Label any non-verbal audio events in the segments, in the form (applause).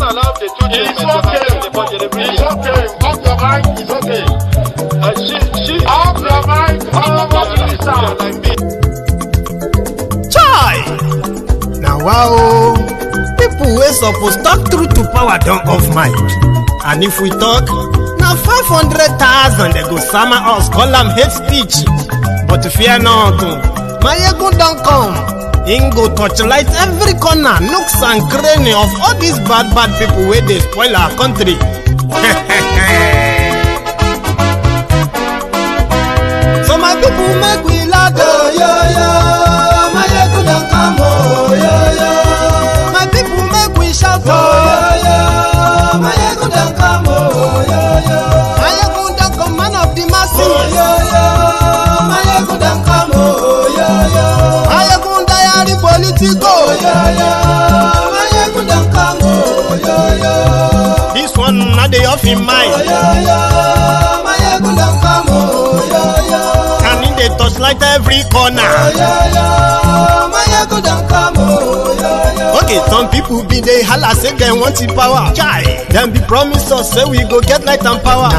allow the two children to It's okay. Off your mind. It's okay. Uh, she, she, off your mind. Off your minister. Like Chai! Now wow. People wey suppose talk true to power don off mic. And if we talk, na five hundred thousand dey go sama us call am hate speech. But fear not, oh. my ego don come him go torchlight every corner nooks and cranny of all these bad bad people wey dey spoil our country (laughs) so my people make we laugh yo yo. tí kò. This one na dey off im mind. light touch light every corner. Oh, oh, okay some people be they hala say they want the power. chai Them be promise us say we go get light and power.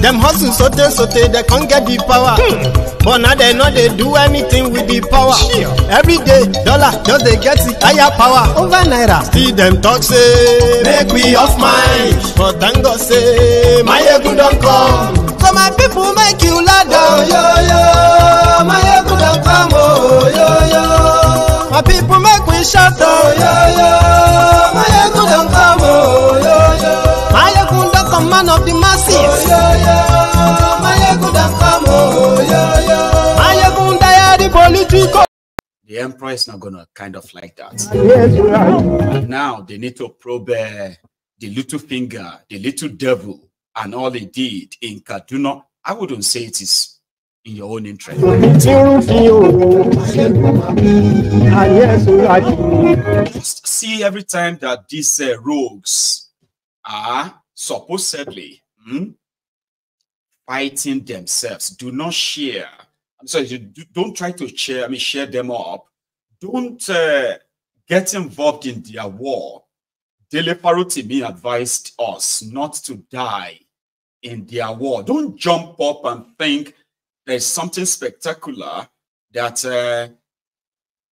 Them hustle so so sote they can't get the power. Hmm. but now they know they do anything with the power. Sure. every day dollar just they get the higher power. over naira still dem talk say. make we off mind but then go say my ego don't come. so my people make you Oh, yo, yo, my don't come, oh, yo, yo. My people make oh, yo, yo, my don't come, oh, yo, yo. My don't come, man of the masses. Oh, yo, yo, the emperor is not gonna kind of like that. Now they need to probe uh, the little finger, the little devil, and all he did in Kaduna, I wouldn't say it is in your own interest. Just see every time that these uh, rogues are supposedly hmm, fighting themselves, do not share. I'm sorry, don't try to share. I mean, share them up. Don't uh, get involved in their war Dele me advised us not to die in their war. Don't jump up and think there's something spectacular that uh,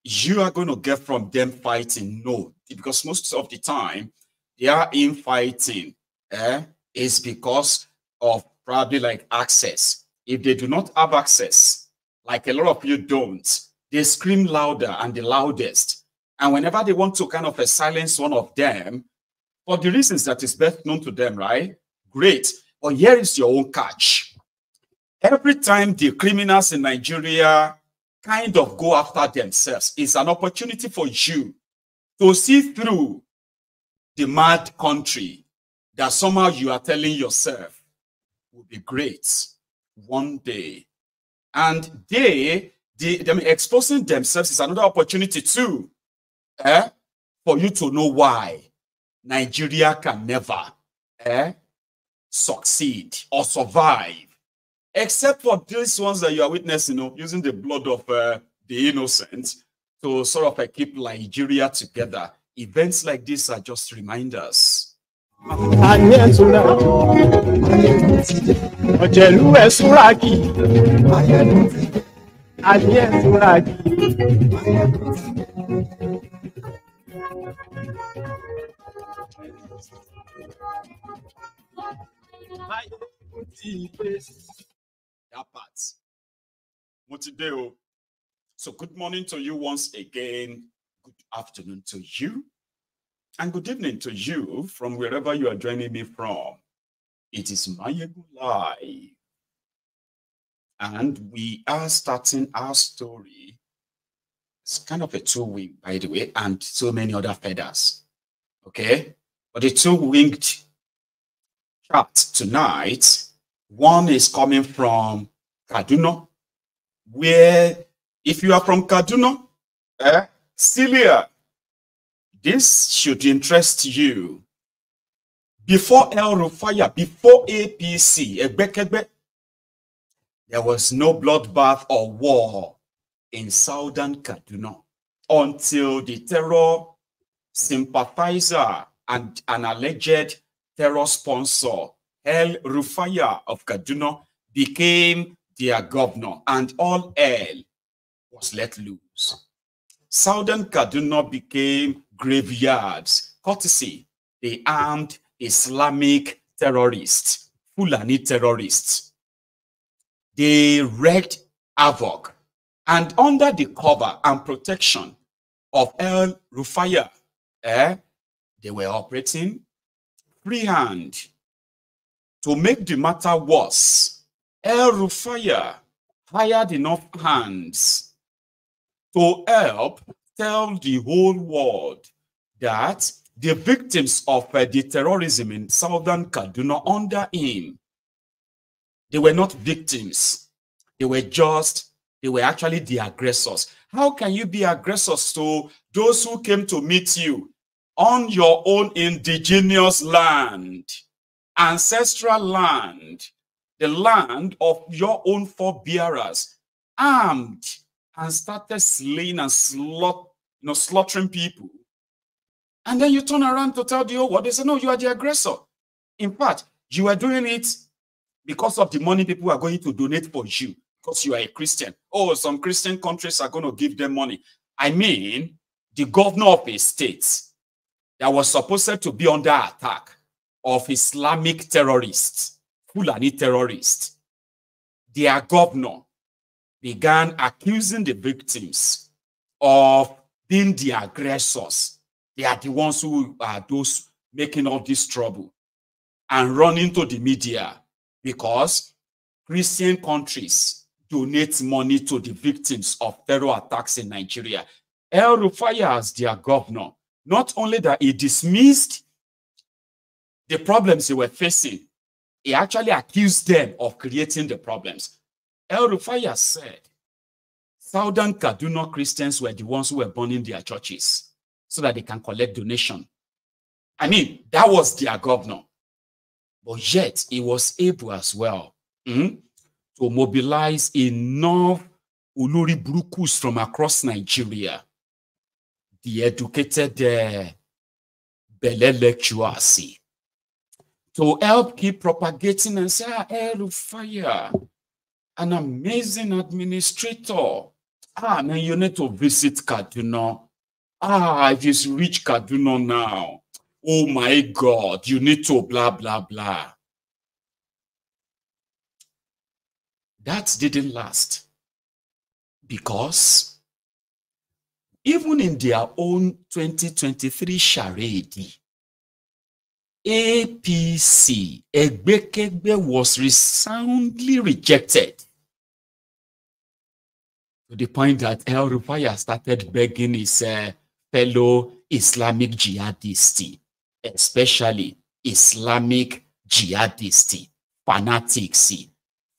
you are going to get from them fighting. No, because most of the time they are in eh, is because of probably like access. If they do not have access, like a lot of you don't, they scream louder and the loudest and whenever they want to kind of uh, silence one of them, for the reasons that is best known to them, right? Great. But here is your own catch. Every time the criminals in Nigeria kind of go after themselves, it's an opportunity for you to see through the mad country that somehow you are telling yourself will be great one day. And they, the them exposing themselves is another opportunity too eh, for you to know why Nigeria can never eh, succeed or survive, except for these ones that you are witnessing, you know, using the blood of uh, the innocent to sort of uh, keep Nigeria together. Events like this are just reminders. ayẹ̀túnlá ọ̀jẹ̀lú ẹ̀ súràkì ayẹ̀túnlá kì. Báyọ̀ ti ilé So good morning to you once again. Good afternoon to you. And good evening to you from wherever you are joining me from. It is Mayegun Live. And we are starting our story it's kind of a two wing, by the way, and so many other feathers. Okay? But the two winged trapped tonight, one is coming from Kaduna, where if you are from Kaduna, eh, Celia, this should interest you. Before El Rufaya, before APC, Egbekegbe, there was no bloodbath or war in southern Kaduna until the terror sympathizer and an alleged terror sponsor, El Rufaya of Kaduna, became their governor, and all hell was let loose. Southern Kaduna became graveyards, courtesy the armed Islamic terrorists, Fulani terrorists. They wreaked havoc and under the cover and protection of El Rufaya, eh, they were operating freehand. To make the matter worse, El Rufaya hired enough hands to help tell the whole world that the victims of uh, the terrorism in southern Kaduna under him, they were not victims. They were just they were actually the aggressors. How can you be aggressors to those who came to meet you on your own indigenous land, ancestral land, the land of your own forebearers, armed and started slaying and slaught, you know, slaughtering people? And then you turn around to tell the old world, they say, no, you are the aggressor. In fact, you are doing it because of the money people are going to donate for you because you are a Christian. Oh, some Christian countries are going to give them money. I mean, the governor of a state that was supposed to be under attack of Islamic terrorists, Fulani terrorists, their governor began accusing the victims of being the aggressors. They are the ones who are those making all this trouble and running to the media because Christian countries donate money to the victims of terror attacks in Nigeria. El Rufai as their governor, not only that he dismissed the problems they were facing, he actually accused them of creating the problems. El Rufai said, Southern Kaduna Christians were the ones who were burning their churches so that they can collect donation. I mean, that was their governor. But yet, he was able as well mm, to mobilize enough Uluri Brukus from across Nigeria, the educated uh, Bele lecturers, to help keep propagating and say, ah, El Fire, an amazing administrator. Ah, man, you need to visit Kaduna. Ah, I just reach Kaduna now, oh my God, you need to blah, blah, blah. That didn't last because even in their own 2023 charade, APC, Egbekegbe, was resoundly rejected to the point that El Rufaya started begging his uh, fellow Islamic jihadists, especially Islamic jihadists, fanatics,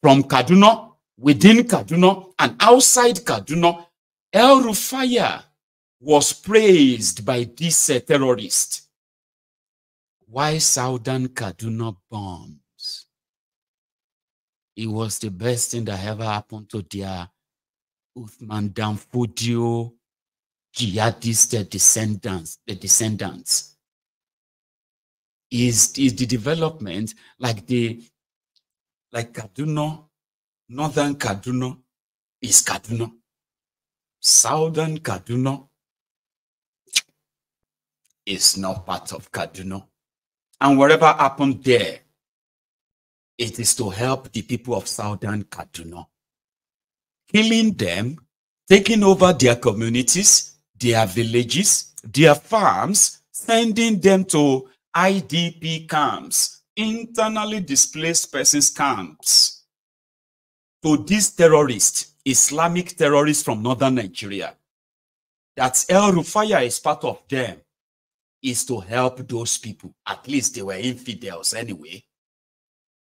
from Kaduna, within Kaduna, and outside Kaduna, El Rufaya was praised by these uh, terrorists. Why Southern Kaduna bombs? It was the best thing that ever happened to their Uthman Danfodio jihadist their uh, descendants, the descendants. Is, is the development like the like Kaduna, northern Kaduna is Kaduna. Southern Kaduna is not part of Kaduna. And whatever happened there, it is to help the people of Southern Kaduna. Killing them, taking over their communities, their villages, their farms, sending them to IDP camps internally displaced persons camps to these terrorists, Islamic terrorists from northern Nigeria, that El Rufaya is part of them, is to help those people. At least they were infidels anyway.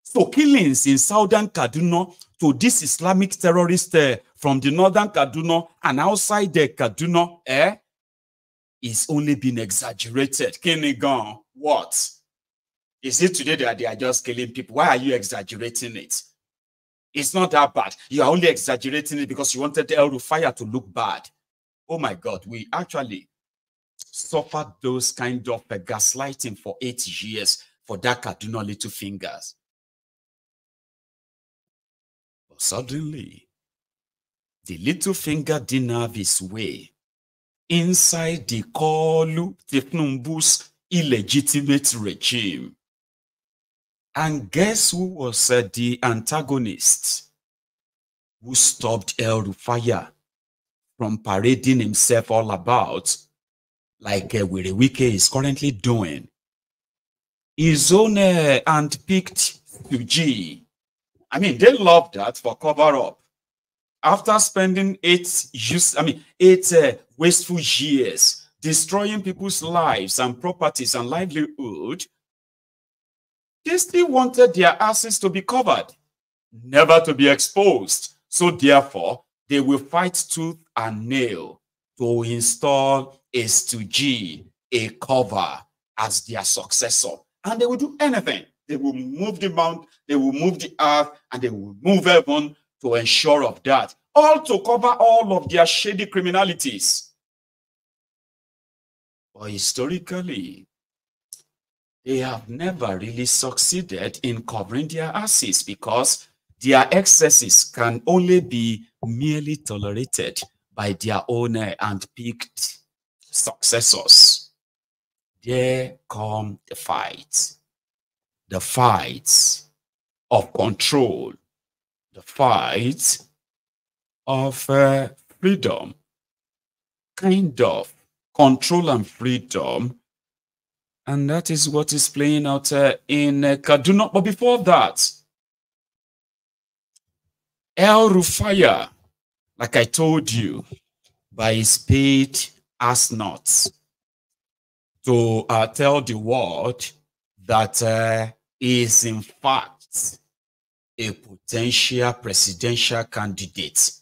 So killings in southern Kaduna to these Islamic terrorists uh, eh, from the northern Kaduna and outside the Kaduna eh, is only been exaggerated. Kinigan, what? Is it today that they are just killing people? Why are you exaggerating it? It's not that bad. You are only exaggerating it because you wanted El Fire to look bad. Oh my God, we actually suffered those kind of gaslighting for eight years for that Kaduna little fingers. But suddenly, the little finger didn't have his way inside the Kolu Teknumbu's illegitimate regime. And guess who was uh, the antagonist who stopped El Rufaya from parading himself all about like uh, Wirewike is currently doing? His own uh, picked refugee. I mean, they love that for cover up. After spending eight use, I mean, eight uh, wasteful years destroying people's lives and properties and livelihood, they still wanted their asses to be covered, never to be exposed. So therefore, they will fight tooth and nail to install a stooge, a cover as their successor. And they will do anything. They will move the mount, they will move the earth, and they will move heaven to ensure of that. All to cover all of their shady criminalities. But historically, they have never really succeeded in covering their asses because their excesses can only be merely tolerated by their owner and picked successors. There come the fights, the fights of control, the fights of uh, freedom, kind of control and freedom and that is what is playing out uh, in uh, Kaduna. But before that, El Rufaya, like I told you, by his paid as not to uh, tell the world that uh, he is in fact a potential presidential candidate,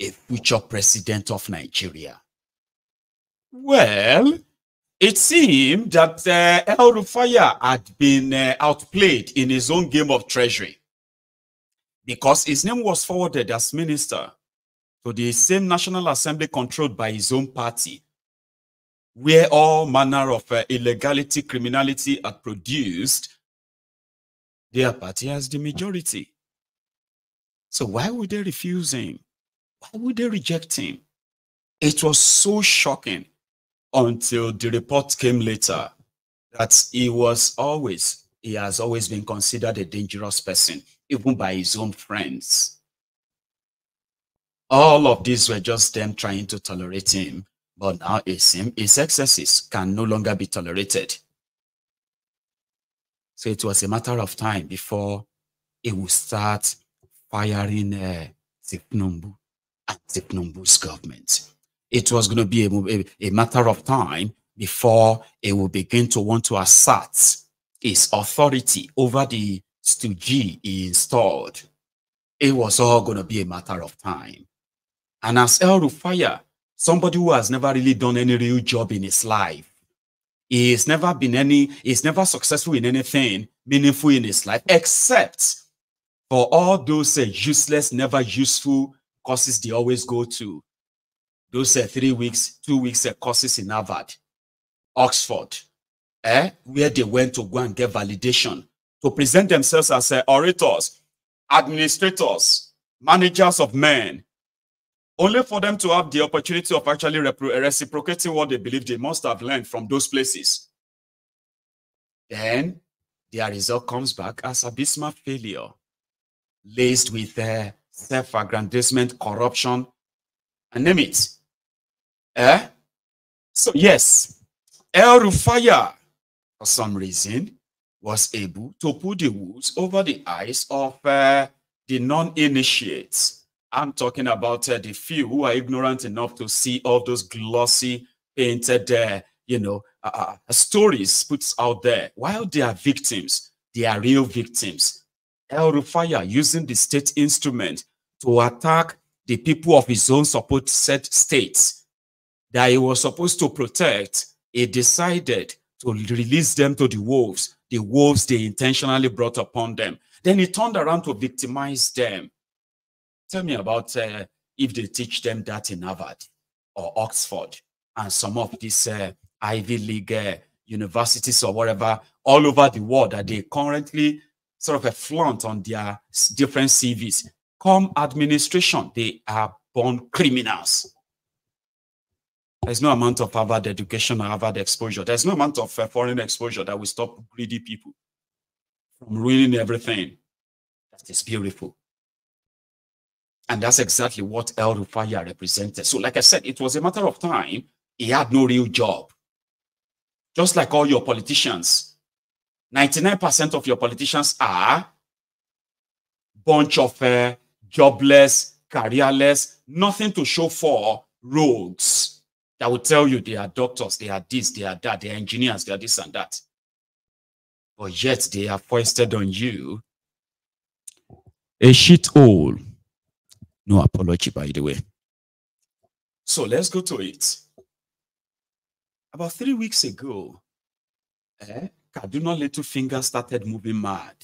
a future president of Nigeria. Well, it seemed that uh, El Rufaya had been uh, outplayed in his own game of treasury because his name was forwarded as minister to the same National Assembly controlled by his own party, where all manner of uh, illegality, criminality had produced, their party has the majority. So why would they refuse him? Why would they reject him? It was so shocking until the report came later that he was always, he has always been considered a dangerous person, even by his own friends. All of these were just them trying to tolerate him, but now it's him, his excesses can no longer be tolerated. So it was a matter of time before he would start firing uh, Zipnumbu and Zipnumbu's government it was going to be a, a, a matter of time before it would begin to want to assert its authority over the stooge he installed. It was all going to be a matter of time. And as El Rufaya, somebody who has never really done any real job in his life, he's never been any, he's never successful in anything meaningful in his life, except for all those uh, useless, never useful courses they always go to those uh, three weeks, two weeks uh, courses in Harvard, Oxford, eh, where they went to go and get validation to present themselves as uh, orators, administrators, managers of men, only for them to have the opportunity of actually reciprocating what they believe they must have learned from those places. Then their result comes back as abysmal failure, laced with uh, eh, self aggrandizement, corruption, and name it. Eh? So, yes, El Rufaya, for some reason, was able to put the woods over the eyes of uh, the non initiates. I'm talking about uh, the few who are ignorant enough to see all those glossy painted, uh, you know, uh, uh, uh stories put out there. While they are victims, they are real victims. El Rufaya using the state instrument to attack the people of his own supported states that he was supposed to protect, he decided to release them to the wolves, the wolves they intentionally brought upon them. Then he turned around to victimize them. Tell me about uh, if they teach them that in Harvard or Oxford and some of these uh, Ivy League uh, universities or whatever all over the world that they currently sort of flaunt on their different CVs. Come administration, they are born criminals. There's no amount of Harvard education or Harvard exposure. There's no amount of uh, foreign exposure that will stop greedy people from ruining everything. That is beautiful. And that's exactly what El Rufaya represented. So, like I said, it was a matter of time. He had no real job. Just like all your politicians, 99% of your politicians are bunch of uh, jobless, careerless, nothing to show for rogues that will tell you they are doctors, they are this, they are that, they are engineers, they are this and that. But yet they are foisted on you a shit hole. No apology, by the way. So let's go to it. About three weeks ago, eh, Kaduna Littlefinger started moving mad,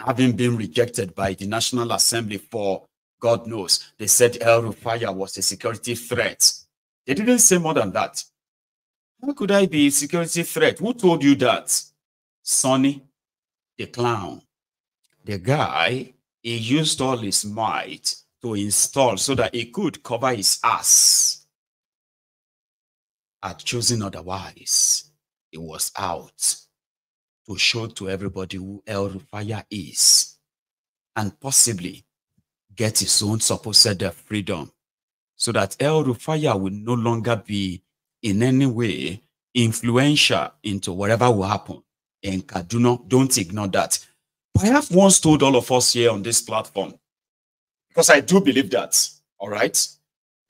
having been rejected by the National Assembly for God knows. They said El Rufaya was a security threat they didn't say more than that. How could I be a security threat? Who told you that? Sonny, the clown. The guy, he used all his might to install so that he could cover his ass. Had chosen otherwise, he was out to show to everybody who El is and possibly get his own supposed freedom so that El Rufaya will no longer be in any way influential into whatever will happen And Kaduna. Don't ignore that. have once told all of us here on this platform, because I do believe that, all right,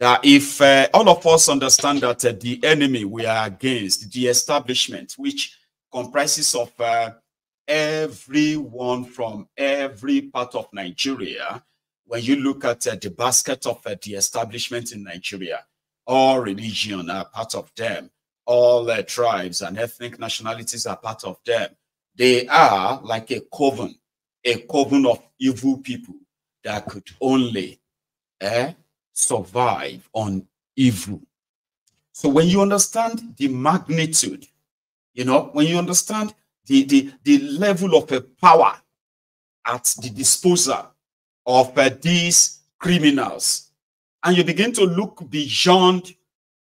that if uh, all of us understand that uh, the enemy we are against, the establishment, which comprises of uh, everyone from every part of Nigeria, when you look at uh, the basket of uh, the establishment in Nigeria, all religion are part of them. All uh, tribes and ethnic nationalities are part of them. They are like a coven, a coven of evil people that could only eh, survive on evil. So when you understand the magnitude, you know, when you understand the, the, the level of a power at the disposal of uh, these criminals. And you begin to look beyond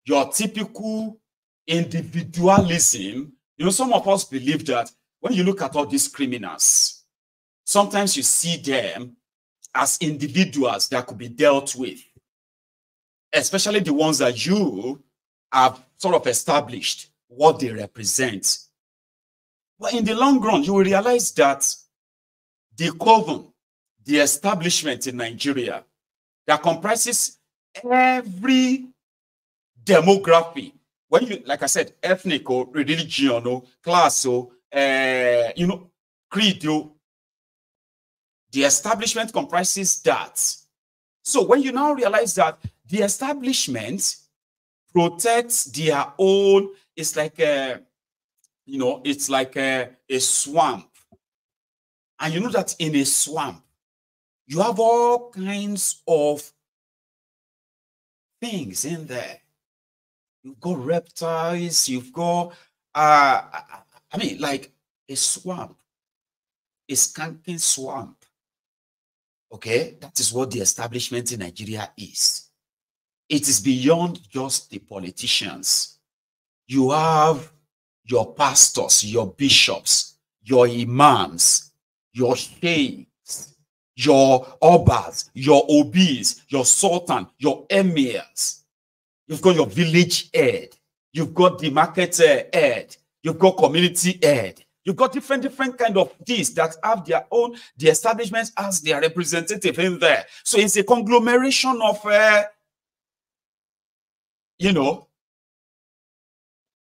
your typical individualism. You know, some of us believe that when you look at all these criminals, sometimes you see them as individuals that could be dealt with, especially the ones that you have sort of established what they represent. But in the long run, you will realize that the coven the establishment in Nigeria that comprises every demography. When you, like I said, ethnic or religion or class or, uh, eh, you know, creed, the establishment comprises that. So when you now realize that the establishment protects their own, it's like a, you know, it's like a, a swamp. And you know that in a swamp, you have all kinds of things in there. You've got reptiles, you've got, uh, I mean, like a swamp, a skanking swamp. Okay, that is what the establishment in Nigeria is. It is beyond just the politicians. You have your pastors, your bishops, your imams, your sheikh, your obas, your obis, your sultan, your emirs. You've got your village head. You've got the market uh, head. You've got community head. You've got different, different kind of these that have their own, the establishments as their representative in there. So it's a conglomeration of, uh, you know,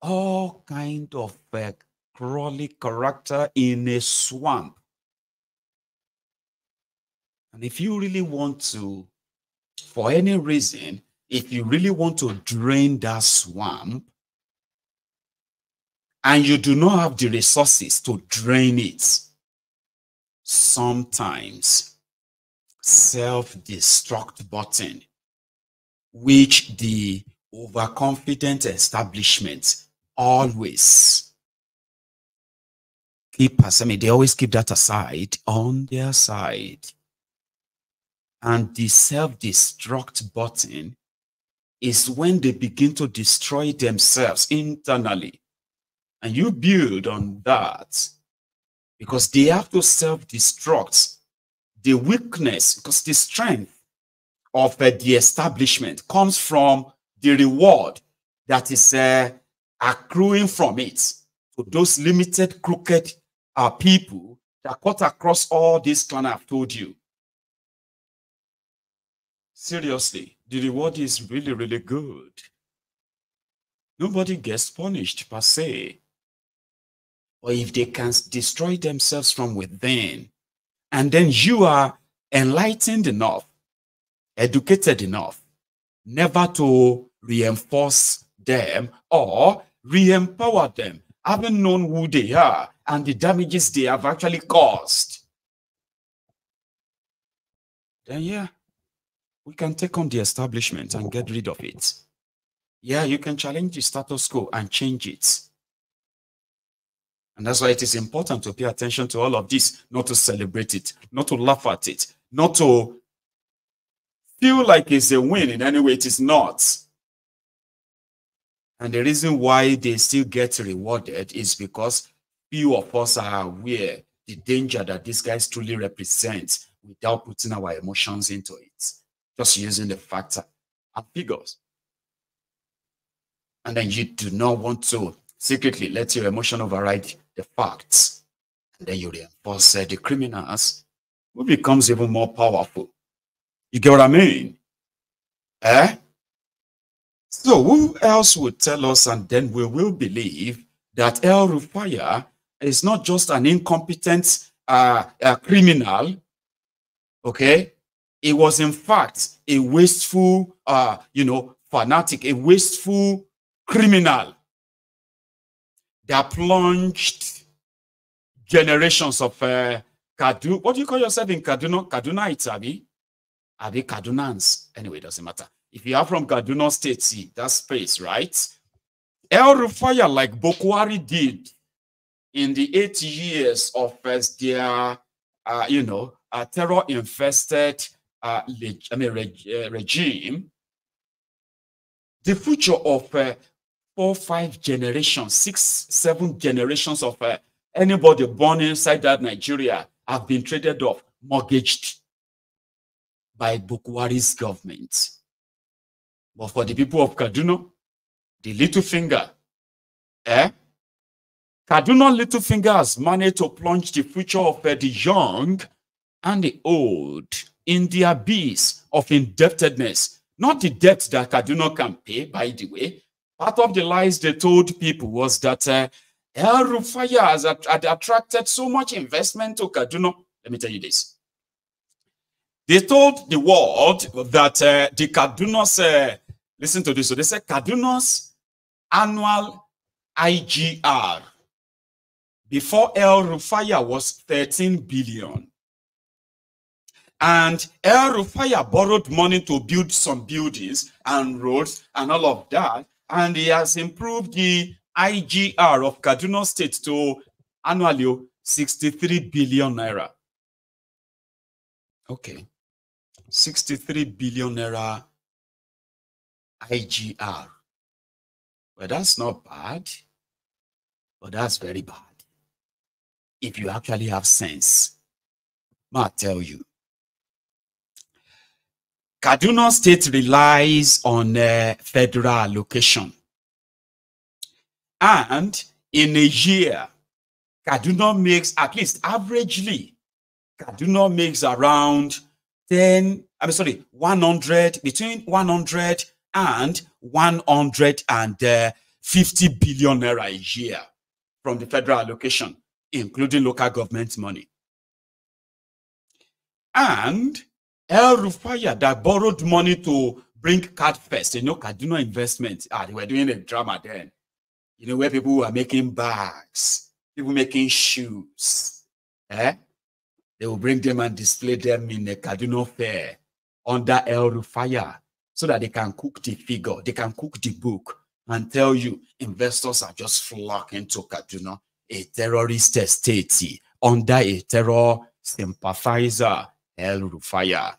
all kind of uh, crawly character in a swamp and if you really want to, for any reason, if you really want to drain that swamp and you do not have the resources to drain it, sometimes self-destruct button, which the overconfident establishment always keep, I mean, they always keep that aside on their side and the self destruct button is when they begin to destroy themselves internally. And you build on that because they have to self destruct the weakness, because the strength of uh, the establishment comes from the reward that is uh, accruing from it to those limited, crooked uh, people that cut across all this clan I've told you. Seriously, the reward is really, really good. Nobody gets punished per se. Or if they can destroy themselves from within, and then you are enlightened enough, educated enough, never to reinforce them or re-empower them, having known who they are and the damages they have actually caused. Then yeah, we can take on the establishment and get rid of it. Yeah, you can challenge the status quo and change it. And that's why it is important to pay attention to all of this, not to celebrate it, not to laugh at it, not to feel like it's a win in any way. It is not. And the reason why they still get rewarded is because few of us are aware the danger that these guys truly represent without putting our emotions into it just using the facts and figures. And then you do not want to secretly let your emotion override the facts. And then you reinforce uh, the criminals who becomes even more powerful. You get what I mean? Eh? So who else would tell us and then we will believe that El Rufaya is not just an incompetent uh, uh criminal, okay, it was, in fact, a wasteful, uh, you know, fanatic, a wasteful criminal that plunged generations of uh, Kaduna. What do you call yourself in Kaduna? it's Abi? Abi Kadunans. Anyway, it doesn't matter. If you are from Kaduna State, see, that's space, right? El Rufaya, like Bokwari did in the eight years of uh, their, uh, you know, uh, terror-infested uh, I mean, reg, uh, regime, the future of uh, four, five generations, six, seven generations of uh, anybody born inside that Nigeria have been traded off, mortgaged by Bukwari's government. But for the people of Kaduna, the little finger, eh? Kaduna little finger has managed to plunge the future of uh, the young and the old in the abyss of indebtedness. Not the debt that Kaduna can pay, by the way. Part of the lies they told people was that uh, El Rufaya has had attracted so much investment to Kaduna. Let me tell you this. They told the world that uh, the Kaduna's, uh, listen to this, so they said Kaduna's annual IGR before El Rufaya was 13 billion. And El borrowed money to build some buildings and roads and all of that. And he has improved the IGR of Kaduna State to annually 63 billion naira. Okay. 63 billion naira IGR. Well, that's not bad, but that's very bad. If you actually have sense, Ma tell you, Kaduna State relies on uh, federal allocation. And in a year, Kaduna makes, at least averagely, Kaduna makes around 10, I'm sorry, 100, between 100 and 150 uh, billion naira a year from the federal allocation, including local government money. And El Rufaya that borrowed money to bring card first, you know, cardinal investment. Ah, they were doing a drama then. You know, where people were making bags, people making shoes. Eh? They will bring them and display them in a cardinal fair under El Rufaya so that they can cook the figure, they can cook the book and tell you investors are just flocking to cardinal, a terrorist state under a terror sympathizer El Rufaya.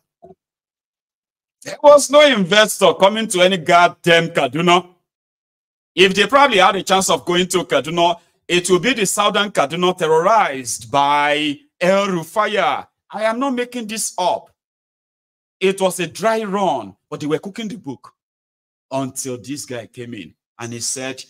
There was no investor coming to any goddamn Kaduna. If they probably had a chance of going to Kaduna, it will be the southern Kaduna terrorized by El Rufaya. I am not making this up. It was a dry run, but they were cooking the book until this guy came in and he said,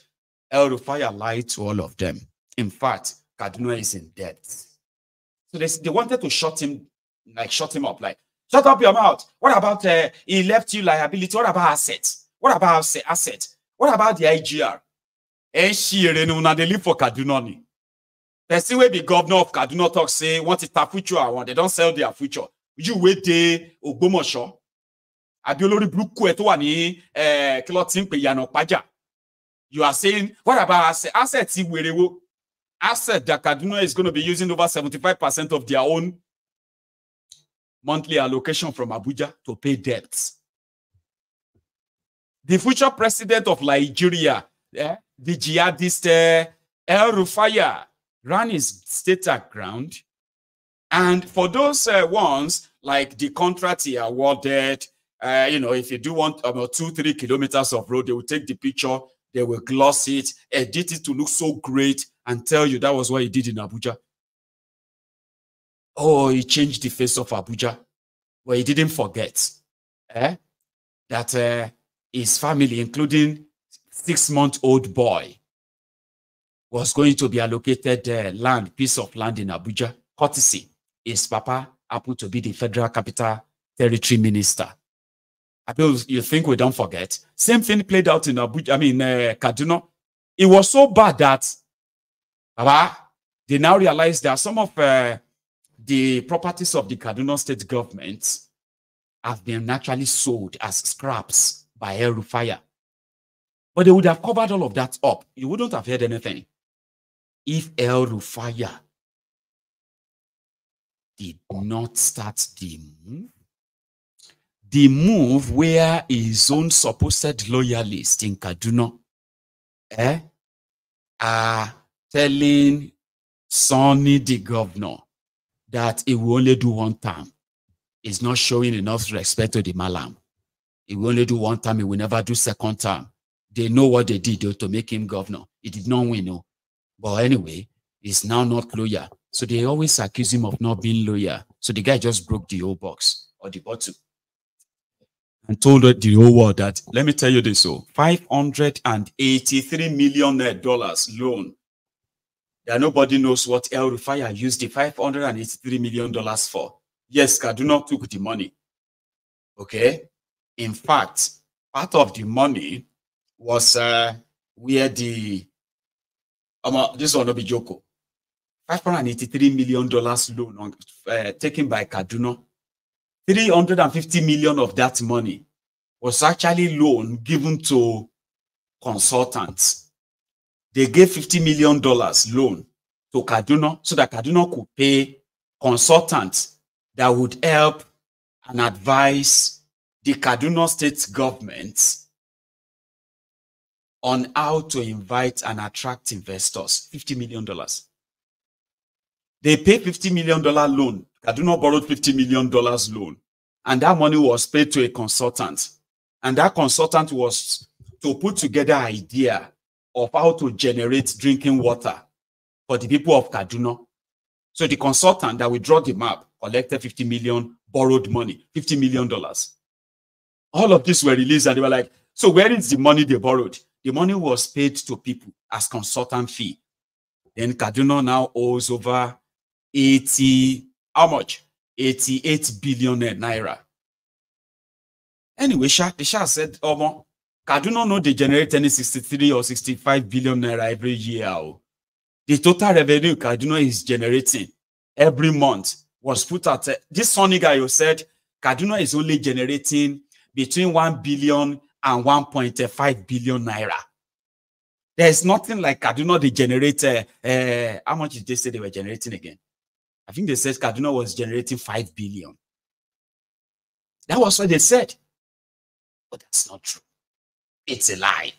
El Rufaya lied to all of them. In fact, Kaduna is in debt. So they, they wanted to shut him Like shut him up. Like shut up your mouth. What about uh, he left you liability? What about assets? What about asset? What about the IGR? ẹ ń ṣí èrè ni una dey live for Kaduna ni person wey be governor of Kaduna talk say wọ́n ti ta future want they don sell their future you wey dey Ògbómọ̀ṣọ́ àbí olórí burúkú ẹ tó wà ní kílọ̀ pe ń paja. you are saying what about asset asset ti wèrè asset that Kaduna is going to be using over seventy five percent of their own monthly allocation from Abuja to pay debts. The future president of Nigeria, eh, the jihadist Erufaya, eh, El Rufaya, ran his state ground. And for those uh, ones, like the contract he awarded, uh, you know, if you do want um, two, three kilometers of road, they will take the picture, they will gloss it, edit it to look so great, and tell you that was what he did in Abuja oh, he changed the face of Abuja. Well, he didn't forget eh, that uh, his family, including six-month-old boy, was going to be allocated uh, land, piece of land in Abuja, courtesy. His papa happened to be the Federal Capital Territory Minister. I feel you think we don't forget. Same thing played out in Abuja, I mean, uh, Kaduna. It was so bad that Baba, they now realize that some of uh, the properties of the Kaduna state government have been naturally sold as scraps by El Rufaya, But they would have covered all of that up. You wouldn't have heard anything if El Rufaya did not start the move. The move where his own supposed loyalists in Kaduna eh, are telling Sonny the governor that he will only do one time. is not showing enough respect to the Malam. He will only do one time. He will never do second time. They know what they did though, to make him governor. He did not win. No. But anyway, he's now not loyal. So they always accuse him of not being loyal. So the guy just broke the old box or the bottle and told the whole world that, let me tell you this, so $583 million loan that nobody knows what El Rufai used the $583 million for. Yes, Kaduna took the money. Okay? In fact, part of the money was uh, where the um, uh, this one will be Joko. $583 million loan on, uh, taken by Kaduna. 350 million of that money was actually loan given to consultants they gave $50 million loan to Kaduna so that Kaduna could pay consultants that would help and advise the Kaduna state government on how to invite and attract investors. $50 million. They paid $50 million loan. Kaduna borrowed $50 million loan. And that money was paid to a consultant. And that consultant was to put together idea of how to generate drinking water for the people of Kaduna. So the consultant that we draw the map collected 50 million borrowed money, 50 million dollars. All of this were released and they were like, so where is the money they borrowed? The money was paid to people as consultant fee. Then Kaduna now owes over 80, how much? 88 billion naira. Anyway, Sha, the Shah said, Omo, Kaduna no dey generate any 63 or 65 billion naira every year. Oh. The total revenue Kaduna is generating every month was put at uh, this Sonny guy who said Kaduna is only generating between 1 billion and eh, 1.5 billion naira. There's nothing like Kaduna they generate. Uh, uh, how much did they say they were generating again? I think they said Kaduna was generating 5 billion. That was what they said. But that's not true. It's a lie.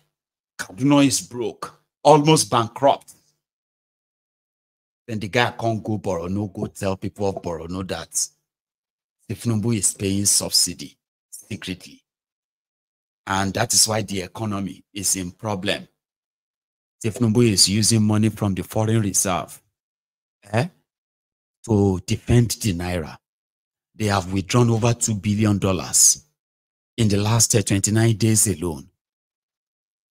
Kaduna is broke, almost bankrupt. Then the guy can't go Borono, go tell people of Borono that Tifnumbu is paying subsidy secretly. And that is why the economy is in problem. Tifnumbu is using money from the foreign reserve eh, to defend the Naira. They have withdrawn over $2 billion in the last eh, 29 days alone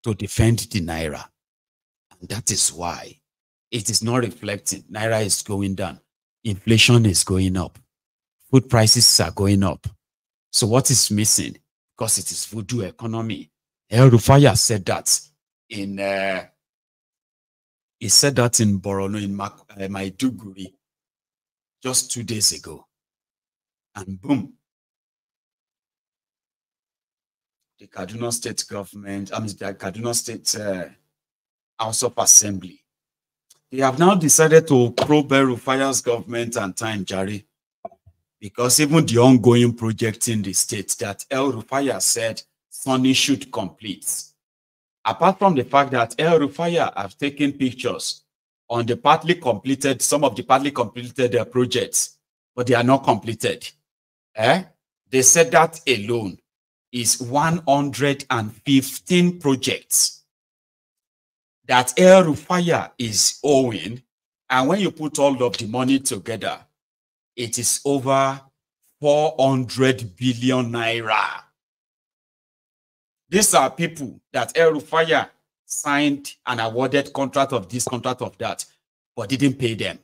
to defend the naira. And that is why it is not reflecting. Naira is going down. Inflation is going up. Food prices are going up. So what is missing? Because it is voodoo economy. El Rufaya said that in uh, he said that in Borono in uh, Maiduguri just two days ago, and boom, the Kaduna State government, I mean, the Kaduna State uh, House of Assembly. They have now decided to probe Rufaya's government and time Jari because even the ongoing project in the state that El Rufaya said Sunny should complete. Apart from the fact that El Rufaya have taken pictures on the partly completed, some of the partly completed uh, projects, but they are not completed. Eh? They said that alone is 115 projects that El Rufaya is owing. And when you put all of the money together, it is over 400 billion naira. These are people that El Rufaya signed an awarded contract of this, contract of that, but didn't pay them.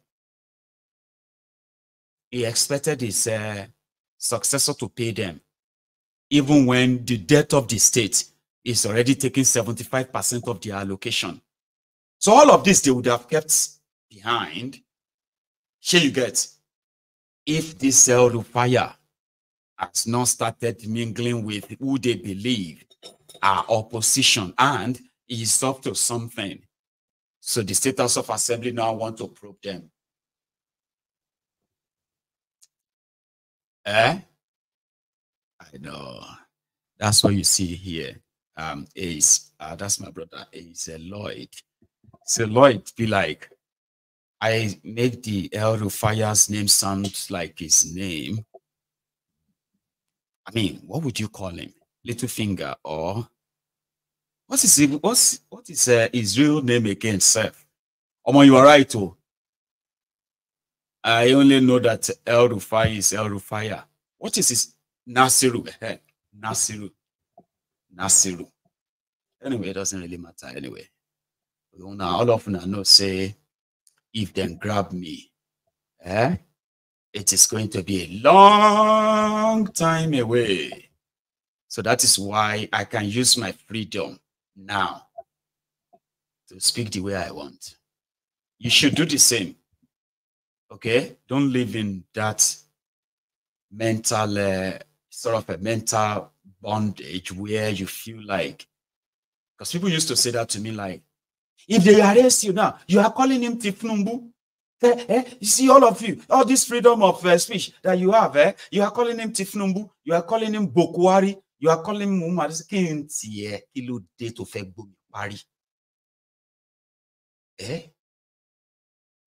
He expected his uh, successor to pay them even when the debt of the state is already taking 75% of their allocation. So all of this they would have kept behind. Here you get, if this cell of fire has not started mingling with who they believe are opposition and is up to something. So the State House of Assembly now want to probe them. Eh? no, that's what you see here. Um, is uh, that's my brother, is a Lloyd. So Lloyd be like, I make the El Rufaya's name sound like his name. I mean, what would you call him? Little finger or what is it? What's what is uh, his real name again, Seth? my, you are right, oh. I only know that El Rufai is El Rufaya. What is his Nasiru. Eh, Nasiru. Nasiru. Anyway, it doesn't really matter anyway. Now, all of them know say, if they grab me, eh, it is going to be a long time away. So that is why I can use my freedom now to speak the way I want. You should do the same. Okay? Don't live in that mental uh, sort of a mental bondage where you feel like, because people used to say that to me, like, if they arrest you now, you are calling him Tifnumbu. Eh, eh, you see, all of you, all this freedom of uh, speech that you have, eh, you are calling him Tifnumbu, you are calling him Bokwari, you are calling him Umar. to Bokwari. Eh?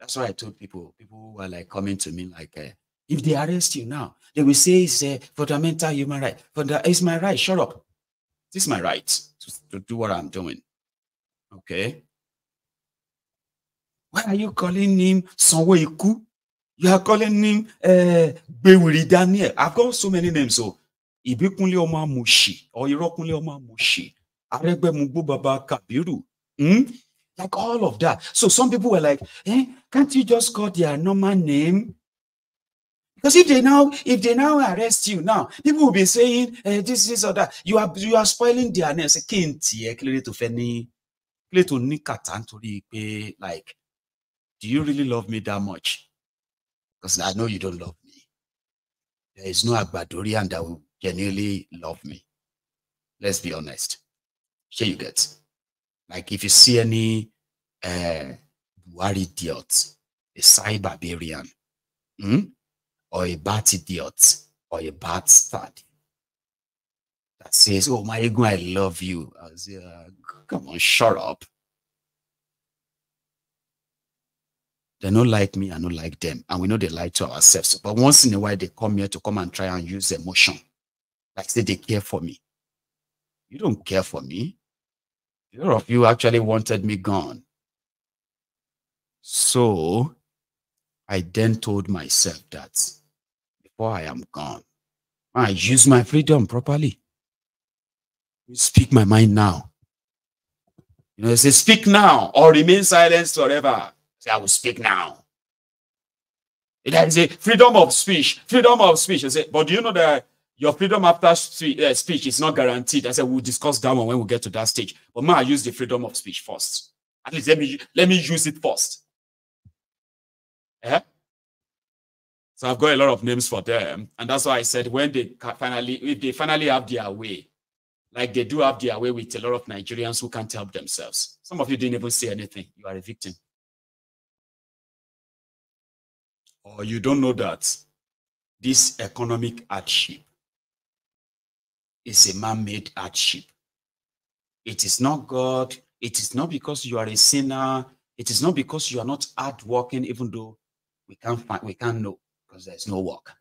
That's why I told people. People were like coming to me like, eh, if they arrest you now, they will say it's a fundamental human right. Funda- it's my right. Shut up. This is my right to, to do what I'm doing. Okay. Why are you calling him Sanwo You are calling him uh, eh, Bewiri Daniel. I've got so many names. So Ibikunle Oma Mushi or Irokunle Oma Mushi, Aregbe Mugbo Baba Kabiru. Hmm? Like all of that. So some people were like, eh, can't you just call their normal name? Because if they now, if they now arrest you now, people will be saying eh, this, this or that. You are you are spoiling their names. Ṣé kí n tiẹ̀ kí tó fẹ́ tó like do you really love me that much? Because I know you don't love me. There is no Agbadorian that will genuinely love me. Let's be honest. Here you get. Like if you see any eh, uh, war idiot, a cyberbarian. hmm? or a bad idiot or a bad study that says, Oh, my ego, I love you. I say, uh, Come on, shut up. They don't like me, I don't like them. And we know they lie to ourselves. But once in a while, they come here to come and try and use emotion. Like say they care for me. You don't care for me. A of you actually wanted me gone. So I then told myself that before I am gone. Ah, I use my freedom properly. You speak my mind now. You know, I say, speak now or remain silent forever. Say, I will speak now. It is a freedom of speech, freedom of speech. I say, but do you know that your freedom after eh, speech is not guaranteed? I said, we'll discuss that one when we get to that stage. But man, I use the freedom of speech first. At least let me, let me use it first. Eh? So I've got a lot of names for them. And that's why I said when they finally, if they finally have their way, like they do have their way with a lot of Nigerians who can't help themselves. Some of you didn't even say anything. You are a victim. Or you don't know that this economic hardship is a man-made hardship. It is not God. It is not because you are a sinner. It is not because you are not hardworking, even though we can't find, we can't know because there's no work.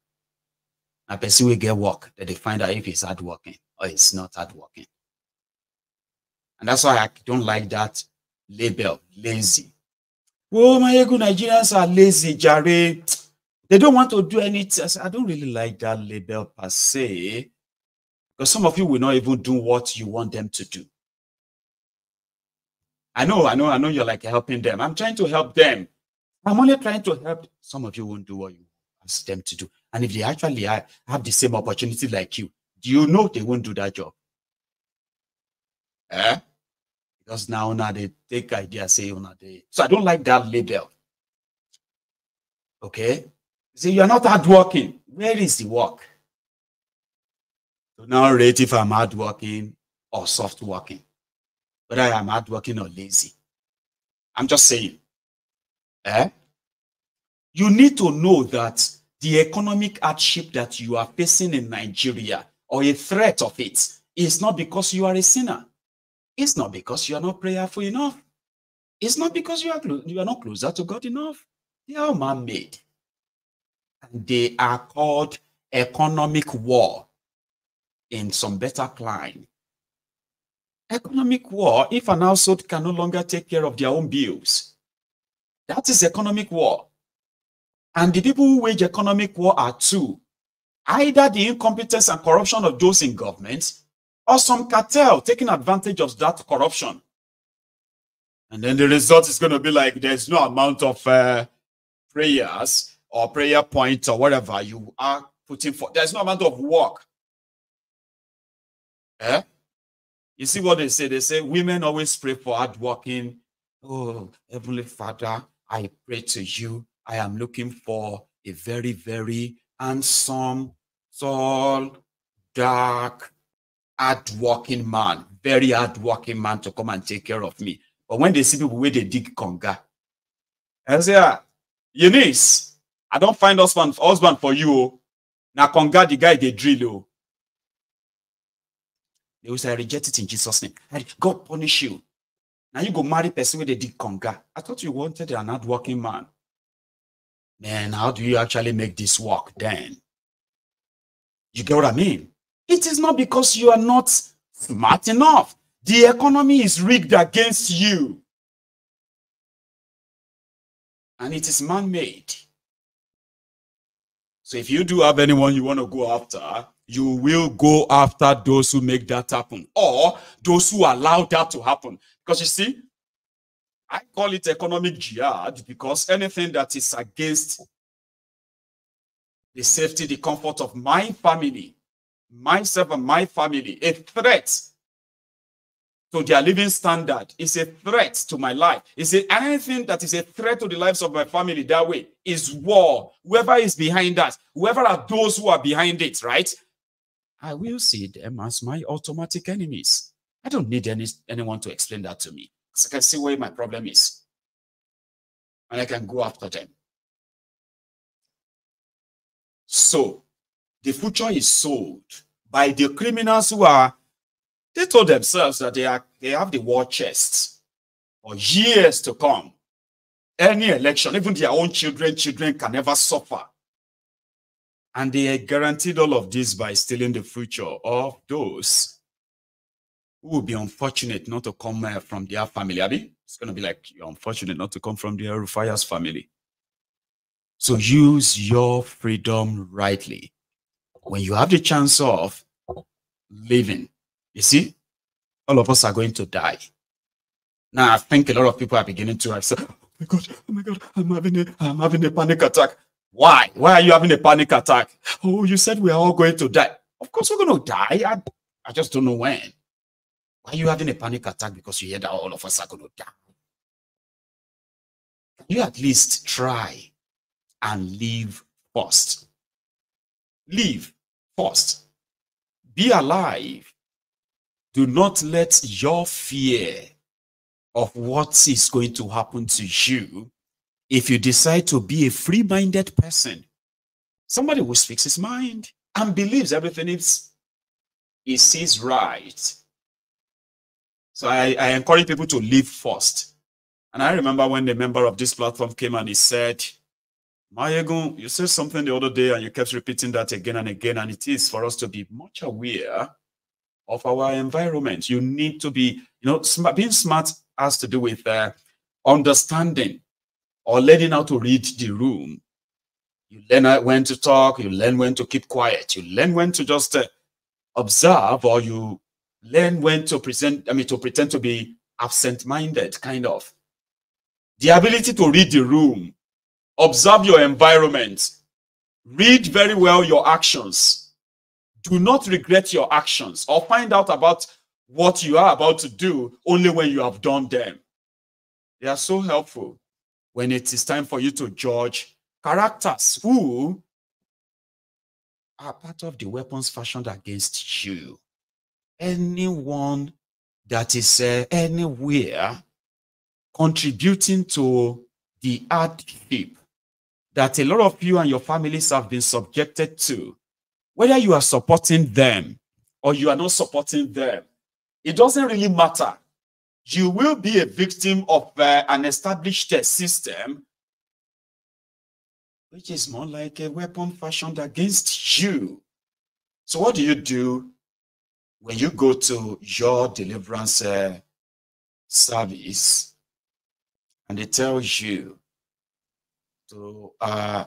A person will get work that they find out if it's hard working or it's not hard working. And that's why I don't like that label, lazy. Oh, my ego Nigerians are lazy, Jerry. They don't want to do anything. I don't really like that label per se. Because some of you will not even do what you want them to do. I know, I know, I know you're like helping them. I'm trying to help them. I'm only trying to help. Some of you won't do what you them to do. And if they actually have the same opportunity like you, do you know they won't do that job? Eh? Because now, now they take idea, say, oh, now they. So I don't like that label. Okay? See, you're not hardworking. Where is the work? So now rate if I'm hardworking or soft working, whether I'm hardworking or lazy. I'm just saying. Eh? You need to know that the economic hardship that you are facing in Nigeria or a threat of it is not because you are a sinner. It's not because you are not prayerful enough. It's not because you are, you are not closer to God enough. They are man made. And they are called economic war in some better clime. Economic war, if an household can no longer take care of their own bills, that is economic war and the people who wage economic war are two either the incompetence and corruption of those in government or some cartel taking advantage of that corruption. And then the result is going to be like there's no amount of uh, prayers or prayer points or whatever you are putting for. There's no amount of work. Eh? You see what they say? They say women always pray for hardworking. Oh, Heavenly Father, I pray to you I am looking for a very, very handsome, tall, dark, hardworking man, very hardworking man to come and take care of me. But when they see people where they dig conga, I say, ah, Eunice, I don't find husband, husband for you. Now conga the guy they drill. Oh. They will say, I reject it in Jesus' name. God punish you. Now you go marry person where they dig conga. I thought you wanted an hardworking man. Man, how do you actually make this work then? You get what I mean? It is not because you are not smart enough. The economy is rigged against you. And it is man-made. So if you do have anyone you want to go after, you will go after those who make that happen or those who allow that to happen. Because you see, I call it economic jihad because anything that is against the safety, the comfort of my family, myself and my family, a threat to their living standard, is a threat to my life. Is it anything that is a threat to the lives of my family that way is war. Whoever is behind that, whoever are those who are behind it, right? I will see them as my automatic enemies. I don't need any, anyone to explain that to me. So I can see where my problem is. And I can go after them. So the future is sold by the criminals who are, they told themselves that they, are, they have the war chest for years to come. Any election, even their own children, children can never suffer. And they guaranteed all of this by stealing the future of those who will be unfortunate not to come uh, from their family. I mean, it's going to be like you're unfortunate not to come from the Rufia's family. So use your freedom rightly. When you have the chance of living, you see, all of us are going to die. Now, I think a lot of people are beginning to have said, oh my God, oh my God, I'm having a, I'm having a panic attack. Why? Why are you having a panic attack? Oh, you said we are all going to die. Of course, we're going to die. I, I just don't know when. Why are you having a panic attack because you hear that all of us are going to die? Can you at least try and live first? Live first. Be alive. Do not let your fear of what is going to happen to you if you decide to be a free minded person. Somebody who speaks his mind and believes everything is, he sees right so I, I encourage people to live first. And I remember when the member of this platform came and he said, Mayegun, you said something the other day and you kept repeating that again and again. And it is for us to be much aware of our environment. You need to be, you know, being smart has to do with uh, understanding or learning how to read the room. You learn when to talk, you learn when to keep quiet, you learn when to just uh, observe or you learn when to present, I mean, to pretend to be absent minded, kind of. The ability to read the room, observe your environment, read very well your actions. Do not regret your actions or find out about what you are about to do only when you have done them. They are so helpful when it is time for you to judge characters who are part of the weapons fashioned against you anyone that is uh, anywhere contributing to the hardship that a lot of you and your families have been subjected to, whether you are supporting them or you are not supporting them, it doesn't really matter. You will be a victim of uh, an established uh, system, which is more like a weapon fashioned against you. So, what do you do when you go to your deliverance uh, service and it tells you to uh,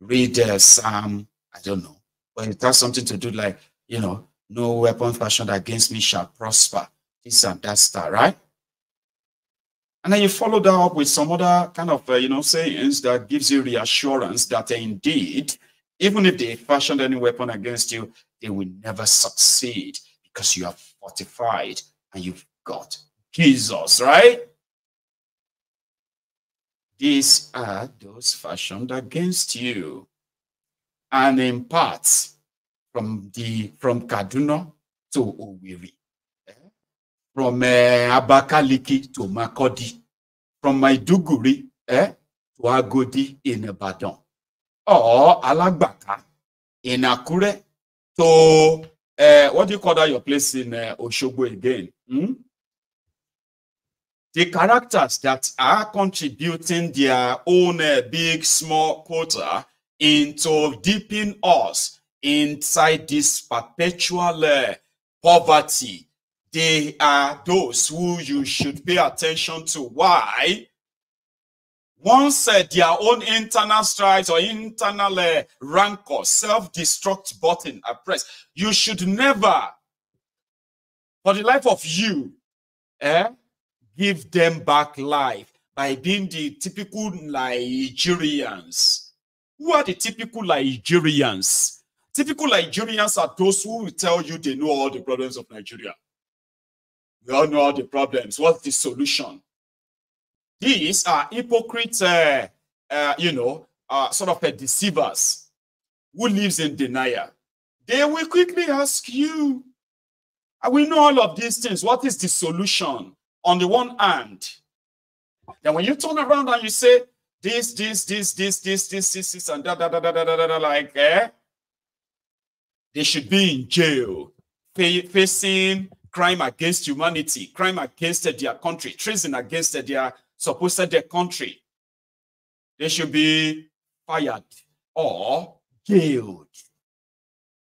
read uh, Psalm, I don't know, but it has something to do like, you know, no weapon fashioned against me shall prosper. This and that star, right? And then you follow that up with some other kind of, uh, you know, sayings that gives you reassurance that indeed even if they fashioned any weapon against you, they will never succeed because you are fortified and you've got Jesus, right? These are those fashioned against you. And in parts from the from Kaduna to Owerri, eh? from eh, Abakaliki to Makodi, from Maiduguri eh, to Agodi in Abadan or Alagbaka in Akure to uh, eh, what do you call that your place in uh, eh, Oshogbo again? Hmm? The characters that are contributing their own uh, big, small quota into deeping us inside this perpetual uh, poverty. They are those who you should pay attention to. Why? once uh, their own internal strife or internal uh, eh, rancor, self-destruct button are pressed, you should never, for the life of you, eh, give them back life by being the typical Nigerians. Who are the typical Nigerians? Typical Nigerians are those who will tell you they know all the problems of Nigeria. We all know all the problems. What's the solution? These are hypocrites, uh, uh, you know, uh, sort of a uh, deceivers who lives in denial. They will quickly ask you, "I uh, will know all of these things. What is the solution? On the one hand, then when you turn around and you say, this, this, this, this, this, this, this, this, and da, da, da, da, da, da, da, da like, eh? They should be in jail, pay, facing crime against humanity, crime against their country, treason against their supposed the country, they should be fired or jailed.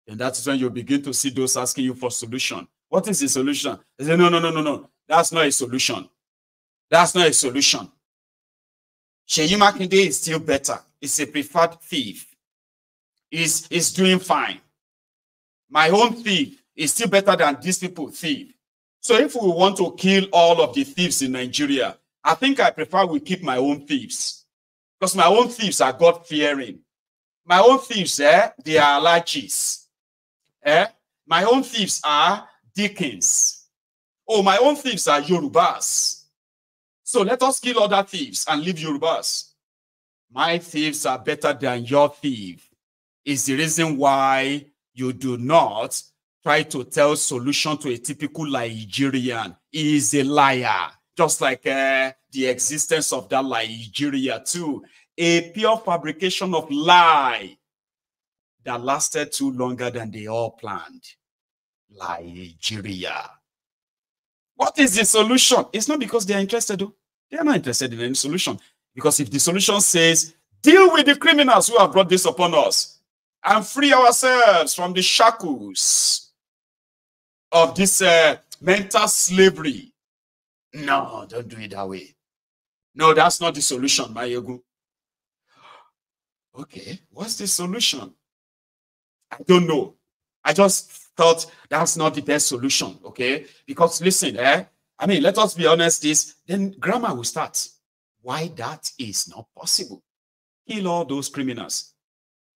And that's when you begin to see those asking you for solution. What is the solution? They say, no, no, no, no, no. That's not a solution. That's not a solution. Sheyi Makinde is still better. It's a preferred thief. Is is doing fine. My own thief is still better than these people thief. So if we want to kill all of the thieves in Nigeria, I think I prefer we keep my own thieves because my own thieves are God fearing. My own thieves, eh, they are allergies. Eh? My own thieves are dickens. Oh, my own thieves are Yorubas. So let us kill other thieves and leave Yorubas. My thieves are better than your thief is the reason why you do not try to tell solution to a typical Nigerian. He is a liar. just like uh, the existence of that Nigeria too. A pure fabrication of lie that lasted too longer than they all planned. Nigeria. What is the solution? It's not because they are interested. Though. They are not interested in any solution. Because if the solution says, deal with the criminals who have brought this upon us and free ourselves from the shackles of this uh, mental slavery no, don't do it that way. No, that's not the solution, Mayegu. Okay, what's the solution? I don't know. I just thought that's not the best solution, okay? Because listen, eh? I mean, let us be honest, this then grammar will start. Why that is not possible. Kill all those criminals.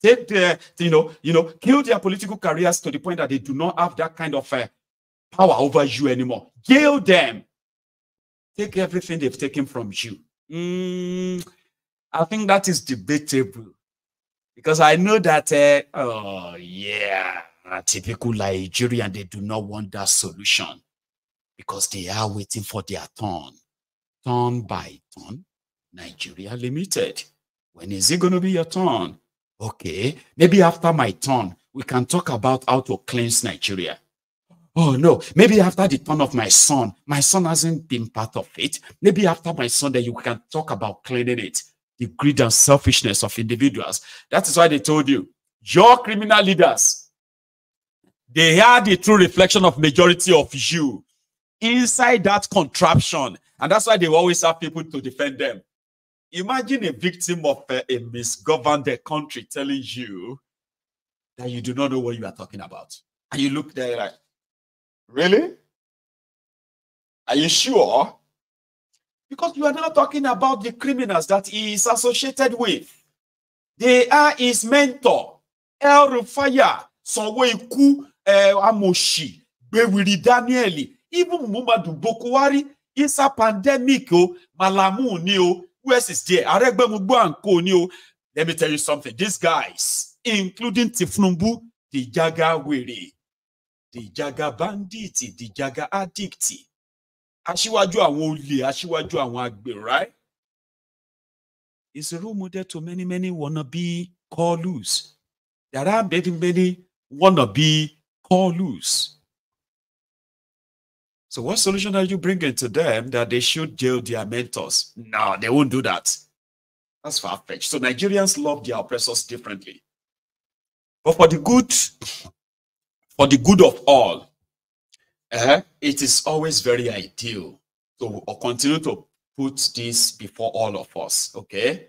Take their, you know, you know, kill their political careers to the point that they do not have that kind of uh, power over you anymore. Jail them take everything they've taken from you. Mm, I think that is debatable because I know that, uh, oh, yeah, a typical Nigerian, they do not want that solution because they are waiting for their turn, turn by turn. Nigeria Limited. When is it going to be your turn? Okay, maybe after my turn, we can talk about how to cleanse Nigeria. Oh no, maybe after the turn of my son, my son hasn't been part of it. Maybe after my son, that you can talk about cleaning it. The greed and selfishness of individuals. That is why they told you, your criminal leaders, they are the true reflection of majority of you inside that contraption. And that's why they always have people to defend them. Imagine a victim of a, uh, a misgoverned country telling you that you do not know what you are talking about. And you look there like, Really? Are you sure? Because you are now talking about the criminals that he is associated with. They are his mentor, El Rufaya, Sanwoiku, eh, Amoshi, Bewiri Danieli, even Mumadu Bokuwari, it's a pandemic, oh, Malamu ni o, oh. who else is there? Aregbemugbo ni o. Oh. Let me tell you something. These guys, including Tifnumbu, the Jaga Wiri, the jaga banditi, the jaga addict aṣíwájú àwọn olè aṣíwájú àwọn right? is a role model to many many wannabe callers there are many many wannabe callers. So what solution are you bringing to them that they should jail their mentors? No, they won't do that. That's far-fetched. So Nigerians love their oppressors differently. But for the good for the good of all, uh, it is always very ideal to so continue to put this before all of us, okay?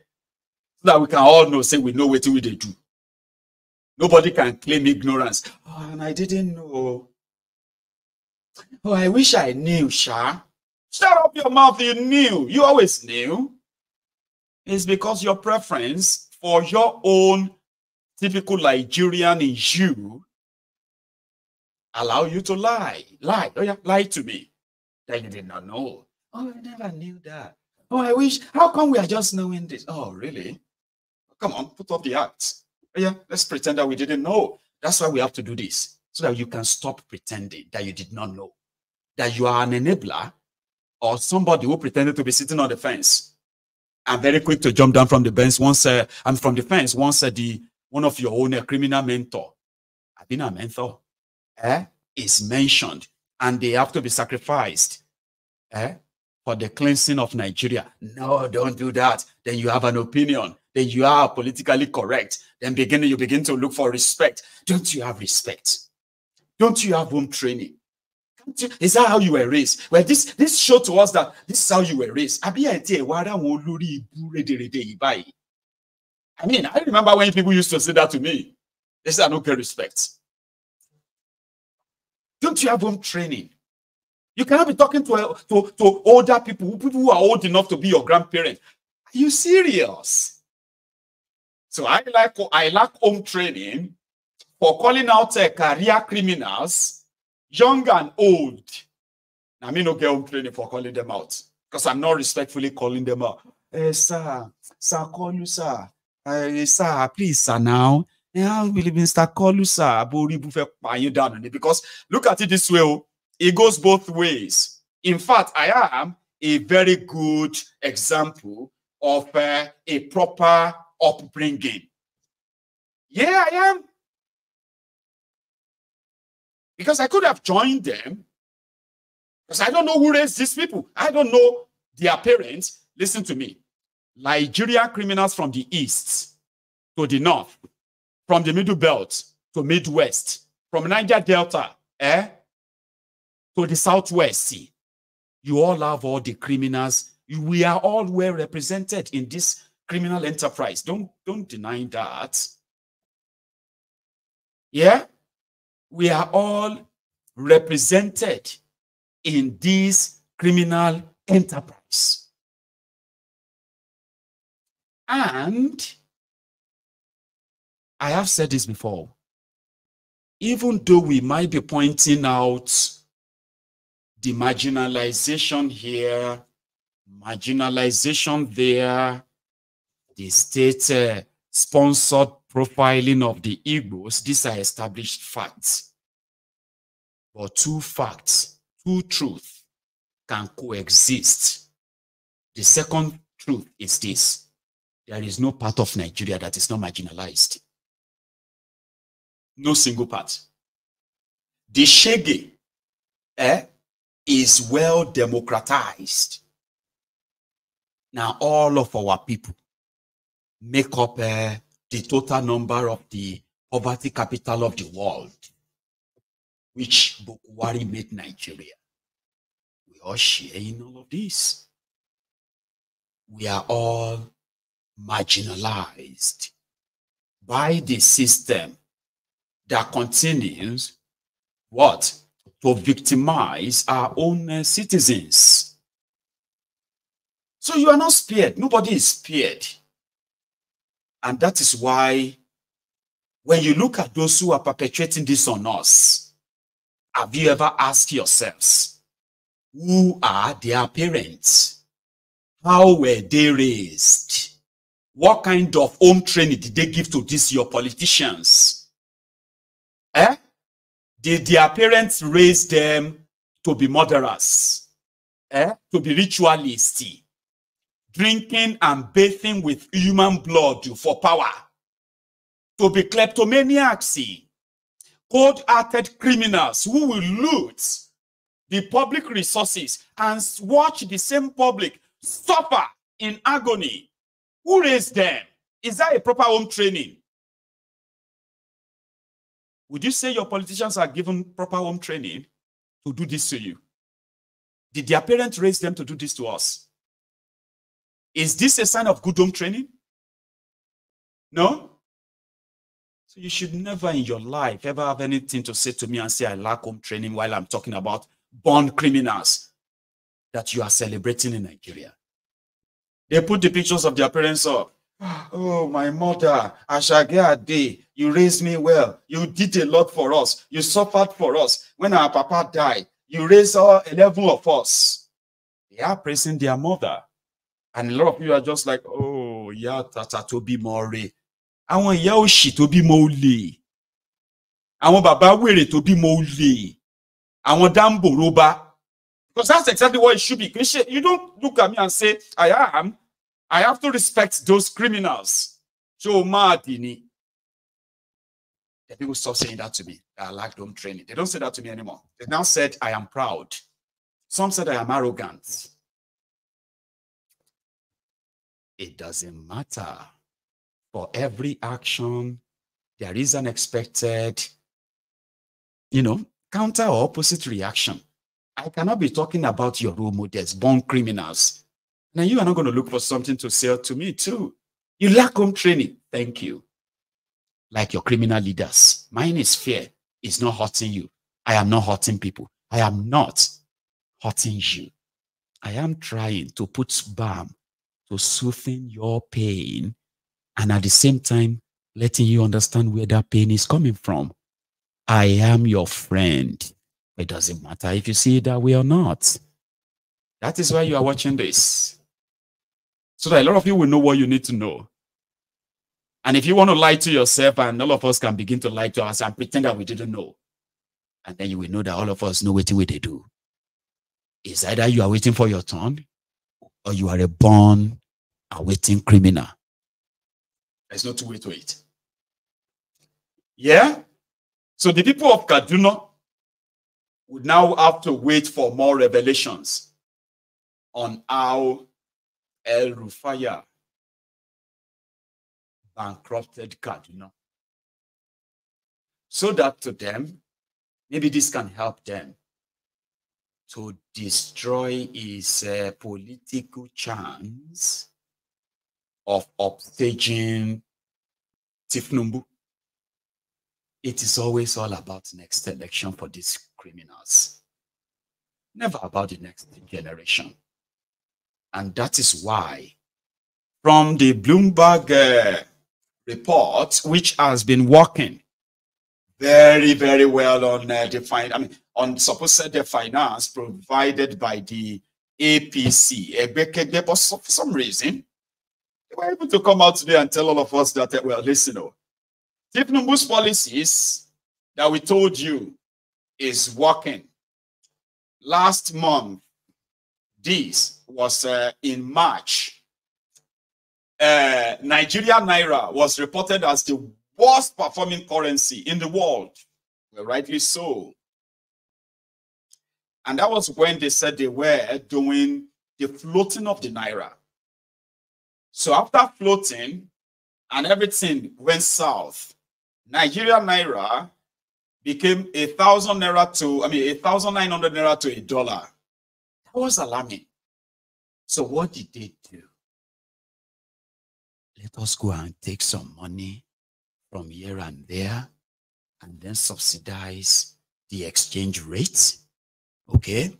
So that we can all know, say we know what we do. Nobody can claim ignorance. Oh, and I didn't know. Oh, I wish I knew, Sha. Shut up your mouth, you knew. You always knew. It's because your preference for your own typical Nigerian is you allow you to lie. Lie. Oh, yeah, lie to me. That you did not know. Oh, I never knew that. Oh, I wish. How come we are just knowing this? Oh, really? Come on, put up the act. Oh, yeah, let's pretend that we didn't know. That's why we have to do this, so that you can stop pretending that you did not know, that you are an enabler or somebody who pretended to be sitting on the fence. I'm very quick to jump down from the fence Once uh, I'm from the fence, once uh, the one of your own criminal mentor, I've been a mentor eh, is mentioned, and they have to be sacrificed eh, for the cleansing of Nigeria. No, don't do that. Then you have an opinion. Then you are politically correct. Then beginning you begin to look for respect. Don't you have respect? Don't you have home training? is that how you were raised? Well, this this show to us that this is how you were raised. I mean, I remember when people used to say that to me. They said, I don't care respect. Don't you have home training? You cannot be talking to, uh, to, to older people, people who are old enough to be your grandparents. Are you serious? So I like I lack home training for calling out uh, career criminals, young and old. I mean, no get home training for calling them out because I'm not respectfully calling them out. Hey, eh, sir, sir, call you, sir. Hey, eh, sir, please, sir, now how will Mr. Kolusa because look at it this way it goes both ways in fact I am a very good example of uh, a proper upbringing yeah I am because I could have joined them because I don't know who raised these people I don't know their parents listen to me Nigeria criminals from the east to the north from the Middle Belt to Midwest, from Niger Delta eh, to the Southwest Sea. You all have all the criminals. We are all well represented in this criminal enterprise. Don't, don't deny that. Yeah? We are all represented in this criminal enterprise. And I have said this before. Even though we might be pointing out the marginalization here, marginalization there, the state uh, sponsored profiling of the Igbos, these are established facts. But two facts, two truths can coexist. The second truth is this there is no part of Nigeria that is not marginalized no single part. The shege eh, is well democratized. Now, all of our people make up eh, the total number of the poverty capital of the world, which Bokwari made Nigeria. We all share in all of this. We are all marginalized by the system that continues what? To victimize our own uh, citizens. So you are not spared. Nobody is spared. And that is why when you look at those who are perpetrating this on us, have you ever asked yourselves, who are their parents? How were they raised? What kind of home training did they give to these your politicians? Eh? Did their parents raise them to be murderers? Eh? To be ritualists? Drinking and bathing with human blood for power? To be kleptomaniacs? Cold-hearted criminals who will loot the public resources and watch the same public suffer in agony. Who raised them? Is that a proper home training? Would you say your politicians are given proper home training to do this to you? Did their parents raise them to do this to us? Is this a sign of good home training? No? So you should never in your life ever have anything to say to me and say, I lack home training while I'm talking about born criminals that you are celebrating in Nigeria. They put the pictures of their parents up. (sighs) Oh, my mother, I shall get a day. you raised me well. You did a lot for us. You suffered for us. When our papa died, you raised all 11 of us. They are praising their mother. And a lot of you are just like, oh, yeah, tata to be more. I want Yao she Àwọn ìyá òṣì tó bímọ olè. Àwọn to be more bímọ olè. Àwọn dáńbòróbá. Because that's exactly what it should be. You don't look at me and say, I am. I have to respect those criminals. So Martini. The people stop saying that to me. I lack them training. They don't say that to me anymore. They now said I am proud. Some said I am arrogant. It doesn't matter. For every action, there is an expected, you know, counter or opposite reaction. I cannot be talking about your role models, born criminals, now you are not going to look for something to sell to me too. You lack home training. Thank you. Like your criminal leaders. Mine is fear. It's not hurting you. I am not hurting people. I am not hurting you. I am trying to put balm to soothing your pain and at the same time letting you understand where that pain is coming from. I am your friend. It doesn't matter if you see it that way or not. That is why you are watching this so that a lot of you will know what you need to know. And if you want to lie to yourself, and all of us can begin to lie to us and pretend that we didn't know, and then you will know that all of us know what we do. It's either you are waiting for your turn, or you are a born awaiting criminal. There's no two way to it. Yeah. So the people of Kaduna would now have to wait for more revelations on how El Rufaya bankrupted Cardinal, So that to them, maybe this can help them to destroy his uh, political chance of upstaging Tifnumbu. It is always all about next election for these criminals, never about the next generation. And that is why, from the Bloomberg uh, report, which has been working very, very well on uh, the fin- I mean, on supposed the uh, finance provided by the APC, but for some reason, they were able to come out today and tell all of us that, uh, well, listen, oh, Tifnumbu's policies that we told you is working. Last month, this was uh, in March. Uh, Nigeria Naira was reported as the worst performing currency in the world, well, rightly so. And that was when they said they were doing the floating of the Naira. So after floating and everything went south, Nigeria Naira became a thousand naira to, I mean, a thousand nine hundred naira to a dollar was alarming. So what did they do? Let us go and take some money from here and there and then subsidize the exchange rates. Okay?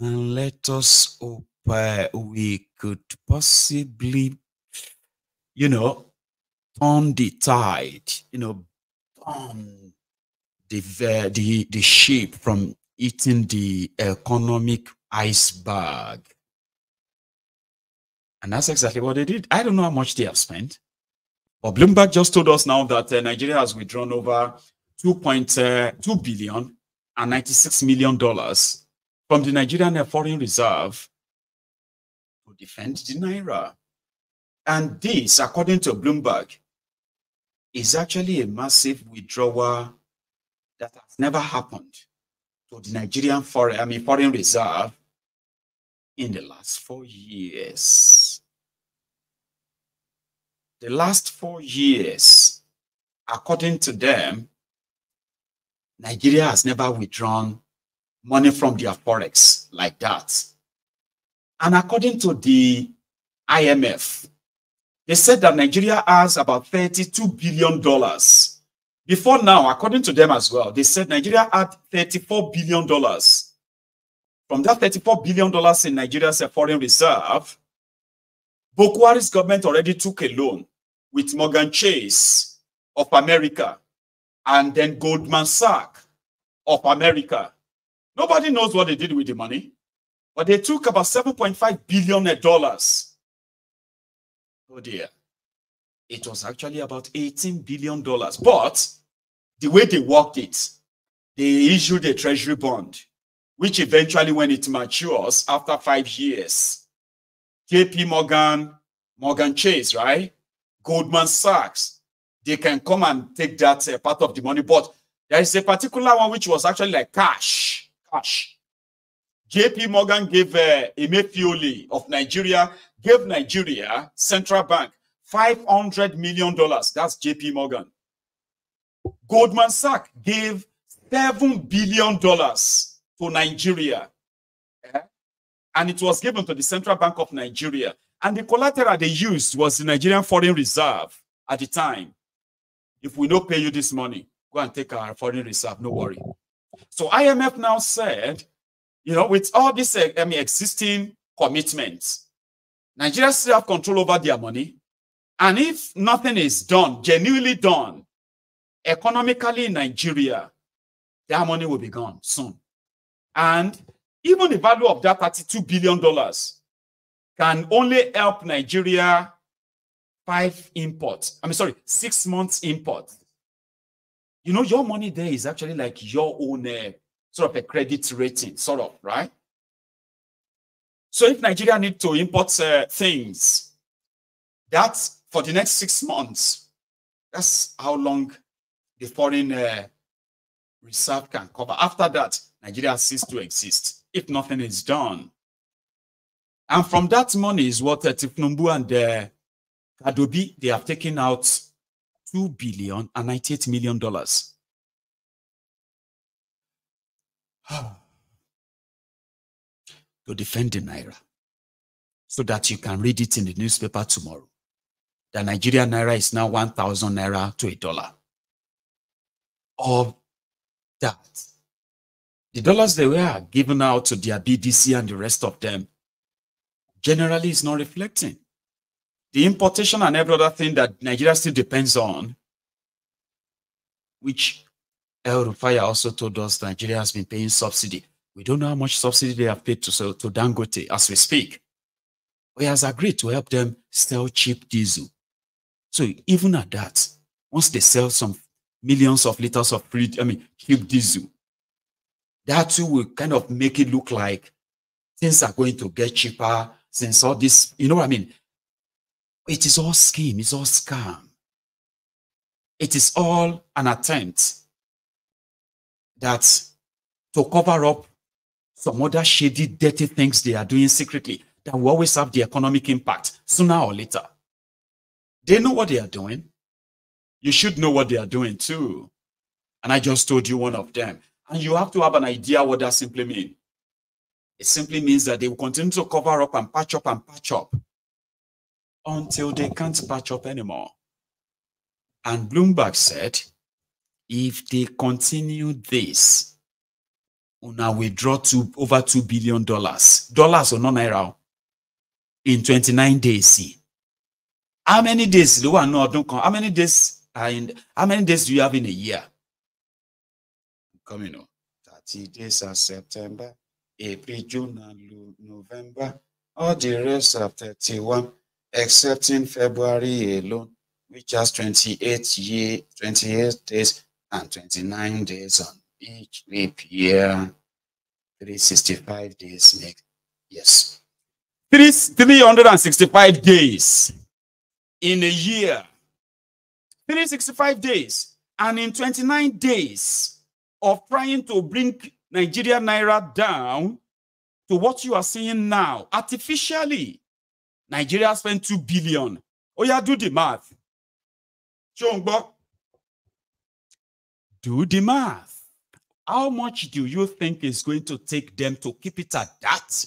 And let us hope uh, we could possibly, you know, turn the tide, you know, turn the, uh, the, the sheep from eating the economic iceberg. And that's exactly what they did. I don't know how much they have spent. But Bloomberg just told us now that uh, Nigeria has withdrawn over $2.2 uh, 96 million dollars from the Nigerian Foreign Reserve to defend the naira. And this, according to Bloomberg, is actually a massive withdrawal that has never happened to the Nigerian foreign, I mean, foreign reserve in the last four years. The last four years, according to them, Nigeria has never withdrawn money from their forex like that. And according to the IMF, they said that Nigeria has about $32 billion. Before now, according to them as well, they said Nigeria had $34 billion from that $34 billion in Nigeria's foreign reserve, Bokwari's government already took a loan with Morgan Chase of America and then Goldman Sachs of America. Nobody knows what they did with the money, but they took about $7.5 billion. Oh dear. It was actually about $18 billion. But the way they worked it, they issued a treasury bond which eventually, when it matures after five years, JP Morgan, Morgan Chase, right? Goldman Sachs, they can come and take that uh, part of the money. But there is a particular one which was actually like cash, cash. JP Morgan gave uh, Emefioli of Nigeria, gave Nigeria Central Bank $500 million. That's JP Morgan. Goldman Sachs gave $7 billion to Nigeria. Yeah. And it was given to the Central Bank of Nigeria. And the collateral they used was the Nigerian Foreign Reserve at the time. If we don't pay you this money, go and take our foreign reserve, no worry. So IMF now said, you know, with all these eh, I mean, existing commitments, Nigeria still have control over their money. And if nothing is done, genuinely done, economically in Nigeria, their money will be gone soon. And even the value of that $32 billion can only help Nigeria five imports. I mean, sorry, six months import. You know, your money there is actually like your own uh, sort of a credit rating, sort of, right? So if Nigeria need to import uh, things, that's for the next six months. That's how long the foreign uh, reserve can cover. After that, Nigeria cease to exist if nothing is done. And from that money is what uh, Tifnumbu and uh, Adobe, they have taken out $2 billion and $98 million. (sighs) to defend the Naira so that you can read it in the newspaper tomorrow. The Nigerian Naira is now 1,000 Naira to a dollar. All that the dollars they were given out to their BDC and the rest of them generally is not reflecting. The importation and every other thing that Nigeria still depends on, which El Rufaya also told us Nigeria has been paying subsidy. We don't know how much subsidy they have paid to, so, to Dangote as we speak. We he has agreed to help them sell cheap diesel. So even at that, once they sell some millions of liters of free, I mean, cheap diesel, that too will kind of make it look like things are going to get cheaper since all this, you know what I mean? It is all scheme, it's all scam. It is all an attempt that to cover up some other shady, dirty things they are doing secretly that will always have the economic impact sooner or later. They know what they are doing. You should know what they are doing too. And I just told you one of them. And you have to have an idea what that simply means. It simply means that they will continue to cover up and patch up and patch up until they can't patch up anymore. And Bloomberg said, if they continue this, Una will draw to over $2 billion. Dollars or non naira in 29 days. How many days? How many days are in how many days do you have in a year? coming up. 30 days are September, April, June, and November. All the rest of 31, excepting February alone, which has 28, year, 28 days and 29 days on each leap year. 365 days make, yes. Three, 365 days in a year. 365 days and in 29 days of trying to bring Nigeria Naira down to what you are seeing now artificially. Nigeria spent 2 billion. Oh, yeah, do the math. Chongbo, do the math. How much do you think is going to take them to keep it at that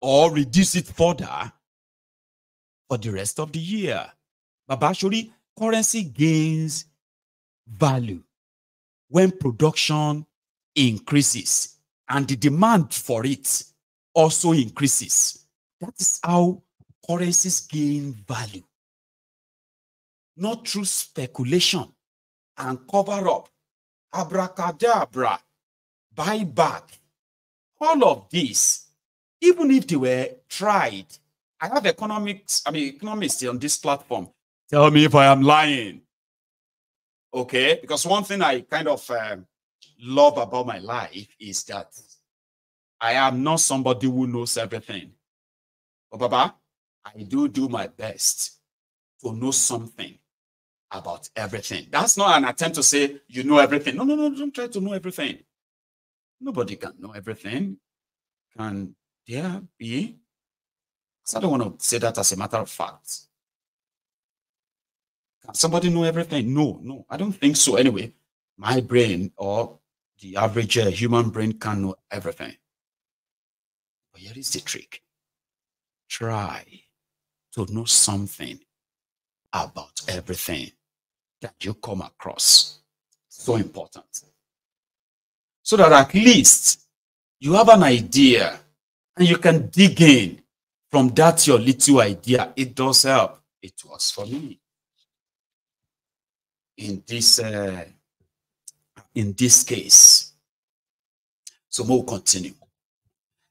or reduce it further for the rest of the year? Babashori, currency gains value. when production increases and the demand for it also increases. That is how currencies gain value. Not through speculation and cover up, abracadabra, buyback. All of this. even if they were tried, I have economics, I mean, economists on this platform. Tell me if I am lying. Okay, because one thing I kind of um, love about my life is that I am not somebody who knows everything. But Baba, I do do my best to know something about everything. That's not an attempt to say you know everything. No, no, no, don't try to know everything. Nobody can know everything. Can there be? Because I don't want to say that as a matter of fact. Can somebody know everything? No, no, I don't think so. Anyway, my brain or the average uh, human brain can know everything. But here is the trick try to know something about everything that you come across. So important. So that at least you have an idea and you can dig in from that your little idea. It does help. It was for me in this uh, in this case. So we'll continue,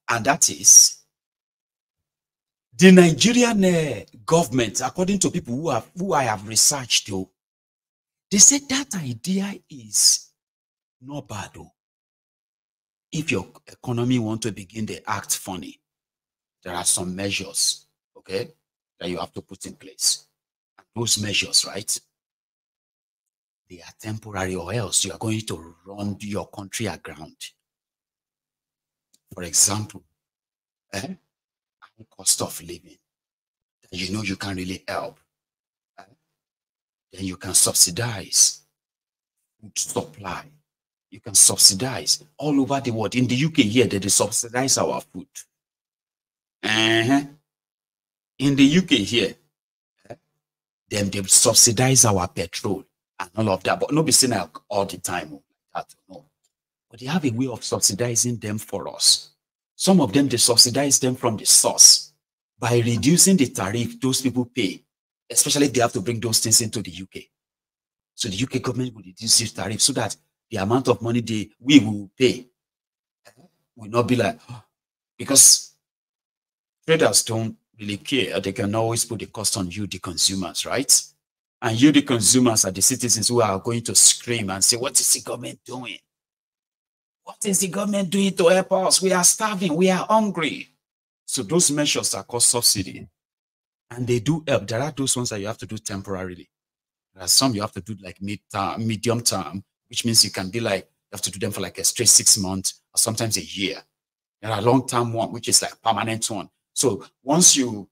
and that is the Nigerian uh, government, according to people who have who I have researched, though, they said that idea is not bad though. If your economy want to begin to act funny, there are some measures, okay, that you have to put in place. those measures, right? They are temporary, or else you are going to run your country aground. For example, eh, cost of living that you know you can really help. Eh? Then you can subsidize food supply. You can subsidize all over the world. In the UK here, they, they subsidize our food. Uh -huh. In the UK here, eh, then they subsidize our petrol and all of that. But not be seen all the time oh, that. No. But they have a way of subsidizing them for us. Some of them, they subsidize them from the source by reducing the tariff those people pay, especially they have to bring those things into the UK. So the UK government will reduce the tariff so that the amount of money they we will pay uh, will not be like oh, (gasps) because traders don't really care. They can always put the cost on you, the consumers, right? And you, the consumers, are the citizens who are going to scream and say, What is the government doing? What is the government doing to help us? We are starving, we are hungry. So those measures are called subsidy. And they do help. There are those ones that you have to do temporarily. There are some you have to do like mid term, uh, medium term, which means you can be like, you have to do them for like a straight six months or sometimes a year. There are long term one, which is like permanent one. So once you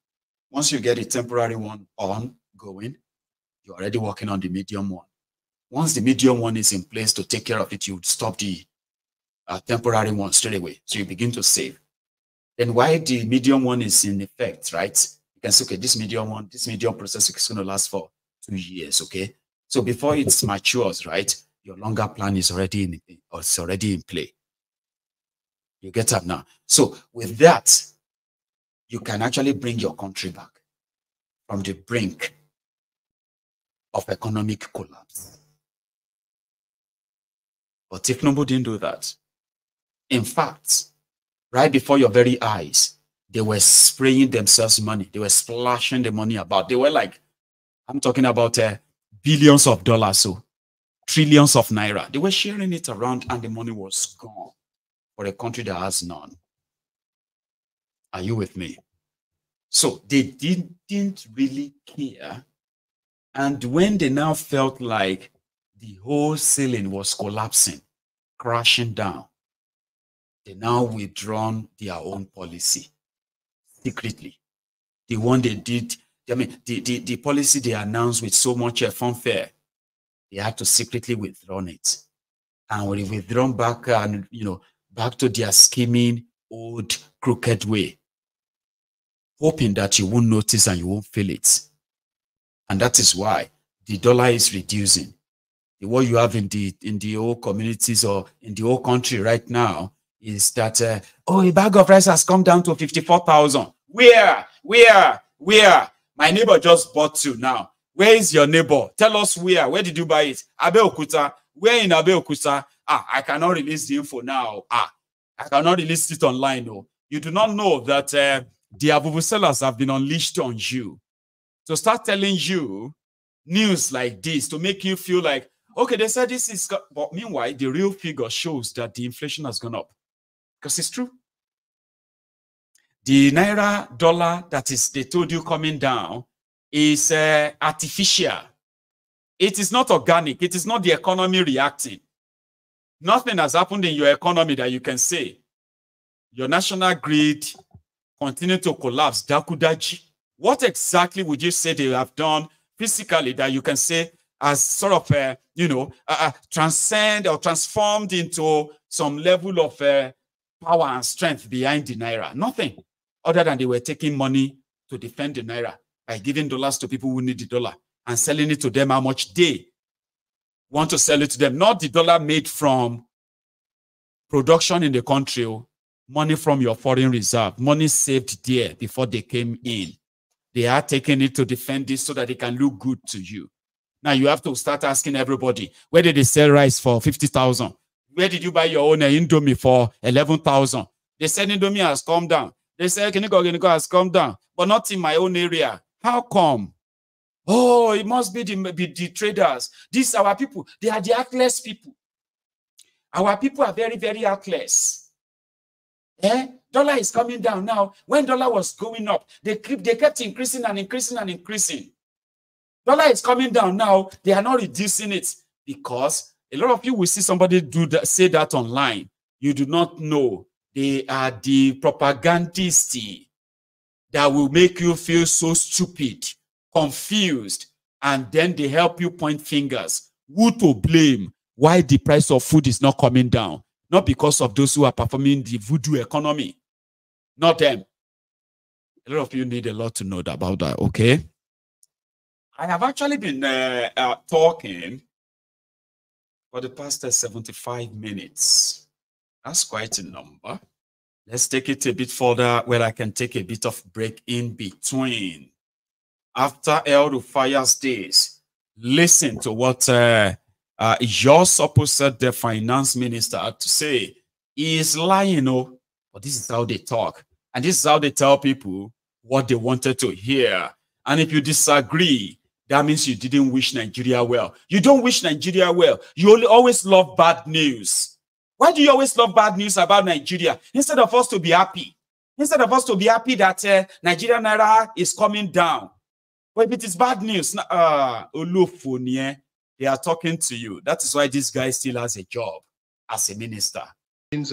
once you get a temporary one on going, you're already working on the medium one. Once the medium one is in place to take care of it, you stop the uh, temporary one straight away. So you begin to save. Then while the medium one is in effect, right? You can say, okay, this medium one, this medium process is going to last for two years, okay? So before it matures, right, your longer plan is already in, it's already in play. You get up now. So with that, you can actually bring your country back from the brink of economic collapse. But nobody didn't do that. In fact, right before your very eyes, they were spraying themselves money. They were splashing the money about. They were like, I'm talking about uh, billions of dollars, so oh, trillions of naira. They were sharing it around and the money was gone for a country that has none. Are you with me? So they didn't really care and when they now felt like the whole ceiling was collapsing, crashing down, they now withdrawn their own policy secretly. The one they did, I mean, the, the, the policy they announced with so much uh, fanfare, they had to secretly withdraw it. And when they withdrawn back and, you know, back to their scheming, old, crooked way, hoping that you won't notice and you won't feel it and that is why the dollar is reducing. The What you have in the in the old communities or in the old country right now is that uh, oh a bag of rice has come down to 54,000. Where? Where? Where? My neighbor just bought two now. Where is your neighbor? Tell us where. Where did you buy it? Abeokuta. Where in Abeokuta? Ah, I cannot release the info now. Ah, I cannot release it online No, oh. You do not know that uh, the Abubu sellers have been unleashed on you to start telling you news like this to make you feel like, okay, they said this is, but meanwhile, the real figure shows that the inflation has gone up because it's true. The naira dollar that is, they told you coming down is uh, artificial. It is not organic. It is not the economy reacting. Nothing has happened in your economy that you can say. Your national grid continued to collapse. Dakudaji. What exactly would you say they have done physically that you can say as sort of, uh, you know, uh, uh, transcend or transformed into some level of uh, power and strength behind the naira? Nothing other than they were taking money to defend the naira by giving dollars to people who need the dollar and selling it to them how much they want to sell it to them. Not the dollar made from production in the country, oh, money from your foreign reserve, money saved there before they came in. They are taking it to defend this so that it can look good to you. Now you have to start asking everybody, where did they sell rice for 50,000? Where did you buy your own Indomie for 11,000? They said Indomie has come down. They said Kiniko Kiniko has come down, but not in my own area. How come? Oh, it must be the, be the traders. These our people. They are the heartless people. Our people are very, very heartless. Eh? Dollar is coming down now. When dollar was going up, they kept, they kept increasing and increasing and increasing. Dollar is coming down now. They are not reducing it because a lot of you will see somebody do that, say that online. You do not know. They are the propagandisti that will make you feel so stupid, confused, and then they help you point fingers. Who to blame? Why the price of food is not coming down? Not because of those who are performing the voodoo economy not them. A lot of you need a lot to know about that, okay? I have actually been uh, uh, talking for the past uh, 75 minutes. That's quite a number. Let's take it a bit further where I can take a bit of break in between. After El Rufaya's days, listen to what uh, uh, your supposed the finance minister had to say. He is lying, oh, but this is how they talk. And this is how they tell people what they wanted to hear. And if you disagree, that means you didn't wish Nigeria well. You don't wish Nigeria well. You only always love bad news. Why do you always love bad news about Nigeria? Instead of us to be happy, instead of us to be happy that uh, Nigeria Naira is coming down. But if it is bad news, uh, eh, they are talking to you. That is why this guy still has a job as a minister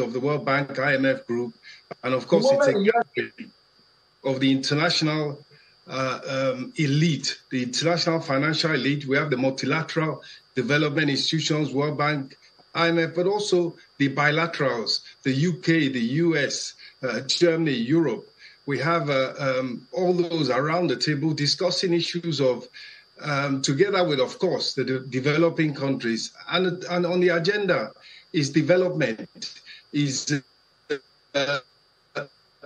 of the World Bank, IMF Group, and of course, it's a of the international uh, um, elite, the international financial elite. We have the multilateral development institutions, World Bank, IMF, but also the bilaterals, the UK, the US, uh, Germany, Europe. We have uh, um, all those around the table discussing issues of, um, together with, of course, the de- developing countries. And, and on the agenda is development is uh,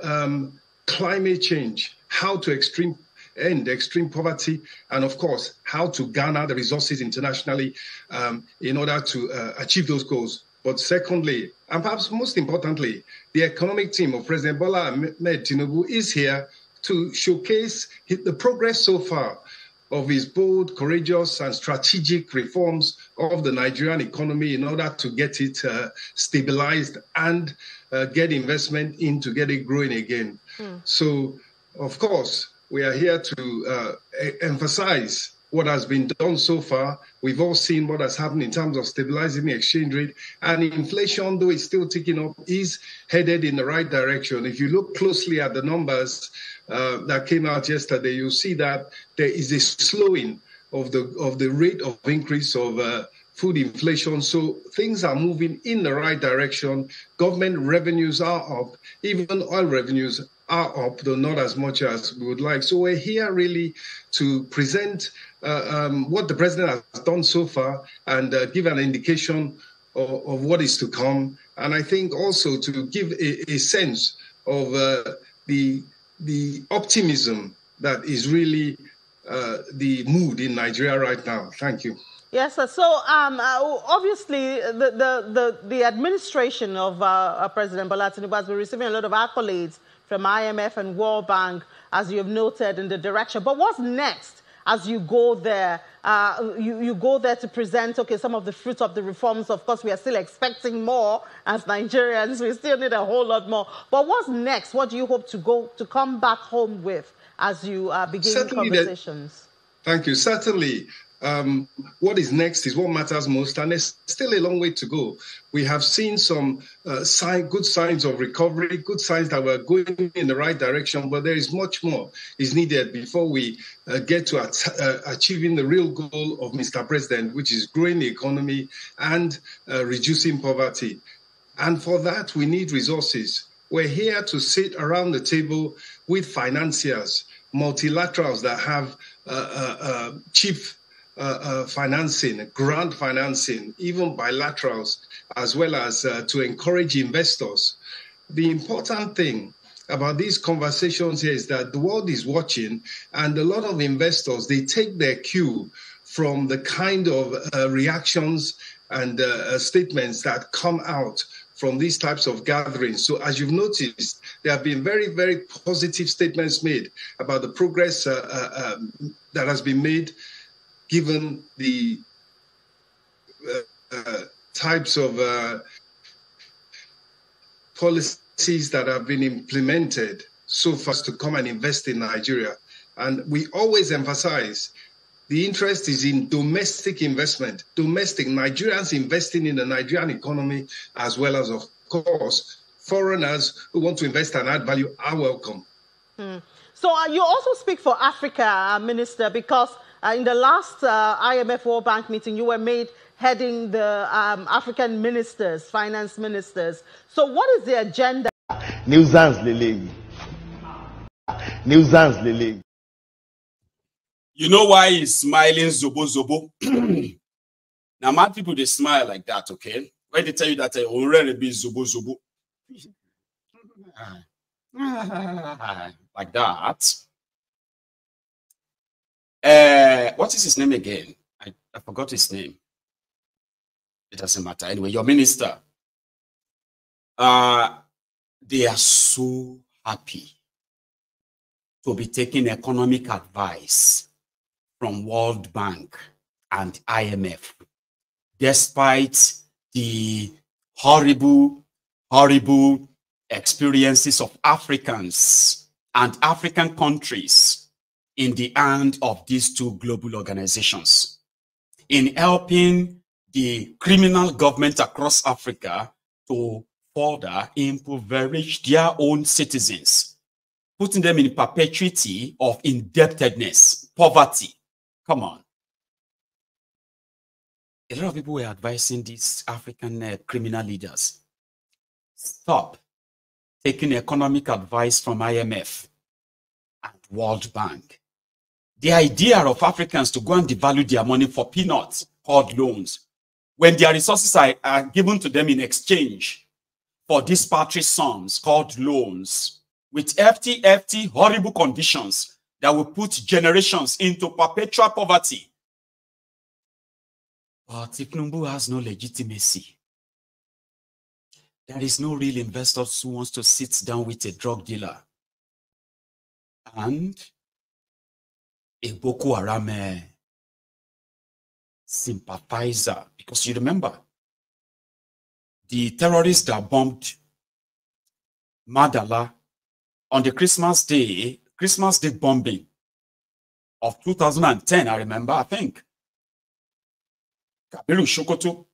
um, climate change, how to extreme end extreme poverty, and of course, how to garner the resources internationally um, in order to uh, achieve those goals. But secondly, and perhaps most importantly, the economic team of President Bola Ahmed Tinubu is here to showcase the progress so far of his bold, courageous, and strategic reforms of the Nigerian economy in order to get it uh, stabilized and uh, get investment in to get it growing again. Mm. So, of course, we are here to uh, emphasize what has been done so far. We've all seen what has happened in terms of stabilizing the exchange rate. And inflation, though it's still ticking up, is headed in the right direction. If you look closely at the numbers uh, that came out yesterday, you'll see that there is a slowing of the of the rate of increase of uh, food inflation. So things are moving in the right direction. Government revenues are up. Even oil revenues are up, though not as much as we would like. So we're here really to present uh, um, what the president has done so far and uh, give an indication of, of, what is to come. And I think also to give a, a sense of uh, the the optimism that is really uh, the mood in Nigeria right now. Thank you. Yes, sir. So um, uh, obviously, the, the, the, the, administration of uh, uh, President Bola Tinubu has been receiving a lot of accolades from IMF and World Bank, as you have noted in the direction. But what's next? as you go there, uh, you, you, go there to present, okay, some of the fruits of the reforms. Of course, we are still expecting more as Nigerians. We still need a whole lot more. But what's next? What do you hope to go to come back home with as you are uh, beginning Certainly conversations? That, thank you. Certainly. Um, what is next is what matters most, and there's still a long way to go. We have seen some uh, sign, good signs of recovery, good signs that we're going in the right direction, but there is much more is needed before we uh, get to at- uh, achieving the real goal of Mr. President, which is growing the economy and uh, reducing poverty. And for that, we need resources. We're here to sit around the table with financiers multilaterals that have uh, uh, uh, cheap financing, grant financing, even bilaterals, as well as to encourage investors. The important thing about these conversations here is that the world is watching, and a lot of investors they take their cue from the kind of uh, reactions and uh, statements that come out from these types of gatherings. So, as you've noticed, there have been very, very positive statements made about the progress uh, uh, um, that has been made given the uh, uh, types of uh, policies that have been implemented so far to come and invest in Nigeria. And we always emphasize the interest is in domestic investment, domestic Nigerians investing in the Nigerian economy, as well as, of course, foreigners who want to invest and add value are welcome. Mm. So uh, you also speak for Africa, uh, Minister, because uh, in the last uh, IMF World Bank meeting, you were made heading the um, African ministers, finance ministers. So what is the agenda? New Zans Lele. New Zans Lele. You know why he's smiling zobo zobo? (clears throat) now, my people, they smile like that, okay? When they tell you that, I already be zobo zobo. (laughs) like that. Uh, what is his name again? I, I forgot his name. It doesn't matter. Anyway, your minister. Uh, they are so happy to be taking economic advice from World Bank and IMF, despite the horrible, horrible experiences of Africans and African countries in the hand of these two global organizations in helping the criminal government across Africa to further impoverish their own citizens, putting them in perpetuity of indebtedness, poverty, Come on. A lot of people were advising these African uh, criminal leaders stop taking economic advice from IMF and World Bank. The idea of Africans to go and devalue their money for peanuts called loans when their resources are, are given to them in exchange for disparate sums called loans with FTFT horrible conditions that will put generations into perpetual poverty. But Tiknumbu has no legitimacy. There is no real investor who wants to sit down with a drug dealer and a Boko Haram eh, sympathizer. Because you remember, the terrorists that bombed Madala on the Christmas day Christmas Day bombing of 2010, I remember, I think. Kabiru Shokoto,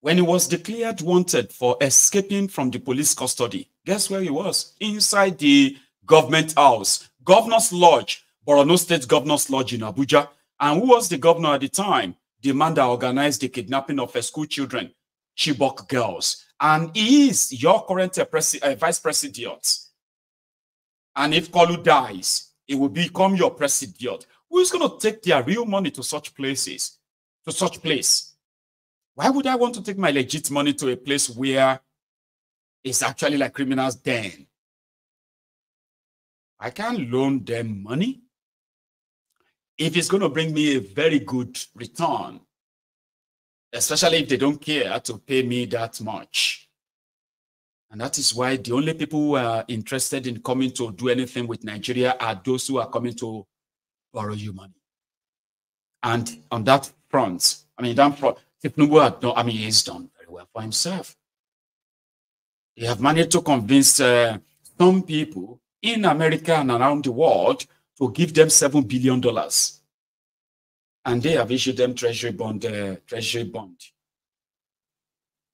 when he was declared wanted for escaping from the police custody, guess where he was? Inside the government house, governor's lodge, Borno State Governor's Lodge in Abuja. And who was the governor at the time? The man that organized the kidnapping of her school children, Chibok girls. And he is your current uh, vice president and if Kalu dies, it will become your president. Who's going to take their real money to such places? To such place? Why would I want to take my legit money to a place where it's actually like criminals' den? I can't loan them money if it's going to bring me a very good return, especially if they don't care to pay me that much. And that is why the only people who are interested in coming to do anything with Nigeria are those who are coming to borrow you money. And on that front, I mean, that front, Tinubu had no, I mean, he's done very well for himself. They have managed to convince uh, some people in America and around the world to give them $7 billion. And they have issued them treasury bond, uh, treasury bond.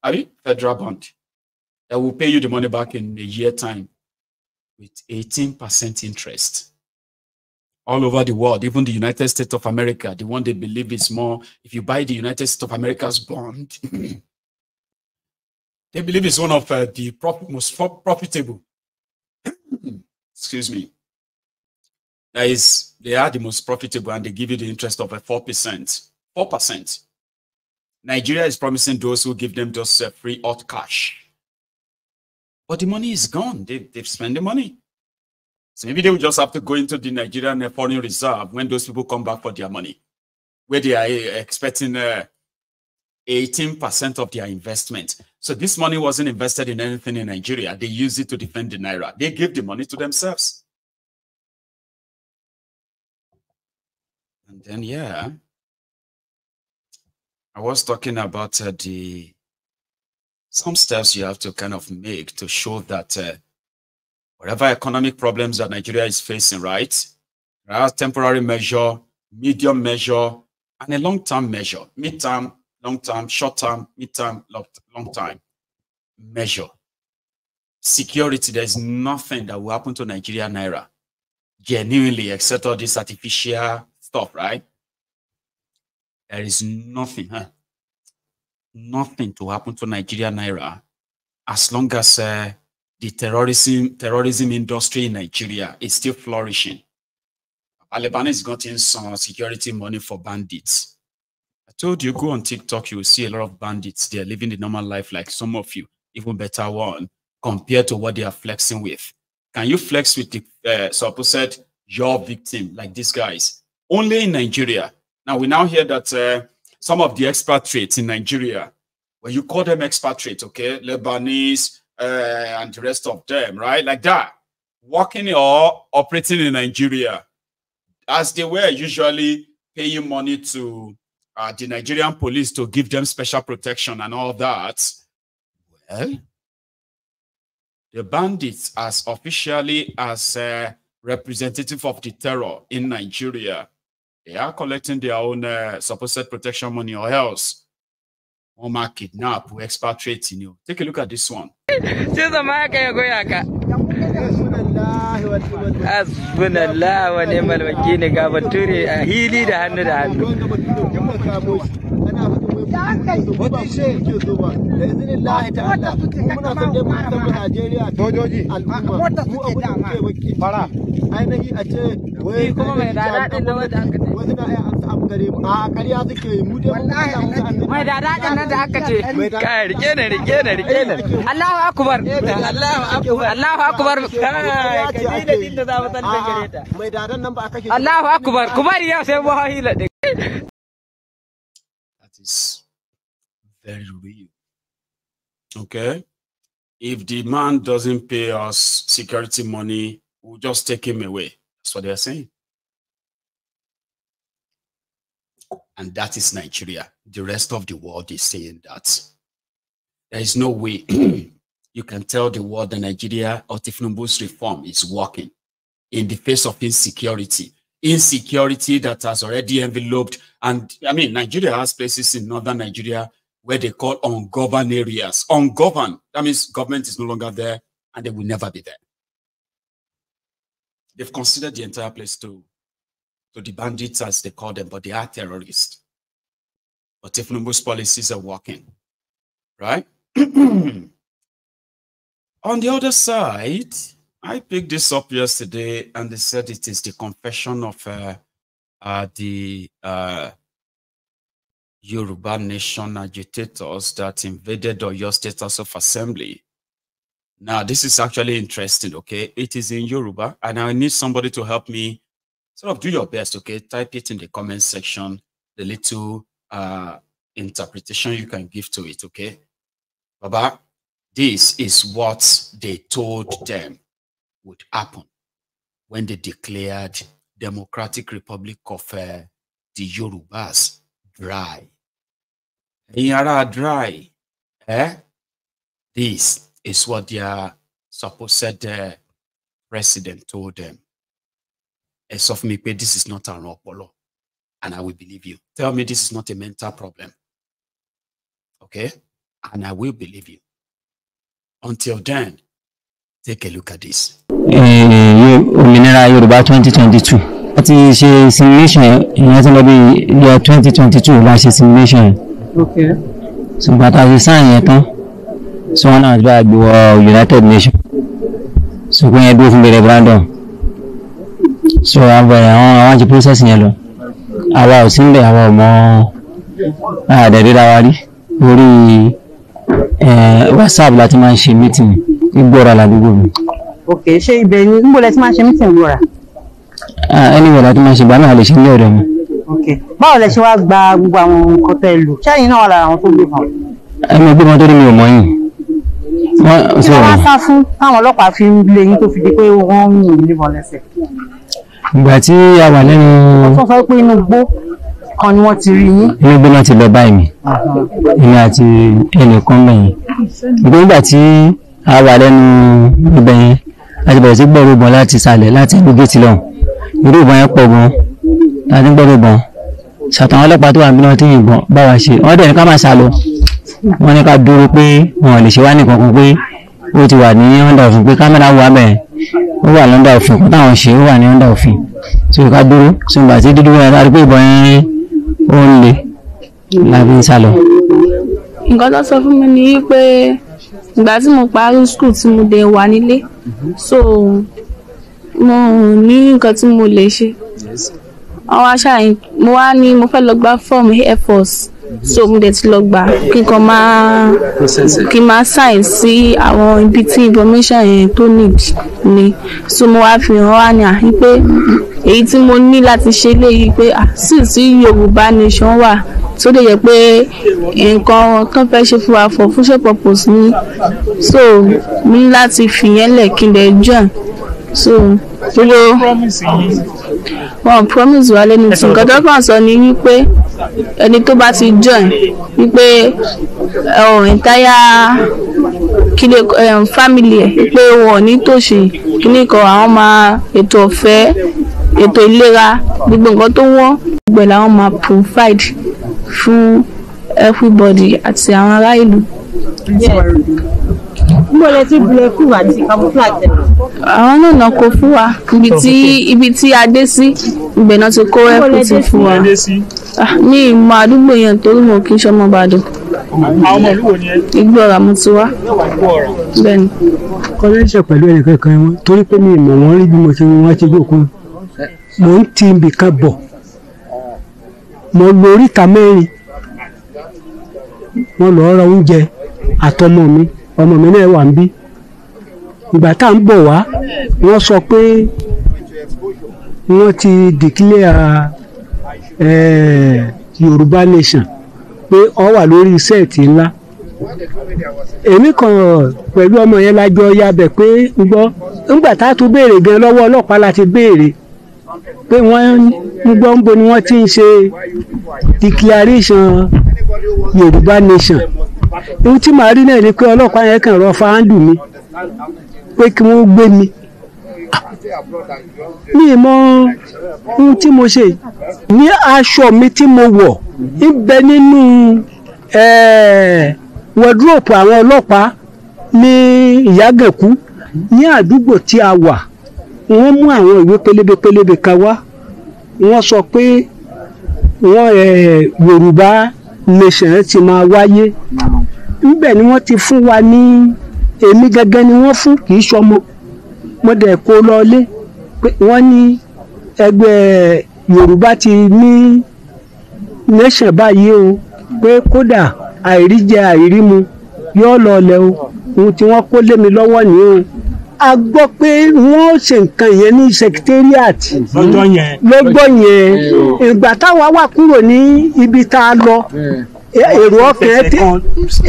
Are you? Federal bond that will pay you the money back in a year time with 18% interest. All over the world, even the United States of America, the one they believe is more, if you buy the United States of America's bond, (clears throat) they believe it's one of uh, the most profitable. (clears throat) Excuse me. That is, they are the most profitable and they give you the interest of a 4%. 4%. Nigeria is promising those who give them just a uh, free hot cash but the money is gone. They, they've spent the money. So maybe they will just have to go into the Nigerian foreign reserve when those people come back for their money, where they are eh, expecting uh, eh, 18% of their investment. So this money wasn't invested in anything in Nigeria. They used it to defend the Naira. They gave the money to themselves. And then, yeah, I was talking about uh, the some steps you have to kind of make to show that uh, whatever economic problems that Nigeria is facing, right? There are temporary measure, medium measure, and a long-term measure, mid-term, long-term, short-term, mid-term, long-term measure. Security, there's nothing that will happen to Nigeria Naira genuinely, except all this artificial stuff, right? There is nothing, huh? nothing to happen to Nigeria Naira as long as uh, the terrorism, terrorism industry in Nigeria is still flourishing. Alibana is getting some security money for bandits. I told you, go on TikTok, you will see a lot of bandits. They are living the normal life like some of you, even better one, compared to what they are flexing with. Can you flex with the uh, supposed your victim like these guys? Only in Nigeria. Now, we now hear that uh, some of the expatriates in Nigeria. Well, you call them expatriates, okay? Lebanese uh, and the rest of them, right? Like that. Working or operating in Nigeria, as they were usually paying money to uh, the Nigerian police to give them special protection and all that. Well, the bandits, as officially as eh, representative of the terror in Nigeria, they are collecting their own uh, supposed protection money or else or man kidnap, we expatriating you. Take a look at this one. Asbunallah wa ni'mal wakil ga hili da hannu da hannu. ya da izinin a nan a da aka ce kai rike ne rike ne rike ne Allahu Allahu Allahu sai very real. Okay? If the man doesn't pay us security money, we'll just take him away. That's what they're saying. And that is Nigeria. The rest of the world is saying that. There is no way (clears throat) you can tell the world that Nigeria or Tifnumbu's reform is working in the face of insecurity. Insecurity that has already enveloped. And I mean, Nigeria has places in northern Nigeria where they call ungoverned areas. Ungoverned, that means government is no longer there and they will never be there. They've considered the entire place to, to the bandits, as they call them, but they are terrorists. But if Tifnumbu's policies are working, right? (clears throat) On the other side, I picked this up yesterday and they said it is the confession of uh, uh, the uh, Yoruba nation agitators that invaded Oyo State House of Assembly. Now, this is actually interesting, okay? It is in Yoruba, and I need somebody to help me sort of do your best, okay? Type it in the comment section, the little uh, interpretation you can give to it, okay? Baba, this is what they told them would happen when they declared Democratic Republic of uh, the Yorubas dry. ẹ̀yin ará dry eh? this is what their supposed uh, president told them ẹ sọ fún mi pé this is not àrùn ọpọlọ and I will believe you tell me this is not a mental problem okay and I will believe you until then take a look at this. Eh, òmìnira yorùbá twenty twenty two a ti ṣe simulation ìyẹn tó lọ bí year twenty twenty two la ṣe simulation ṣùgbọ́n tá a ṣe sáà yẹn tán tí wọ́n náà bá gbé wọ United Nations ṣùgbọ́n yẹn dúró fún bẹ̀rẹ̀ brandon so àwọn àwọn ti process yẹn lọ àwa ò sí ń bẹ̀ àwa ò mọ àdẹ̀rẹ́ra wa rí lórí WhatsApp láti máa ń ṣe meeting gbígbóra ládùúgbò mi. ok ṣé ibẹ̀ ni níbo lẹ ti máa ń ṣe meeting gbóra. Ah, anyway láti máa ṣe ìgbà náà lè ṣe ní ọ̀dọ̀ mi báwo lẹ ṣe wá gba gbogbo àwọn nǹkan tẹ́ lò ṣẹ́yìn náà wà lára àwọn tó gbé kan. ẹ mọ gbé wọn tó ní mi ò mọ yìí. ìwọ wá sá fún táwọn ọlọ́pàá fi ń lé yín tó fi di pé wọ́n ń yìn níbọn lẹ́sẹ̀. ìgbà tí a wà lẹ́nu. wọ́n tún sọ pé inú gbó kan ni wọ́n ti rí yín. inú gbó náà ti lọ báyìí mi èmi àti ẹnìkan mẹ́yìn. ìgbà nígbà tí a wà lẹ́nu ibẹ̀ yẹn a ti bẹ̀rẹ̀ sí gbọ́ irúgbọ̀n láti sàlẹ̀ láti ẹnu géètì lọ́hùn irúgbọ̀n yẹn pọ̀ láti ń gbọ́dọ̀ bọ̀n ṣàtàn ọlọ́pàá tó wà nínú ọtí yìnbọn báwa ṣe wọ́n dẹ̀ ní ká máa sá lọ wọ́n ní ká dúró pé wọn ò lè ṣe wá nìkan kan pé ó ti wà ní ọ̀ndà òfin pé kámẹ́rà wà bẹ́ẹ̀ ó wà lọ́ndà òfin kó táwọn ṣe ó wà ní ọ̀ndà òfin tó ká dúró ṣùgbọ́n àti dúdú wọn láti pé ìbọn yẹn ó ń le láti ń sá lọ. nǹkan tó sọ fún mi ni pé ìgbà tí mo parí skul tí mo dé wà nílé so mo ní nǹkan tí mo lè ṣe àwọn aṣááyìn mo wá ní mo fẹ́ lọ gba form air force so mo dẹ̀ ti lọ gbà kí n kàn máa kí n máa sign sí àwọn ibi tí information yẹn tó need ni so mo wá fi hàn wá ní àhín pé èyí tí mo ní láti ṣe léyìí pé sí sí Yorùbá nation wà tó lè yẹ pé nǹkan kan fẹ́ ṣe fún wa for future purpose ni so mo láti fìyẹn kí n lè join so kí ló wọn promise wa lẹ́nu tí nǹkan tó kàn sọ ni wípé ẹni tó bá ti join wípé entire eh, kílé eh, family ẹ wípé wọn ò ní tòṣì kíní kan àwọn máa ètò ọ̀fẹ́ ètò ìlera gbogbo nǹkan tó wọ́n gbogbo làwọn máa provide fún everybody àti àwọn ará ìlú. Yeah mo lè ti bulletproof àti camouflage. àwọn náà náà kó fún wa ibi tí ibi tí a dé sí ibẹ̀ náà ti kó ẹ̀kú ti fún wa ní ìmọ̀ ah, àdúgbò yẹn torí mo kì í ṣọmọ Ìbàdàn. àwọn ọmọ ìlú wo ni ẹ. igbó ọ̀rà mo ti wá. bẹ́ẹ̀ ni. kọ́lẹ́ṣẹ̀ pẹ̀lú ẹnì kankan wọn torí pé mi ìmọ̀ wọn rí bí mo ṣe wọn ti gbòkun mo ń ti ibì kan bọ̀ mo lo oríta mẹ́rin mo lọ́ọ́ ra oúnjẹ àtọmọ mi. ọmọ mi náà wà ń bí ìgbà tá à ń bọ̀ wá wọ́n sọ pé wọ́n ti declare Yorùbá nation pé ọ wà lórí sẹ́ẹ̀tì ńlá èmi kan pẹ̀lú ọmọ yẹn jọ yabẹ̀ pé gbọ́ ńgbà tá a tún béèrè gan béèrè pé wọ́n ń gbọ́ ń bo ni wọ́n ohun tí màá rí náà ni pé ọlọ́pàá yẹn kàn rọ fáńdù mi pé kí wọ́n gbé mi mi mọ ohun tí mo ṣe ní aṣọ mi tí mo wọ̀ ń bẹ nínú wọdúrópù àwọn ọlọ́pàá ní ìyàgànkú ní àdúgbò tí a wà wọ́n mú àwọn ìwé pélébé pélébé kan wá wọ́n sọ pé wọ́n Yorùbá nation ti máa wáyé ńbẹ̀ ni wọn ti fún wa ní èmi gẹgẹ ni wọn fún kì í ṣọmọ mo dẹ̀ kó lọlé pé wọn ní ẹgbẹ́ Yorùbá ti ní nation báyìí o pé kódà àìríjẹ àìrímu yóò lọlẹ̀ o ohun tí wọn kó lé mi lọ́wọ́ nìyí o a gbọ́ pé wọ́n ṣe nǹkan yẹn ní secretariat lọ́gbọ́ yẹn ìgbà táwa wà kúrò ní ibi tá a lọ èrò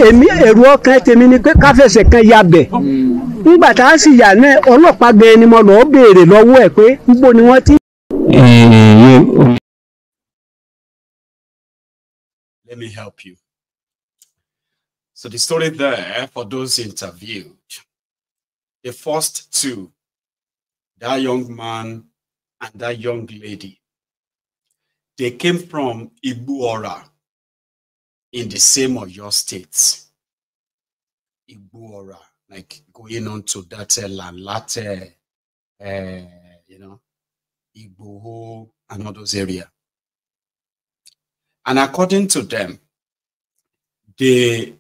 èmi èrò ọkàn tèmi ni pé káfẹsẹ̀ kan yabẹ̀ hmm. nígbà tá a sì yà ọlọ́pàá gan ni mo lọ́ọ́ béèrè lọ́wọ́ ẹ̀ pé níbo ni wọ́n ti. Let me help you. So the story there for those the first two, that young man and that young lady, they came from Ibuora in the same of your states. Ibuora, like going on to that uh, land, Latte, uh, uh, you know, Igboho, and all those areas. And according to them, they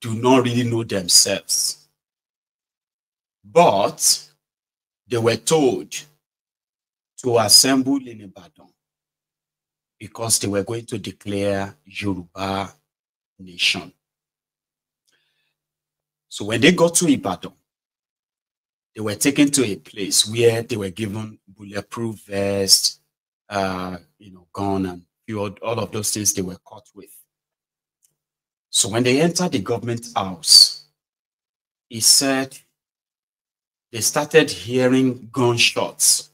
do not really know themselves But they were told to assemble in Ibadan because they were going to declare Yoruba nation. So when they got to Ibadan, they were taken to a place where they were given bulletproof vest, uh, you know, gun and all of those things they were caught with. So when they entered the government house, he said they started hearing gunshots.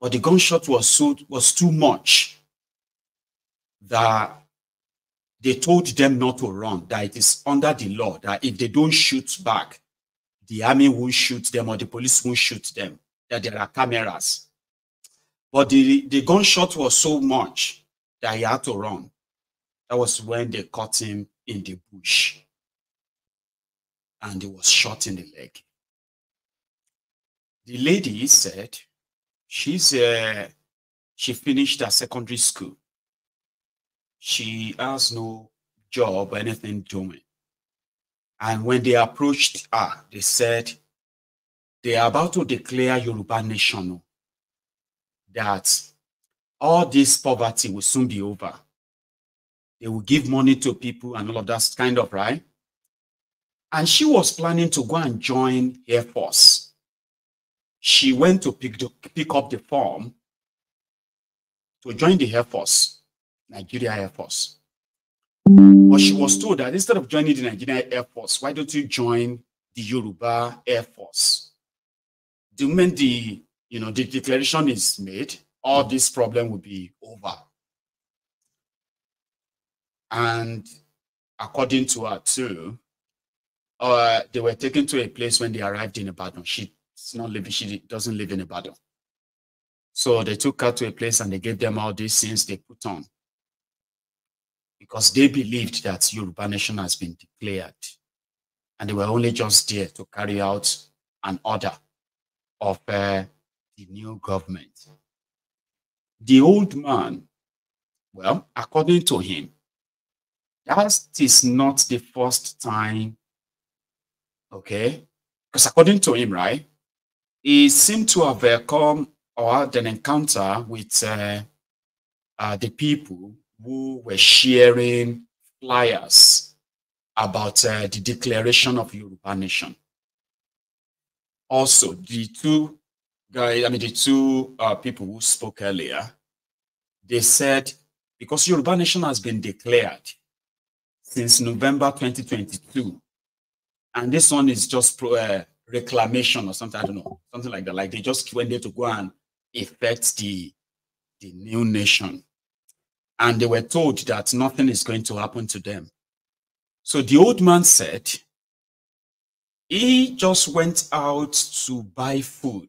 But the gunshot was, so, was too much that they told them not to run, that it is under the law, that if they don't shoot back, the army will shoot them or the police will shoot them, that there are cameras. But the, the gunshot was so much that he had to run. That was when they caught him in the bush. And he was shot in the leg the lady said she's uh, she finished her secondary school. She has no job, anything doing. And when they approached her, they said they are about to declare Yoruba national oh, that all this poverty will soon be over. They will give money to people and all of that kind of, right? And she was planning to go and join Air Force she went to pick, pick up the form to join the Air Force, Nigeria Air Force. But she was told that instead of joining the Nigerian Air Force, why don't you join the Yoruba Air Force? The moment the you know the declaration is made, all this problem will be over. And according to her too, uh, they were taken to a place when they arrived in Ibadan. She it's not living, she doesn't live in a Ibadan. So they took her to a place and they gave them all these things they put on. Because they believed that Yoruba nation has been declared. And they were only just there to carry out an order of uh, the new government. The old man, well, according to him, that is not the first time, okay? Because according to him, right, he seemed to have uh, come or had an encounter with uh, uh, the people who were sharing flyers about uh, the declaration of Yoruba nation. Also, the two guys, I mean, the two uh, people who spoke earlier, they said, because Yoruba nation has been declared since November 2022, and this one is just pro, uh, reclamation or something. I don't know, something like that. Like they just went there to go and effect the the new nation, and they were told that nothing is going to happen to them. So the old man said he just went out to buy food,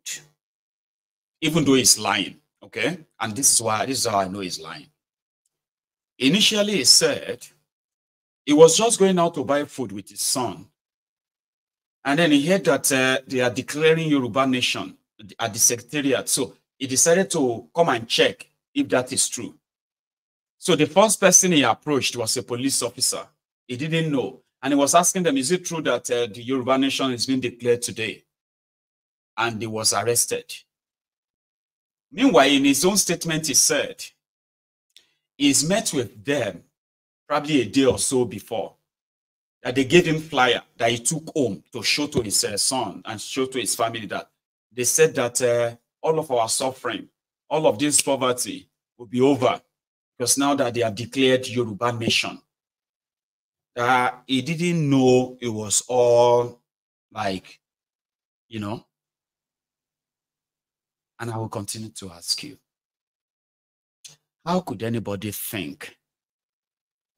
even though he's lying. Okay, and this is why this is how I know he's lying. Initially, he said he was just going out to buy food with his son and then he heard that uh, they are declaring Yoruba nation at the secretariat. So he decided to come and check if that is true. So the first person he approached was a police officer. He didn't know. And he was asking them, is it true that uh, the Yoruba nation is being declared today? And he was arrested. Meanwhile, in his own statement, he said, he's met with them probably a day or so before that they gave him flyer that he took home to show to his uh, son and show to his family that they said that uh, all of our suffering, all of this poverty will be over because now that they have declared Yoruba nation, that uh, he didn't know it was all like, you know. And I will continue to ask you, how could anybody think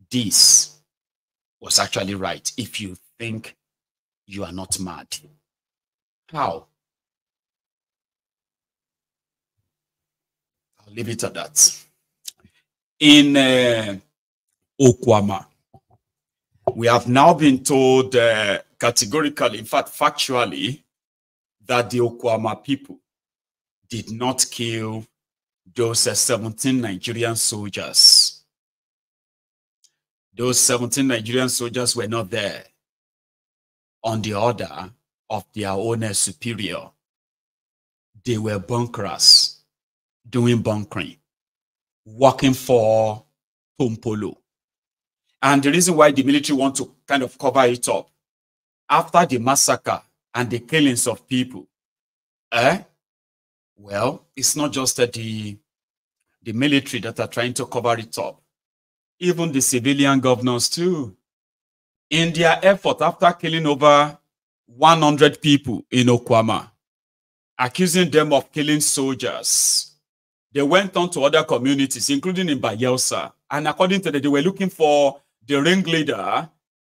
this was actually right if you think you are not mad. How? I'll leave it at that. In uh, Okwama, we have now been told uh, categorically, in fact, factually, that the Okwama people did not kill those uh, 17 Nigerian soldiers those 17 Nigerian soldiers were not there on the order of their owner superior. They were bunkers, doing bunkering, working for Pompolo. And the reason why the military want to kind of cover it up, after the massacre and the killings of people, eh? Well, it's not just the, the military that are trying to cover it up even the civilian governors too. In their effort after killing over 100 people in Okwama, accusing them of killing soldiers, they went on to other communities, including in Bayelsa. And according to them, they were looking for the ringleader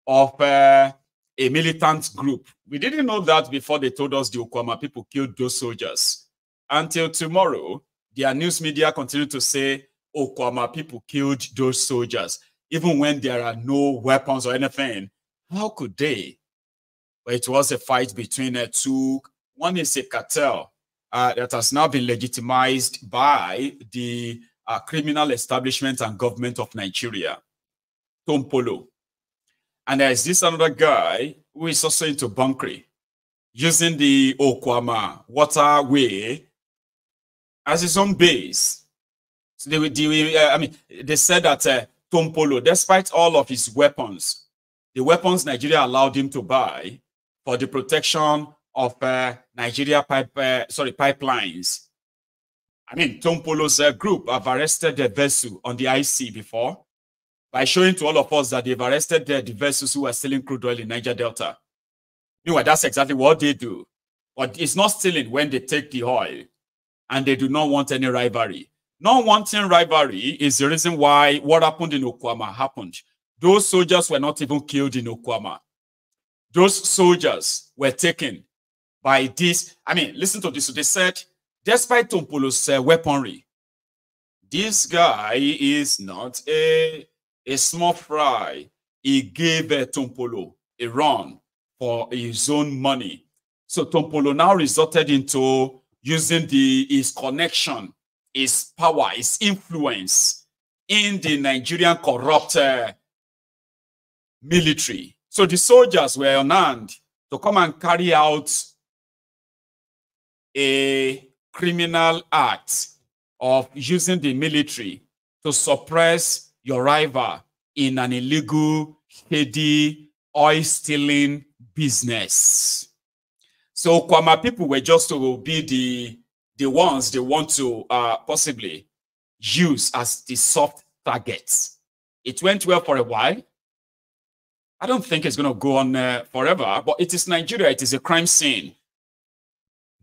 of uh, a militant group. We didn't know that before they told us the Okwama people killed those soldiers. Until tomorrow, their news media continued to say Okwama people killed those soldiers, even when there are no weapons or anything. How could they? Well, it was a fight between uh, two. One is a cartel uh, that has now been legitimized by the uh, criminal establishment and government of Nigeria, Tompolo. And there's this another guy who is also into bunkery, using the Okwama waterway as his own base they, uh, I mean, they said that uh, Tompolo, despite all of his weapons, the weapons Nigeria allowed him to buy for the protection of uh, Nigeria pipe, uh, sorry, pipelines. I mean, Tompolo's uh, group have arrested the vessel on the IC before by showing to all of us that they've arrested the, the vessels who are stealing crude oil in Niger Delta. Anyway, that's exactly what they do. But it's not stealing when they take the oil and they do not want any rivalry. Not wanting rivalry is the reason why what happened in Okwama happened. Those soldiers were not even killed in Okwama. Those soldiers were taken by this. I mean, listen to this. They said, despite Tompolo's uh, weaponry, this guy is not a, a small fry. He gave uh, Tompolo a run for his own money. So Tompolo now resorted into using the, his connection his power, his influence in the Nigerian corrupt uh, military. So the soldiers were on hand to come and carry out a criminal act of using the military to suppress your rival in an illegal, shady, oil stealing business. So Kwama people were just to be the the ones they want to uh, possibly use as the soft targets. It went well for a while. I don't think it's going to go on uh, forever, but it is Nigeria. It is a crime scene.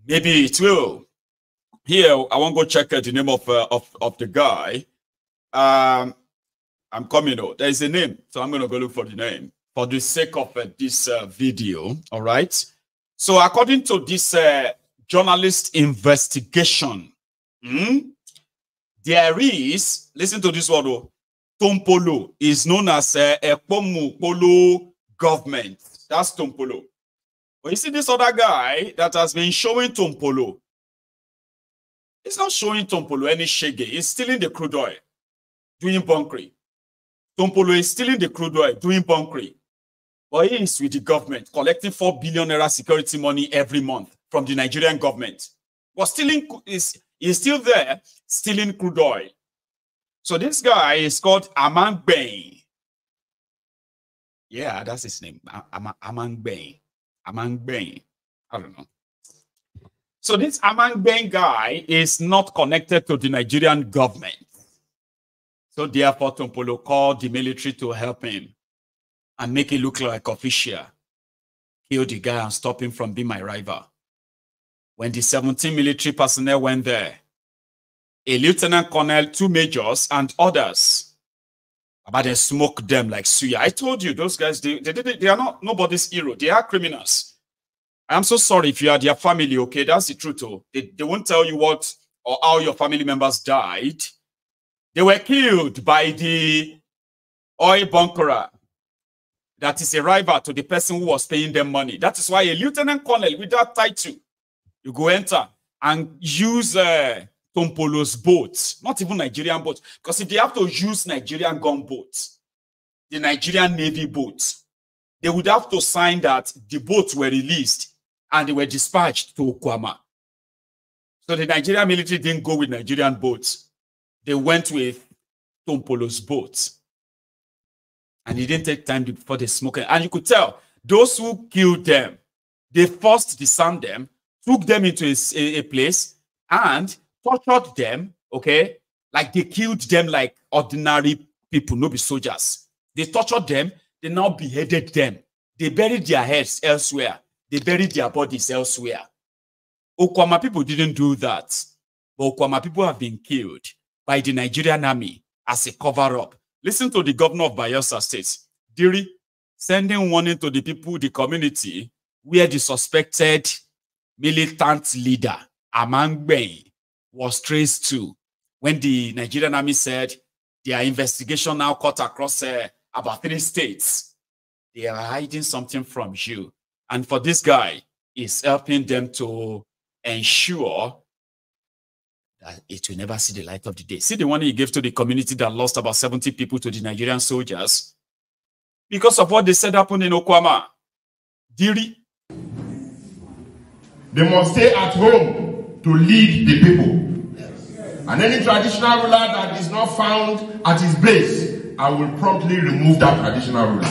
Maybe it will. Here, I won't go check uh, the name of, uh, of, of the guy. Um, I'm coming out. There is a name, so I'm going to go look for the name for the sake of uh, this uh, video. All right. So according to this journalist investigation. Mm? There is, listen to this word, though, Tompolo is known as a eh, Pomupolo government. That's Tompolo. But you see this other guy that has been showing Tompolo. He's not showing Tompolo any shege. He's stealing the crude oil, doing bunkery. Tompolo is stealing the crude oil, doing bunkery. But he is with the government, collecting 4 billion naira security money every month from the Nigerian government was stealing is is still there stealing crude oil. So this guy is called Amang Bain. Yeah, that's his name. Am Amang Bain. Amang Bain. I don't know. So this Amang Bain guy is not connected to the Nigerian government. So therefore, Tompolo called the military to help him and make it look like official. Kill the guy and stop him from being my rival when the 17 military personnel went there. A lieutenant colonel, two majors, and others. But they smoked them like suya. I told you, those guys, they, they, they, they are not nobody's hero. They are criminals. I'm so sorry if you are their family, okay? That's the truth, oh. They, they won't tell you what or how your family members died. They were killed by the oil bunkerer that is a rival to the person who was paying them money. That is why a lieutenant colonel with that title you go enter and use uh, Tompolo's boats, not even Nigerian boats, because if they have to use Nigerian gunboats, the Nigerian Navy boats, they would have to sign that the boats were released and they were dispatched to Kwama. So the Nigerian military didn't go with Nigerian boats. They went with Tompolo's boats. And it didn't take time before they smoked. And you could tell those who killed them, they first disarmed them took them into a, a place and tortured them, okay? Like they killed them like ordinary people, no be soldiers. They tortured them, they now beheaded them. They buried their heads elsewhere. They buried their bodies elsewhere. Okwama people didn't do that. But Okwama people have been killed by the Nigerian army as a cover-up. Listen to the governor of Bayelsa State, Diri, sending warning to the people, the community, where the suspected militant leader, Amangbei, was traced to when the Nigerian army said their investigation now cut across uh, about three states. They are hiding something from you. And for this guy, is helping them to ensure that it will never see the light of the day. See the one he gave to the community that lost about 70 people to the Nigerian soldiers because of what they said happened in Okwama. Diri They must stay at home to lead the people. And any traditional ruler that is not found at his place, I will promptly remove that traditional ruler.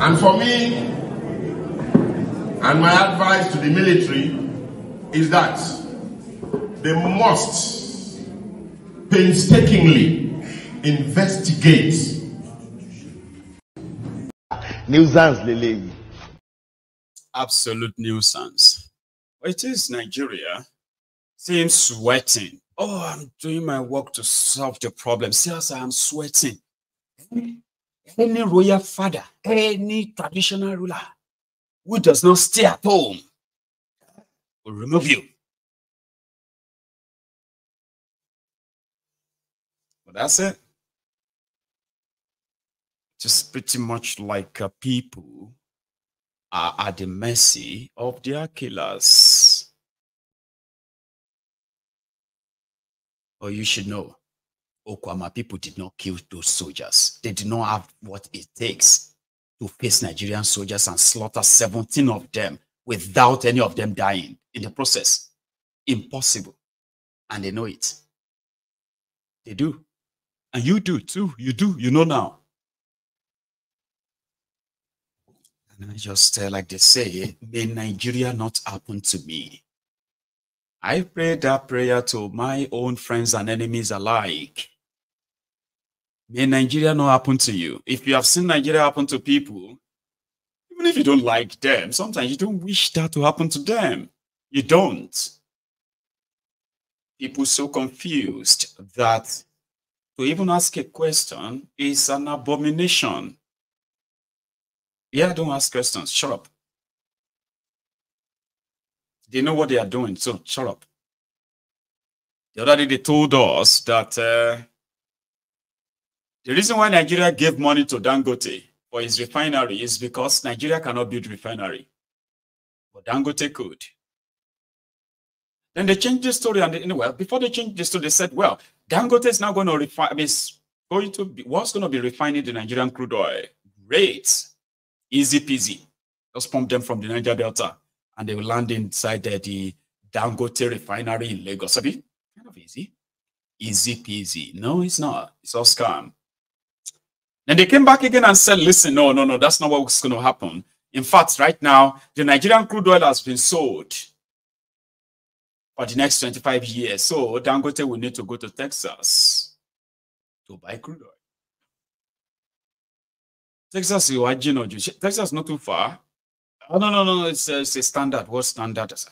and for me, and my advice to the military is that they must painstakingly investigate. Nuisance, Lele. Absolute nuisance. It is Nigeria seems sweating. Oh, I'm doing my work to solve the problem. as I'm sweating. any royal father, any traditional ruler who does not stay at home will remove you. But that's it. Just pretty much like uh, people are at the mercy of their killers. Or you should know, Okwama people did not kill those soldiers. They did not have what it takes to face Nigerian soldiers and slaughter 17 of them without any of them dying in the process. Impossible. And they know it. They do. And you do too. You do. You know now. And I just, uh, like they say, may Nigeria not happen to me. I pray that prayer to my own friends and enemies alike. May Nigeria not happen to you. If you have seen Nigeria happen to people, if you don't like them, sometimes you don't wish that to happen to them. You don't. People so confused that to even ask a question is an abomination. Yeah, don't ask questions. Shut up. They know what they are doing, so shut up. The other day, they told us that uh, the reason why Nigeria gave money to Dangote for his refinery is because Nigeria cannot build refinery. But Dangote could. Then they changed the story, and they, well, before they changed the story, they said, well, Dangote is now going to refine, I mean, going to be, what's going to be refining the Nigerian crude oil? Great. Easy peasy. Just pump them from the Niger Delta, and they will land inside the, the Dangote refinery in Lagos. I mean, kind of easy. Easy peasy. No, it's not. It's all scam. Then they came back again and said, listen, no, no, no, that's not what's going to happen. In fact, right now, the Nigerian crude oil has been sold for the next 25 years. So Dangote will need to go to Texas to buy crude oil. Texas, you are Gino. Texas not too far. Oh, no, no, no, it's a, uh, it's a standard. What standard? sir?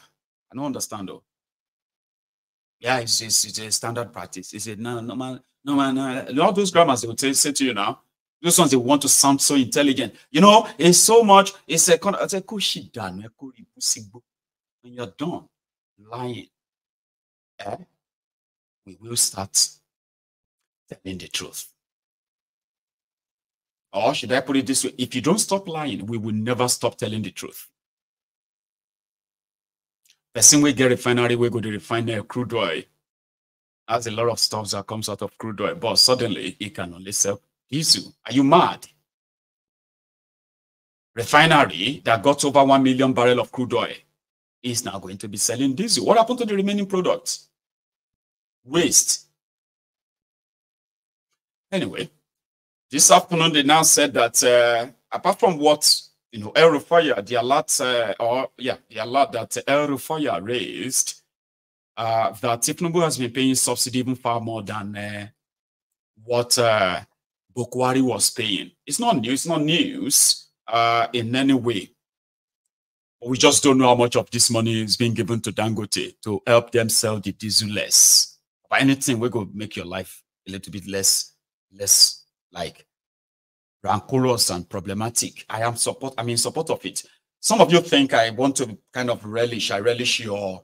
I don't understand, though. Yeah, it's, it's, it's a standard practice. It's a normal, normal. man, All those grammars they would say say to you now those ones they want to sound so intelligent. You know, it's so much. It's a kind of, it's a kushi done. When you're done lying, eh, we will start telling the truth. Or should I put it this way? If you don't stop lying, we will never stop telling the truth. The way we get refinery, we go to refinery crude oil. Has a lot of stuff that comes out of crude oil, but suddenly it can only sell Diesel, are you mad? Refinery that got over 1 million barrel of crude oil is now going to be selling diesel. What happened to the remaining products? Waste. Anyway, this afternoon they now said that uh, apart from what you know, El Rufaya, the alert, uh, or yeah, the alert that El Rufaya raised, uh, that Tinubu has been paying subsidy even far more than uh, what uh, Bukwari was paying. It's not news, it's not news uh, in any way. We just don't know how much of this money is being given to Dangote to help them sell the diesel less. But anything we could make your life a little bit less, less like rancorous and problematic. I am support. I'm in support of it. Some of you think I want to kind of relish. I relish your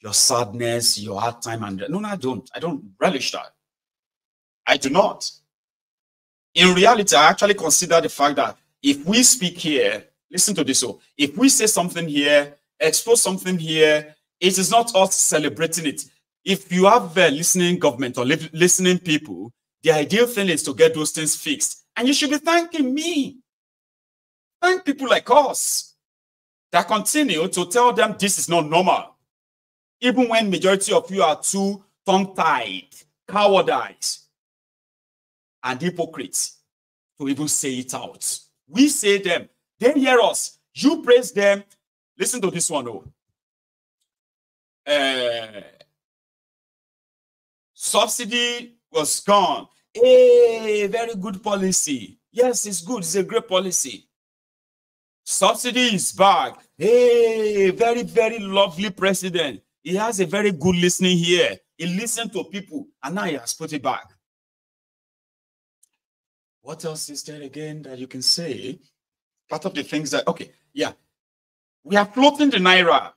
your sadness, your hard time, and no, no, I don't. I don't relish that. I do not. In reality, I actually consider the fact that if we speak here, listen to this. So oh, if we say something here, expose something here, it is not us celebrating it. If you have a listening government or listening people, the ideal thing is to get those things fixed. And you should be thanking me. Thank people like us that continue to tell them this is not normal. Even when majority of you are too tongue-tied, cowardized, and hypocrites to even say it out. We say them, they hear us. You praise them. Listen to this one, oh. Uh, subsidy was gone. Hey, eh, very good policy. Yes, it's good. It's a great policy. Subsidy is back. Hey, eh, very, very lovely president. He has a very good listening here. He listened to people and now he has put it back. What else is there again that you can say? Part of the things that, okay, yeah. We are floating the Naira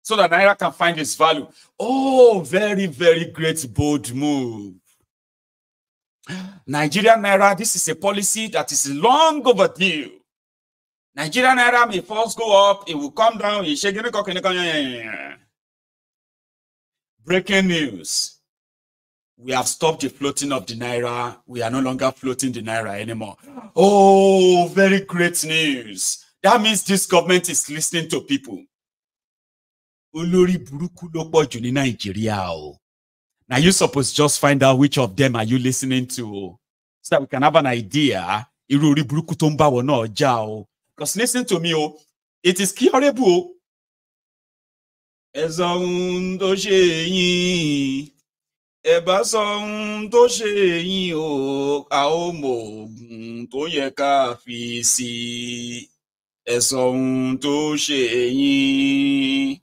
so that Naira can find its value. Oh, very, very great, bold move. Nigerian Naira, this is a policy that is long overdue. Nigerian Naira may first go up, it will come down. Breaking news we have stopped the floating of the naira. We are no longer floating the naira anymore. Oh, very great news. That means this government is listening to people. Olórí burúkú ló pọ̀ Nigeria. Now you suppose just find out which of them are you listening to so that we can have an idea irú burúkú tó ń jao. Because listen to me oh, it is curable ẹ bá sọ ohun tó ṣe yín o a ó mọ oògùn tó yẹ ká fi sí i ẹ sọ ohun tó ṣe yín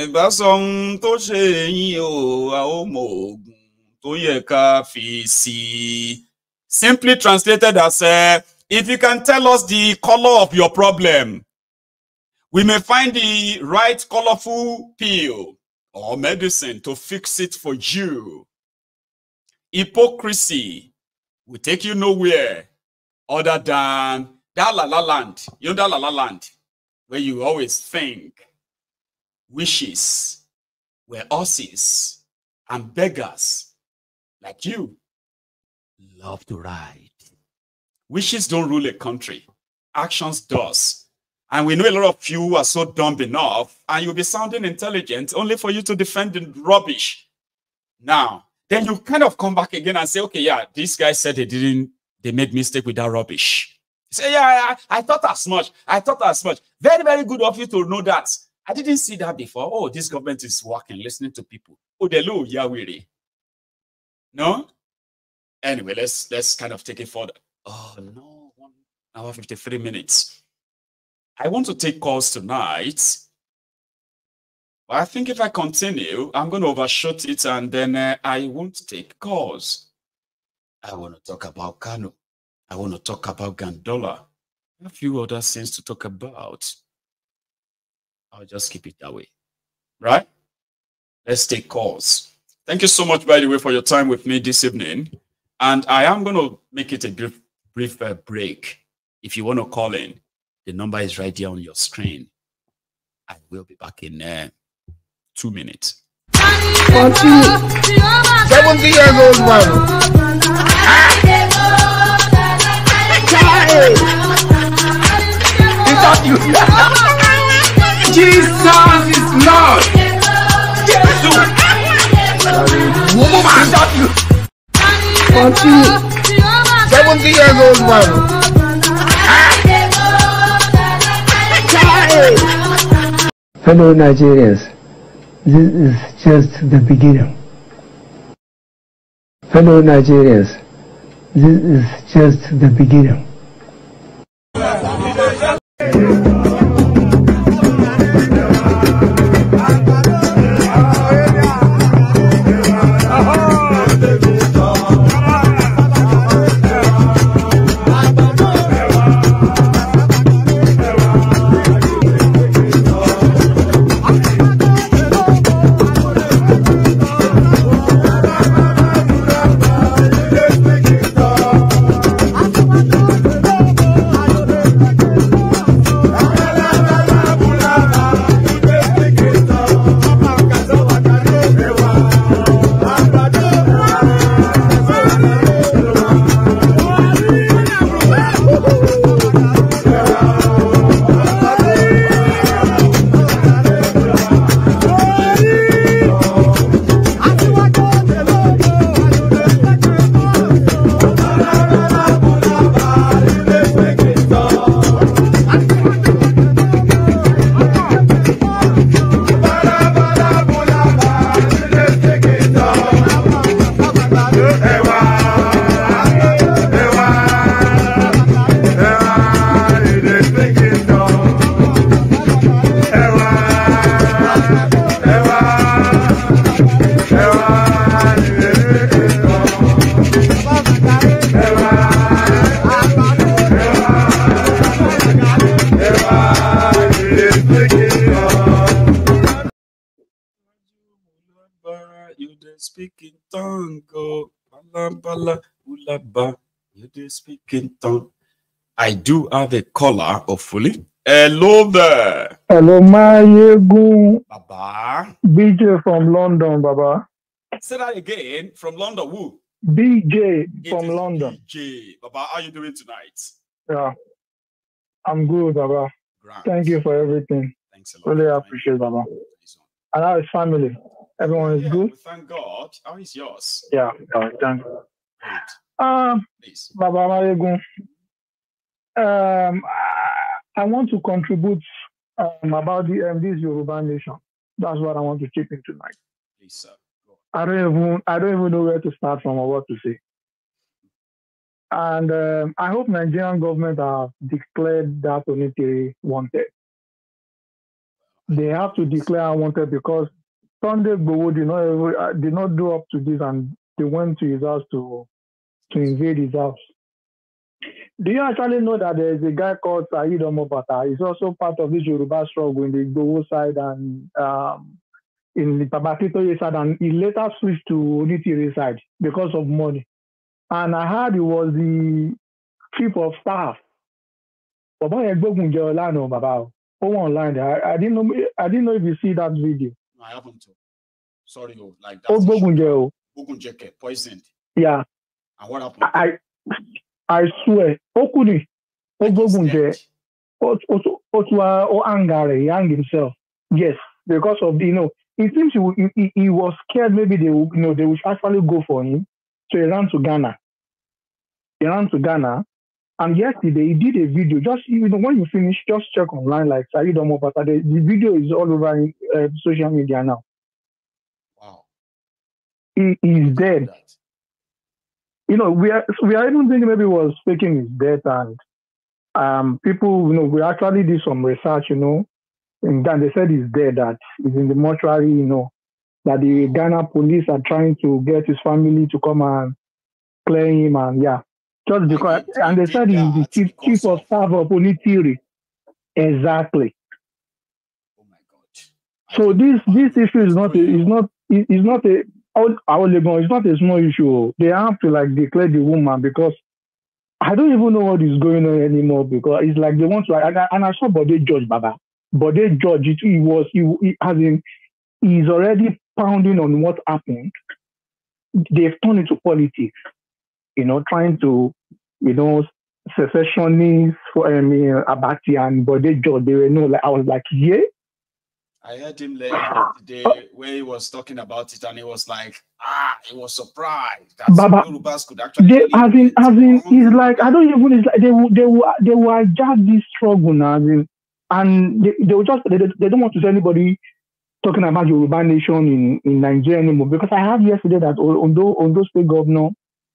ẹ bá sọ ohun tó ṣe yín o a ó mọ oògùn tó yẹ ká fi sí i. Simply translated as uh, if you can tell us the color of your problem we may find the right colorful pill or medicine to fix it for you. Hypocrisy will take you nowhere other than that la la land. You know that land where you always think wishes were horses and beggars like you love to ride. Wishes don't rule a country. Actions does. And we know a lot of you are so dumb enough, and you'll be sounding intelligent only for you to defend the rubbish. Now, then you kind of come back again and say, okay, yeah, this guy said they didn't, they made mistake with that rubbish. say, yeah, I, I thought as much. I thought as much. Very, very good of you to know that. I didn't see that before. Oh, this government is working, listening to people. Oh, they low, yeah, really. No? Anyway, let's let's kind of take it further. Oh no, one hour 53 minutes. I want to take calls tonight. but I think if I continue, I'm going to overshoot it and then uh, I won't take calls. I want to talk about Kano. I want to talk about Gandola. A few other things to talk about. I'll just keep it that way. Right? Let's take calls. Thank you so much, by the way, for your time with me this evening. And I am going to make it a brief, brief uh, break if you want to call in. The number is right there on your screen. I will be back in uh, two minutes. 14, 70 years old man. Child. Is that you? Jesus is Lord. Jesus. Woman. Is that you? 70 years old man. Hello Nigerians, this is just the beginning. Hello Nigerians, this is just the beginning. Kington. I do have a caller, hopefully. Hello there. Hello, my Baba. BJ from London, Baba. Say that again. From London, who? BJ from London. BJ. Baba, how are you doing tonight? Yeah. I'm good, Baba. Thank you for everything. Thanks a lot. Really appreciate Baba. And how is family? Everyone is yeah, good? Thank God. How is yours? Yeah, yeah thank Good. Um, Baba um, I want to contribute um, about the um, this Yoruba nation. That's what I want to chip in tonight. Please, sir. I don't even I don't even know where to start from or what to say. And um, I hope Nigerian government have declared that Onitiri wanted. They have to declare wanted because Sunday Gbowo did not uh, did not do up to this, and they went to his house to to invade his house. Do you actually know that there is a guy called Saeed Omobata? He's also part of this Yoruba struggle in the Igbo side and um, in the Babakitoye side, and he later switched to Onitiri side because of money. And I heard he was the chief of staff. Bàbá yẹn gbógun jẹ ọlànà bàbá o. online I, didn't know I didn't know if you see that video. No, I haven't. Oh. Sorry o. Oh, like that. Oh, gbógun jẹ o. Gbógun jẹ kẹ poisoned. Yeah. And what happened? I I swear, Okuni, Ogogunje, Otwa, Angare, he himself. Yes, because of you know, it seems he, he, he was scared maybe they would you know they would actually go for him, so he ran to Ghana. He ran to Ghana, and yesterday he did a video. Just you know, when you finish, just check online like Saeed Omopata. The, the video is all over uh, social media now. Wow. He is dead. That you know, we are we are even thinking maybe was faking his death and um, people, you know, we actually did some research, you know, and then they said he's dead, that he's in the mortuary, you know, that the Ghana police are trying to get his family to come and claim him and yeah. Just because and they said he's the chief, chief of staff of theory. Exactly. Oh my god. So this this issue is not a, is not is not a Awalegon, it's not a small issue. They have to like declare the woman because I don't even know what is going on anymore because it's like they want to. And I, and I saw Bode George Baba. Bode George, it, he was, he, he, has in, he's already pounding on what happened. They've turned into politics, you know, trying to, you know, secessionists for I mean, Abati and Bode George. They were no, like, I was like, yeah, I heard him later ah. today where he was talking about it, and he was like, "Ah, he was surprised that Baba, Yorubas could actually." They, as in, as in, like I don't even. It's like they will, they will, they will hijack this struggle now, in, and they, they will just they, they don't want to see anybody talking about Yoruba nation in in Nigeria anymore. Because I heard yesterday that on Ondo State Governor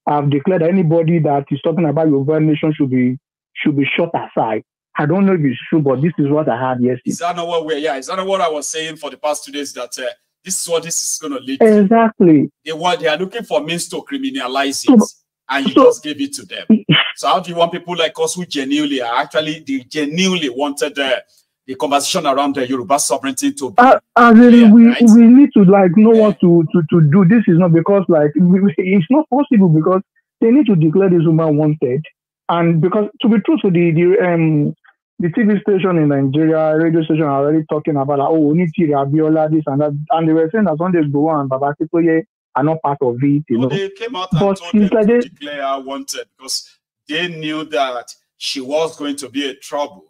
have declared that anybody that is talking about Yoruba nation should be should be shot aside. I don't know if it's true, but this is what I had yesterday. Is that not what we're, yeah, is that not what I was saying for the past two days that uh, this is what this is going to lead to? Exactly. They, were, they are looking for means to criminalize it, so, and you so, just gave it to them. (laughs) so how do you want people like us who genuinely are actually, they genuinely wanted uh, the conversation around the Yoruba sovereignty to uh, I clear, we, right? we need to like know yeah. what to, to, to do. This is not because like, it's not possible because they need to declare this woman wanted. And because to be true to the, the um, the TV station in Nigeria, radio station are already talking about like, oh, we need to Abiola, this and that. And they were saying that Sunday Gbowo and Baba Akintoye are not part of it. You well, know? They came out but and told them like to declare wanted because they knew that she was going to be a trouble.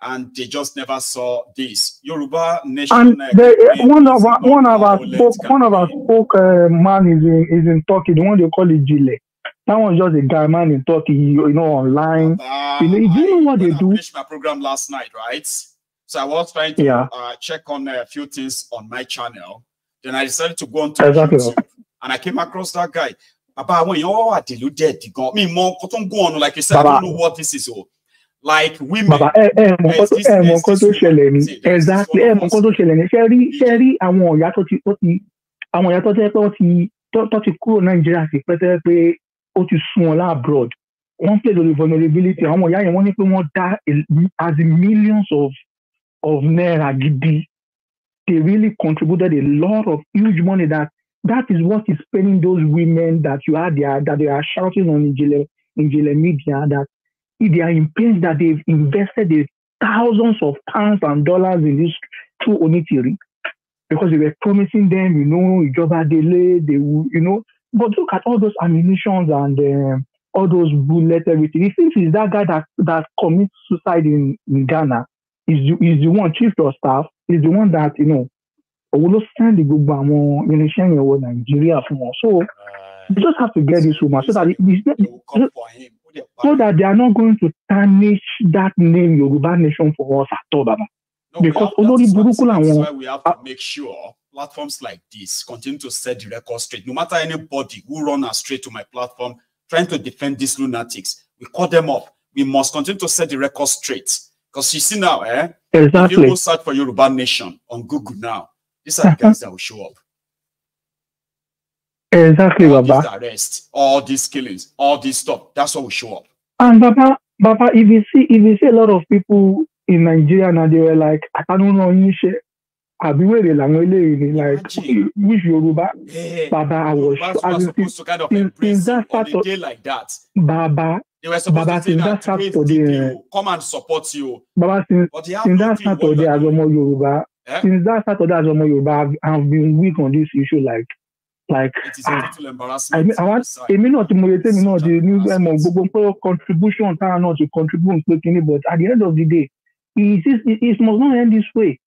And they just never saw this. Yoruba nation. And they, eh, one of our, one of our spoke, one of our spoke uh, man is in is in Turkey. The one they call it Jile. That one's just a guy man in Turkey, you know, online. Uh, you know, do you know what they I do? I finished my program last night, right? So I was trying to yeah. uh, check on a few things on my channel. Then I decided to go on to exactly. YouTube, and I came across that guy. Baba, when you all are deluded, you got me more cotton go on, like you said, Baba. I don't know what this is. all oh. Like women. Baba, eh, eh, mọ nǹkan eh, ẹ mọ nǹkan tó ṣẹlẹ̀ ni exactly eh, mọ nǹkan tó ṣẹlẹ̀ ni ṣe rí ṣe rí àwọn ọ̀yà tó ti ó ti àwọn ọ̀yà tó ti pẹ́ ó ti tó ti kúrò Nàìjíríà sí pẹ́tẹ́ pé ó ti sún ọ láàbroad wọ́n play vulnerability àwọn ìyá yẹn wọ́n ní pé wọ́n dá as millions of of naira gidi they really contributed a lot of huge money that that is what is paying those women that you are there that they are shouting on the Ijele media that they are in pain that they've invested thousands of pounds and dollars in this through Onitiri because they were promising them you know Ijoba Dele they will you know But look at all those ammunition and um, all those bullets, everything. It seems it's that guy that, that commits suicide in, in Ghana. Is the, is the one, chief of staff, is the one that, you know, òun send the gbogbo àwọn irinṣẹ́ yẹn wọ nàìjíríà fún wọn so you just have to get this woman so that the, the, so that they are not going to tarnish that name Yoruba nation for us at all baba Because no, have to make sure platforms like this continue to set the record straight. No matter anybody who run us straight to my platform trying to defend these lunatics, we call them up. We must continue to set the record straight. Because you see now, eh? Exactly. If you go search for Yoruba Nation on Google now, these are the guys that will show up. (laughs) Exactly, all Baba. These arrests, all these killings, all this stuff. That's what will show up. And Baba, Baba, if you see, if you see a lot of people in Nigeria now, they were like, I don't know, you share àbí wèrè làwọn eléyìí like which Yorùbá eh, eh, bàbá àwọ̀ṣọ́ in that part of Baba, Baba, in that part Saturday ẹ Baba, in that part Saturday as ọmọ Yorùbá in that part Saturday as ọmọ Yorùbá I have been weak on this issue like like ah àwọn èmi náà ti mo retí èmi náà ti ní ẹmọ gbogbo pé contribution táwọn náà ti contribute pé kínní but at the end of the day it is it must not end this way.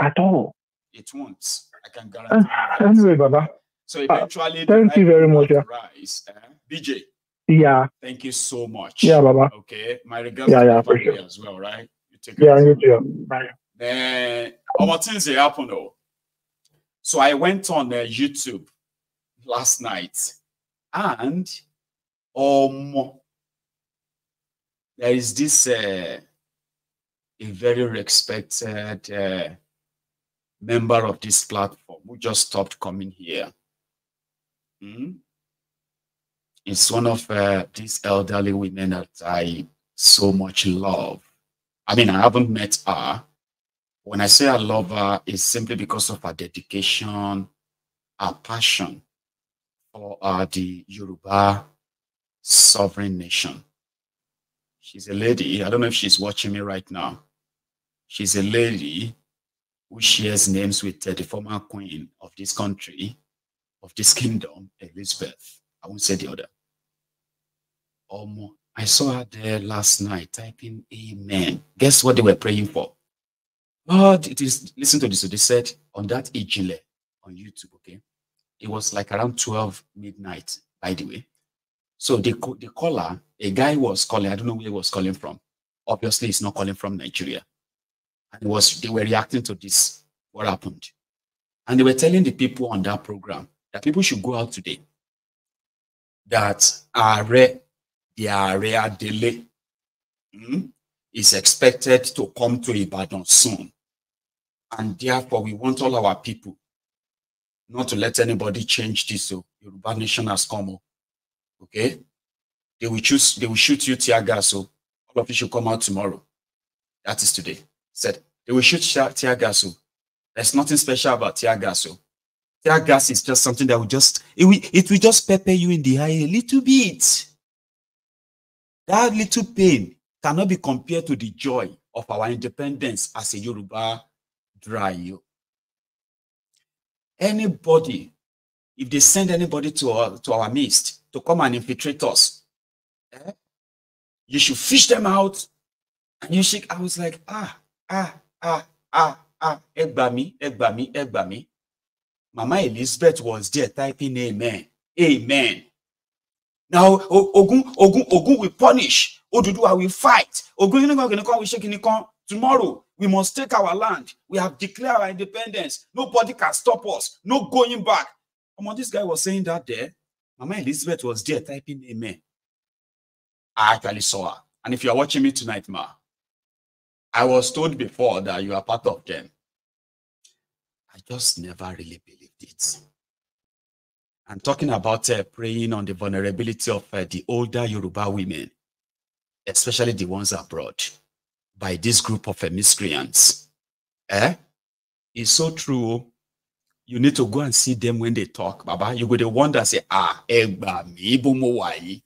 at all. It won't. I can guarantee. Uh, anyway, Baba. So ah, eventually, uh, thank you very much. Yeah. Rise, eh? BJ. Yeah. Thank you so much. Yeah, Baba. Okay. My regards yeah, yeah, for sure. as well, right? You take yeah, you too. Bye. Then eh, our things they happen though. So I went on uh, YouTube last night, and um, there is this uh, a very respected member of this platform who just stopped coming here. Hmm? It's one of uh, these elderly women that I so much love. I mean, I haven't met her. When I say I love her, it's simply because of her dedication, her passion for uh, the Yoruba sovereign nation. She's a lady. I don't know if she's watching me right now. She's a lady who shares names with uh, the former queen of this country, of this kingdom, Elizabeth. I won't say the other. Um, I saw her there last night typing Amen. Guess what they were praying for? But oh, it is, listen to this. So they said on that Ijile on YouTube, okay? It was like around 12 midnight, by the way. So the, the caller, a guy was calling, I don't know where he was calling from. Obviously, he's not calling from Nigeria and was they were reacting to this, what happened. And they were telling the people on that program that people should go out today. That are the area delay mm, is expected to come to Ibadan soon. And therefore, we want all our people not to let anybody change this. So oh. Yoruba nation has come up. Oh. Okay? They will choose, they will shoot you tear gas. So oh. all of you should come out tomorrow. That is today said, they will shoot tear gas. There's nothing special about tear gas. Tear gas is just something that will just, it will, it will just pepper you in the eye a little bit. That little pain cannot be compared to the joy of our independence as a Yoruba dry. Anybody, if they send anybody to our, to our midst to come and infiltrate us, eh, you should fish them out. And you shake. I was like, ah, ah ah ah ah ẹ gbà mí ẹ gbà mí ẹ gbà mí mama elizabeth was there typing amen amen now ogun ogun ogun will punish oduduwa will fight ogun kìnìkan kìnìkan we ṣe kìnìkan tomorrow we must take our land we have declared our independence nobody can stop us no going back omo this guy was saying that there mama elizabeth was there typing amen i actually saw her and if you are watching me tonight ma I was told before that you are part of them. I just never really believed it. I'm talking about uh, praying on the vulnerability of uh, the older Yoruba women, especially the ones abroad, by this group of uh, miscreants. Eh? It's so true. Oh. You need to go and see them when they talk, Baba. You go the one that say, ah, ẹgbà mi, ibo mo wà yìí.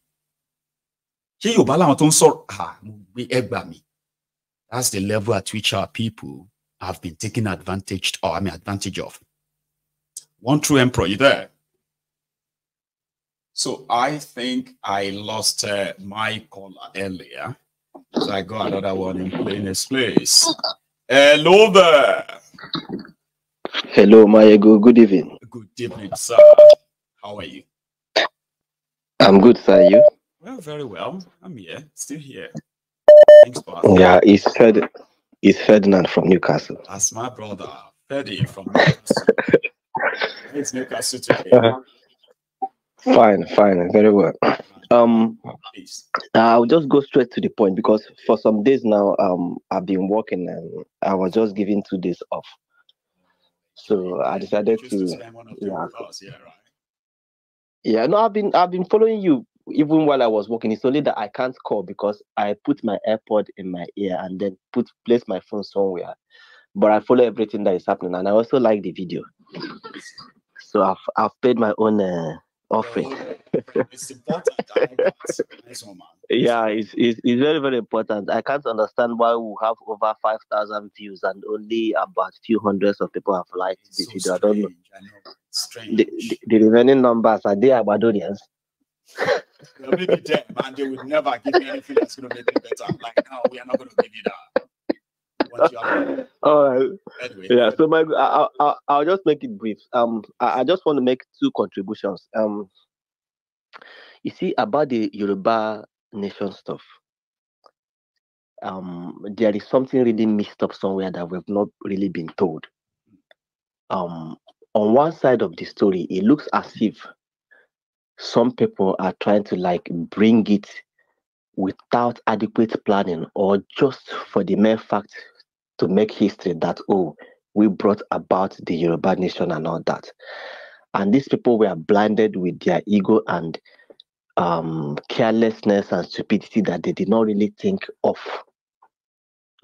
you Yorùbá làwọn tó ah, ẹgbà mi. That's the level at which our people have been taken advantage or I mean advantage of. One true emperor, you there? So I think I lost uh, my caller earlier. So I got another one in this place. Hello there. Hello, Mayego. Good evening. Good evening, sir. How are you? I'm good, sir. You? Well, very well. I'm here, still here spot. Yeah, it's Fed. it's Ferdinand from Newcastle. That's my brother, Ferdy from Newcastle. it's (laughs) Newcastle Uh, fine, fine, very well. Um, I'll just go straight to the point because for some days now, um, I've been working and I was just giving two days off. So I decided to, to yeah. yeah, right. yeah, no, I've been I've been following you even while I was walking, it's only that I can't call because I put my AirPod in my ear and then put place my phone somewhere. But I follow everything that is happening, and I also like the video. So I've I've paid my own uh, offering. yeah, it's, it's it's very very important. I can't understand why we have over five thousand views and only about few hundreds of people have liked it's the so video. Strange. I don't know. I know. Strange. The, the, the remaining numbers are they Abadonians? (laughs) They'll make dead, man. They would never give me anything that's gonna make me better. Like, no, we are not gonna give you that. (laughs) All right. Anyway. Yeah. So my, I, I, I'll just make it brief. Um, I, I just want to make two contributions. Um, you see about the Yoruba nation stuff. Um, there is something really mixed up somewhere that we've not really been told. Um, on one side of the story, it looks as if some people are trying to like bring it without adequate planning or just for the mere fact to make history that oh we brought about the Yoruba nation and all that. And these people were blinded with their ego and um, carelessness and stupidity that they did not really think of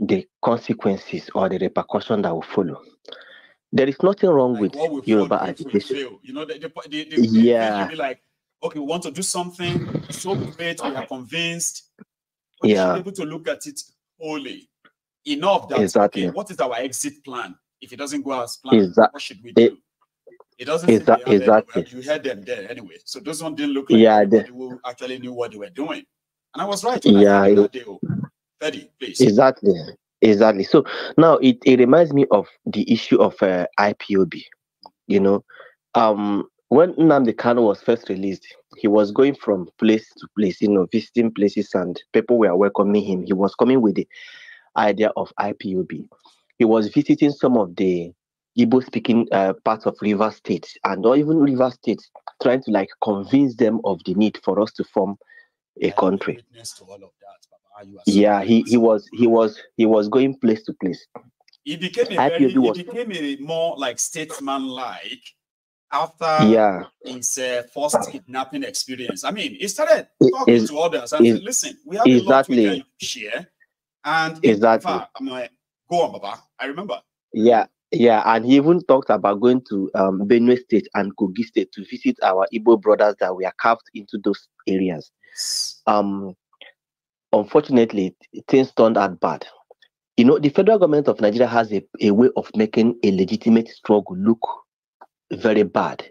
the consequences or the repercussion that will follow. There is nothing wrong like with Yoruba agitation. You know, yeah. Like, okay, we want to do something so great, we are convinced. But yeah. able to look at it wholly. Enough that exactly. okay, what is our exit plan? If it doesn't go as planned, exactly. what should we do? It doesn't exactly. exactly. you had them there anyway. So those ones didn't look like yeah, they who actually knew what they were doing. And I was right. Yeah, I oh. Eddie, please. Exactly. Exactly. So now it, it reminds me of the issue of uh, IPOB. You know, um, when Nnamdi Kanu was first released, he was going from place to place, you know, visiting places, and people were welcoming him. He was coming with the idea of IPUB. He was visiting some of the Igbo speaking uh, parts of River State and or even River State, trying to like convince them of the need for us to form a country. That, yeah, he, he was he was he was going place to place. He became a very, was, he became a more like statesman like after yeah. his uh, first kidnapping experience. I mean, he started talking it, to others and it, said, listen, we have exactly. a lot to share. And exactly. Fact, I'm like, go on, Baba. I remember. Yeah. Yeah, and he even talked about going to um, Benue State and Kogi State to visit our Igbo brothers that were carved into those areas. Um, unfortunately, things turned out bad. You know, the federal government of Nigeria has a, a way of making a legitimate struggle look very bad.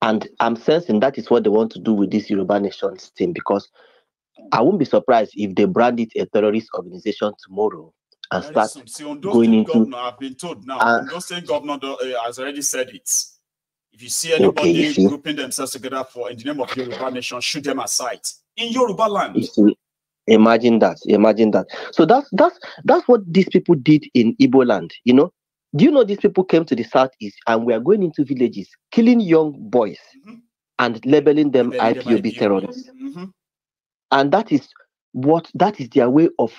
And I'm sensing that is what they want to do with this Yoruba Nation team because I won't be surprised if they brand it a terrorist organization tomorrow and start See, going into. Governor, I've been told now. Uh, ah. Those governor uh, has already said it. If you see anybody okay, you grouping themselves together for in the name of Yoruba Nation, shoot them aside in Yoruba land. You imagine that. Imagine that. So that's that's that's what these people did in Igbo land. You know, do you know these people came to the southeast and we are going into villages, killing young boys mm-hmm. and labeling them IPOB terrorists? Mm-hmm. And that is what that is their way of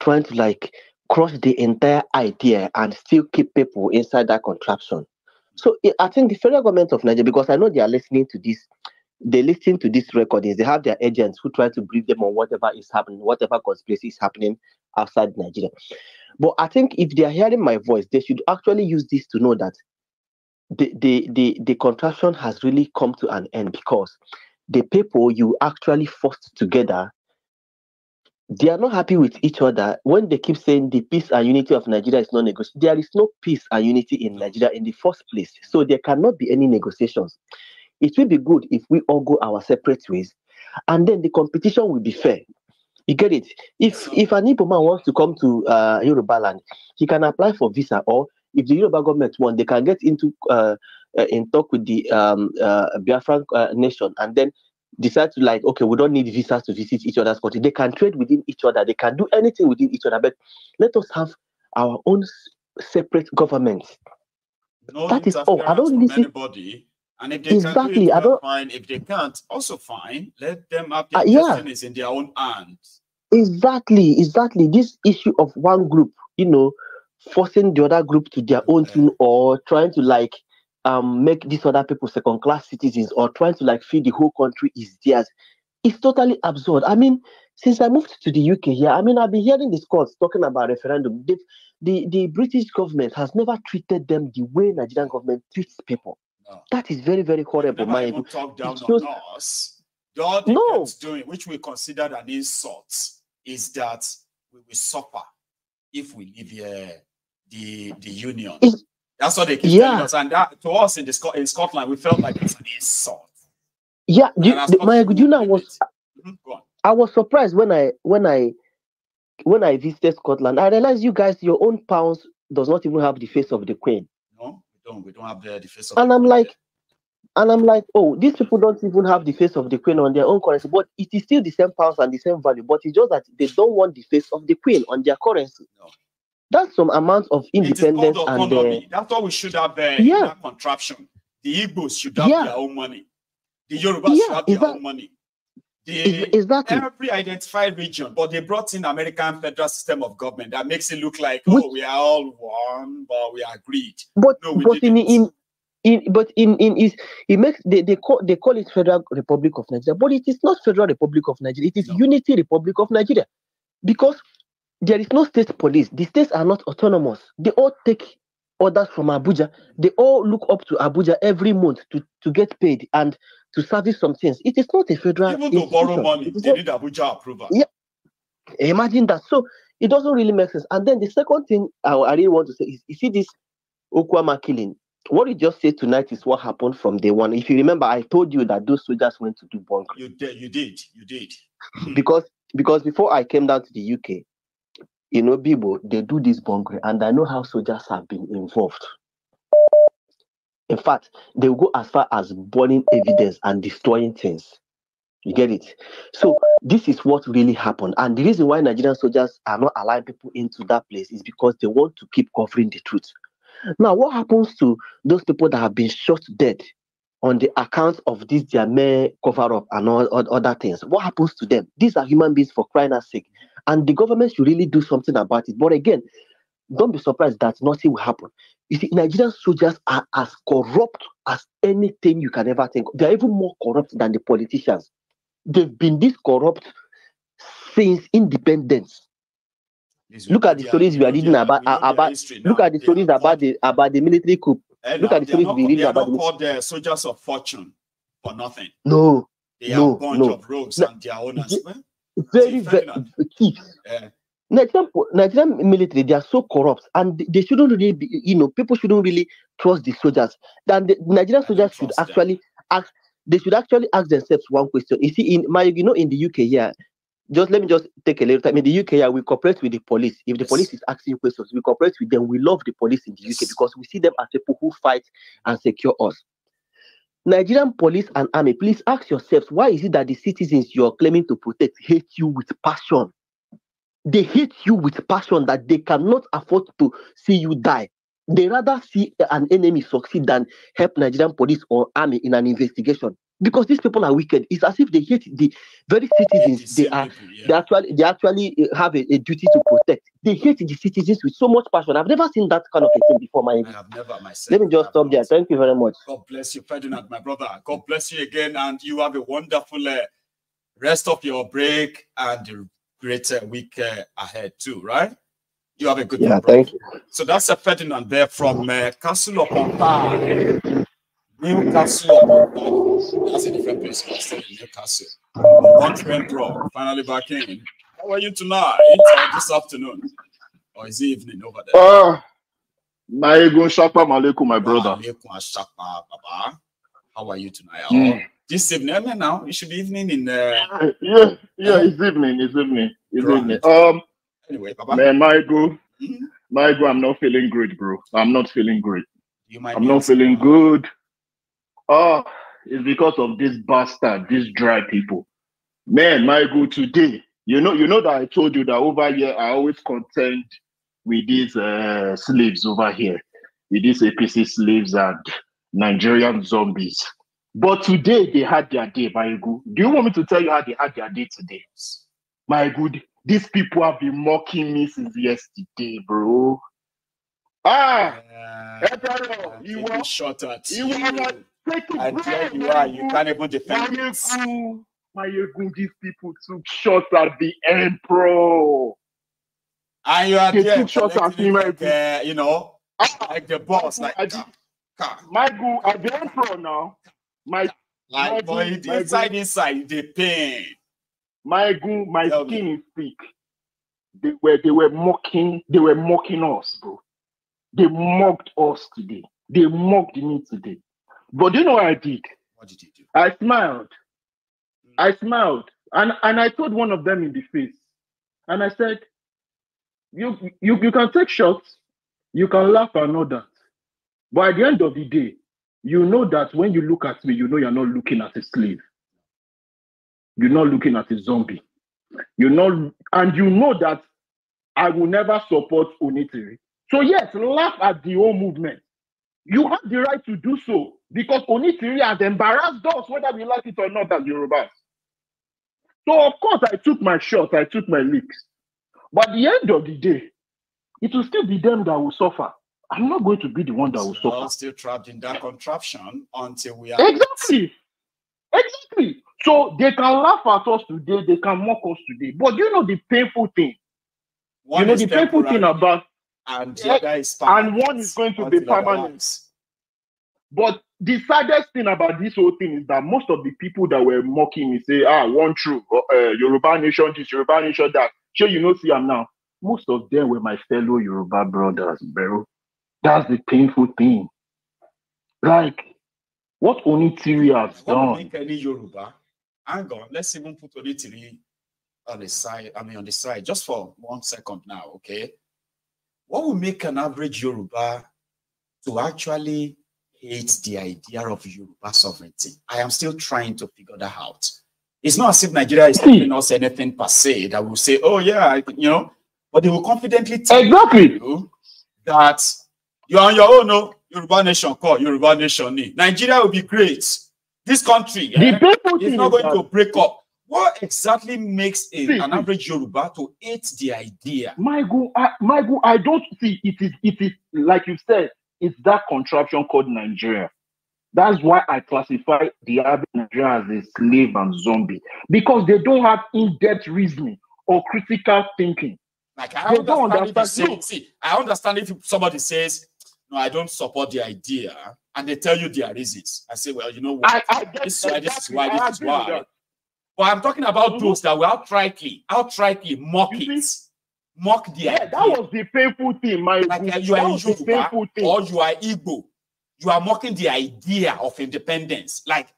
trying to like crush the entire idea and still keep people inside that contraption. So I think the federal government of Nigeria, because I know they are listening to this they listen to these recordings. They have their agents who try to brief them on whatever is happening, whatever conspiracy is happening outside Nigeria. But I think if they are hearing my voice, they should actually use this to know that the the the, the contraction has really come to an end because the people you actually forced together they are not happy with each other when they keep saying the peace and unity of Nigeria is non-negotiable, negotiable. There is no peace and unity in Nigeria in the first place, so there cannot be any negotiations. It will be good if we all go our separate ways, and then the competition will be fair. You get it? If if an Igbo man wants to come to uh, Yoruba land, he can apply for visa, or if the Yoruba government want, they can get into uh, uh in talk with the um, uh, Biafran uh, nation, and then decide to like, okay, we don't need visas to visit each other's country. They can trade within each other. They can do anything within each other. But let us have our own separate governments. No that is all. I don't need see anybody and if they exactly. can do it, fine. If they can't, also fine. Let them have their uh, yeah. in their own hands. Exactly, exactly. This issue of one group, you know, forcing the other group to their own yeah. thing or trying to like um make these other people second class citizens or trying to like feed the whole country is theirs. It's totally absurd. I mean, since I moved to the UK here, I mean, I've been hearing these calls talking about referendum. the, the British government has never treated them the way Nigerian government treats people. That is very, very horrible. My even talk down on us. The other no. doing, which we considered an insult, is that we will suffer if we leave here the the union. That's what they keep yeah. telling us, and that, to us in the Sc in Scotland, we felt like it's an insult. Yeah, you, the, my you know was mm-hmm, I was surprised when I when I when I visited Scotland. I realized you guys, your own pounds does not even have the face of the Queen don't. We don't have the, the face of. And I'm like, there. and I'm like, oh, these people don't even have the face of the queen on their own currency, but it is still the same pounds and the same value. But it's just that they don't want the face of the queen on their currency. No. That's some amount of independence and uh, that's what we should have. Uh, yeah, contraption. The Igbos should have yeah. their own money. The Yorubas yeah, should have their that, own money. Is that Every identified region, but they brought in American federal system of government that makes it look like oh we are all one, but we are agreed. But no, we but didn't. in, in but in in is it makes they, they call they call it Federal Republic of Nigeria, but it is not Federal Republic of Nigeria. It is no. Unity Republic of Nigeria, because there is no state police. The states are not autonomous. They all take orders from Abuja. They all look up to Abuja every month to to get paid and to service some things. It is not a federal. Even to borrow money, they need Abuja approval. Yeah. Imagine that. So it doesn't really make sense. And then the second thing I, I really want to say is you see this Okwama killing. What you just said tonight is what happened from day one. If you remember, I told you that those soldiers went to do bunk. You did, you did, you did. (laughs) because because before I came down to the UK, you know, people they do this bunker, and I know how soldiers have been involved. In fact, they will go as far as burning evidence and destroying things. You get it? So this is what really happened. And the reason why Nigerian soldiers are not allowing people into that place is because they want to keep covering the truth. Now, what happens to those people that have been shot dead on the account of this their mere cover up and all, all, other things? What happens to them? These are human beings for crying out sake. And the government should really do something about it. But again, don't be surprised that nothing will happen. You see, Nigerian soldiers are as corrupt as anything you can ever think. They're even more corrupt than the politicians. They've been this corrupt since independence. Israel, look at the stories we are reading about about. Look at the stories about the about the military coup. Eh, look at the stories not, we read about. They are not called the eh, soldiers of fortune for nothing. No, they no, are a bunch no. of rogues no. and their owners. Eh, very, very, very yeah. Nigerian, Nigerian military, they are so corrupt and they shouldn't really be, you know, people shouldn't really trust the soldiers. Then the Nigerian soldiers should actually ask, they should actually ask themselves one question. You see, in my, you know, in the UK here, yeah, just let me just take a little time. In the UK, yeah, we cooperate with the police. If the yes. police is asking questions, we cooperate with them. We love the police in the yes. UK because we see them as people who fight and secure us. Nigerian police and army, please ask yourselves why is it that the citizens you are claiming to protect hate you with passion? they hate you with passion that they cannot afford to see you die. They rather see an enemy succeed than help Nigerian police or army in an investigation. Because these people are wicked. It's as if they hate the very citizens they are people, yeah. they actually they actually uh, have a, a, duty to protect. They hate the citizens with so much passion. I've never seen that kind of a thing before, my I have never myself. Let me just stop there. Thank you very much. God bless you, Ferdinand, my brother. God bless you again, and you have a wonderful uh, rest of your break and Greater week uh, ahead too, right? You have a good yeah, thank you. So that's a Ferdinand there from uh, Castle of Town, Newcastle Castle. Town. That's a different place, Pastor, Newcastle. Countryman bro. finally back in. How are you tonight or this afternoon? Or is it evening over there? Uh, my Shapa my brother. How are you tonight? Mm this evening. I mean, now it should be evening in. Uh, yeah, yeah, uh-huh. it's evening. It's evening. It's right. evening. Um. Anyway, Man, my go, mm-hmm. my go. I'm not feeling great, bro. I'm not feeling great. You might. I'm not feeling now. good. Oh, it's because of this bastard, these dry people. Man, my go today. You know, you know that I told you that over here I always contend with these uh, slaves over here, with these APC slaves and Nigerian zombies. But today they had their day, my good. Do you want me to tell you how they had their day today? My good, these people have been mocking me since yesterday, bro. Ah, you were shot at. You were take And there you are, you can't even defend my My good, these people took shots at the Emperor. And you are they took shots at him, like, uh, you know, ah, like the boss, like. Ah, ah. Michael, at the Emperor now, my like my, my, inside my, inside the pain. My goo, my Tell skin me. is thick. They were they were mocking, they were mocking us, bro. They mocked us today. They mocked me today. But you know what I did? What did you do? I smiled. Mm. I smiled. And and I told one of them in the face. And I said, you you, you can take shots, you can laugh and all that. But at the end of the day, you know that when you look at me, you know you're not looking at a slave. You're not looking at a zombie. You know, and you know that I will never support Onitiri. So, yes, laugh at the whole movement. You have the right to do so because Onitiri has embarrassed us, whether we like it or not, as Yorubas. So, of course, I took my shots, I took my licks. But at the end of the day, it will still be them that will suffer. I'm not going to be the one that will so suffer. Still trapped in that contraption until we are exactly, exactly. So they can laugh at us today, they can mock us today. But you know the painful thing. One you know the painful thing about and the other is and one is going to be permanent. But the saddest thing about this whole thing is that most of the people that were mocking me say, "Ah, one true uh, uh, Yoruba nation, this Yoruba nation that." Sure, you know, see, I'm now. Most of them were my fellow Yoruba brothers, bro. That's the painful thing. Like what Onitiri has done. Any Yoruba. Hang on, let's even put Onitiri on the side. I mean, on the side, just for one second now, okay? What will make an average Yoruba to actually hate the idea of Yoruba sovereignty? I am still trying to figure that out. It's not as if Nigeria is telling us anything per se that will say, "Oh yeah," you know, but they will confidently tell exactly. you that you're on your own, no? Oh. Yoruba nation call, Yoruba nation need. Nigeria will be great. This country eh, is not going to break up. What exactly makes a, see, an average Yoruba to hate the idea? Michael, I, Michael, I don't see it is it is like you said, it's that contraption called Nigeria. That's why I classify the average Nigeria as a slave and zombie because they don't have in-depth reasoning or critical thinking. Like I they understand, understand if you say, see, I understand if somebody says no, I don't support the idea, and they tell you their reasons. I say, well, you know what? I, I this, why, this is why, this is why, this is why. But I'm talking about mm-hmm. those that were outrightly, outrightly mock you it, see? mock the yeah, idea. That was the painful thing, my like, uh, you are Yoruba or you are Igbo. You are mocking the idea of independence. Like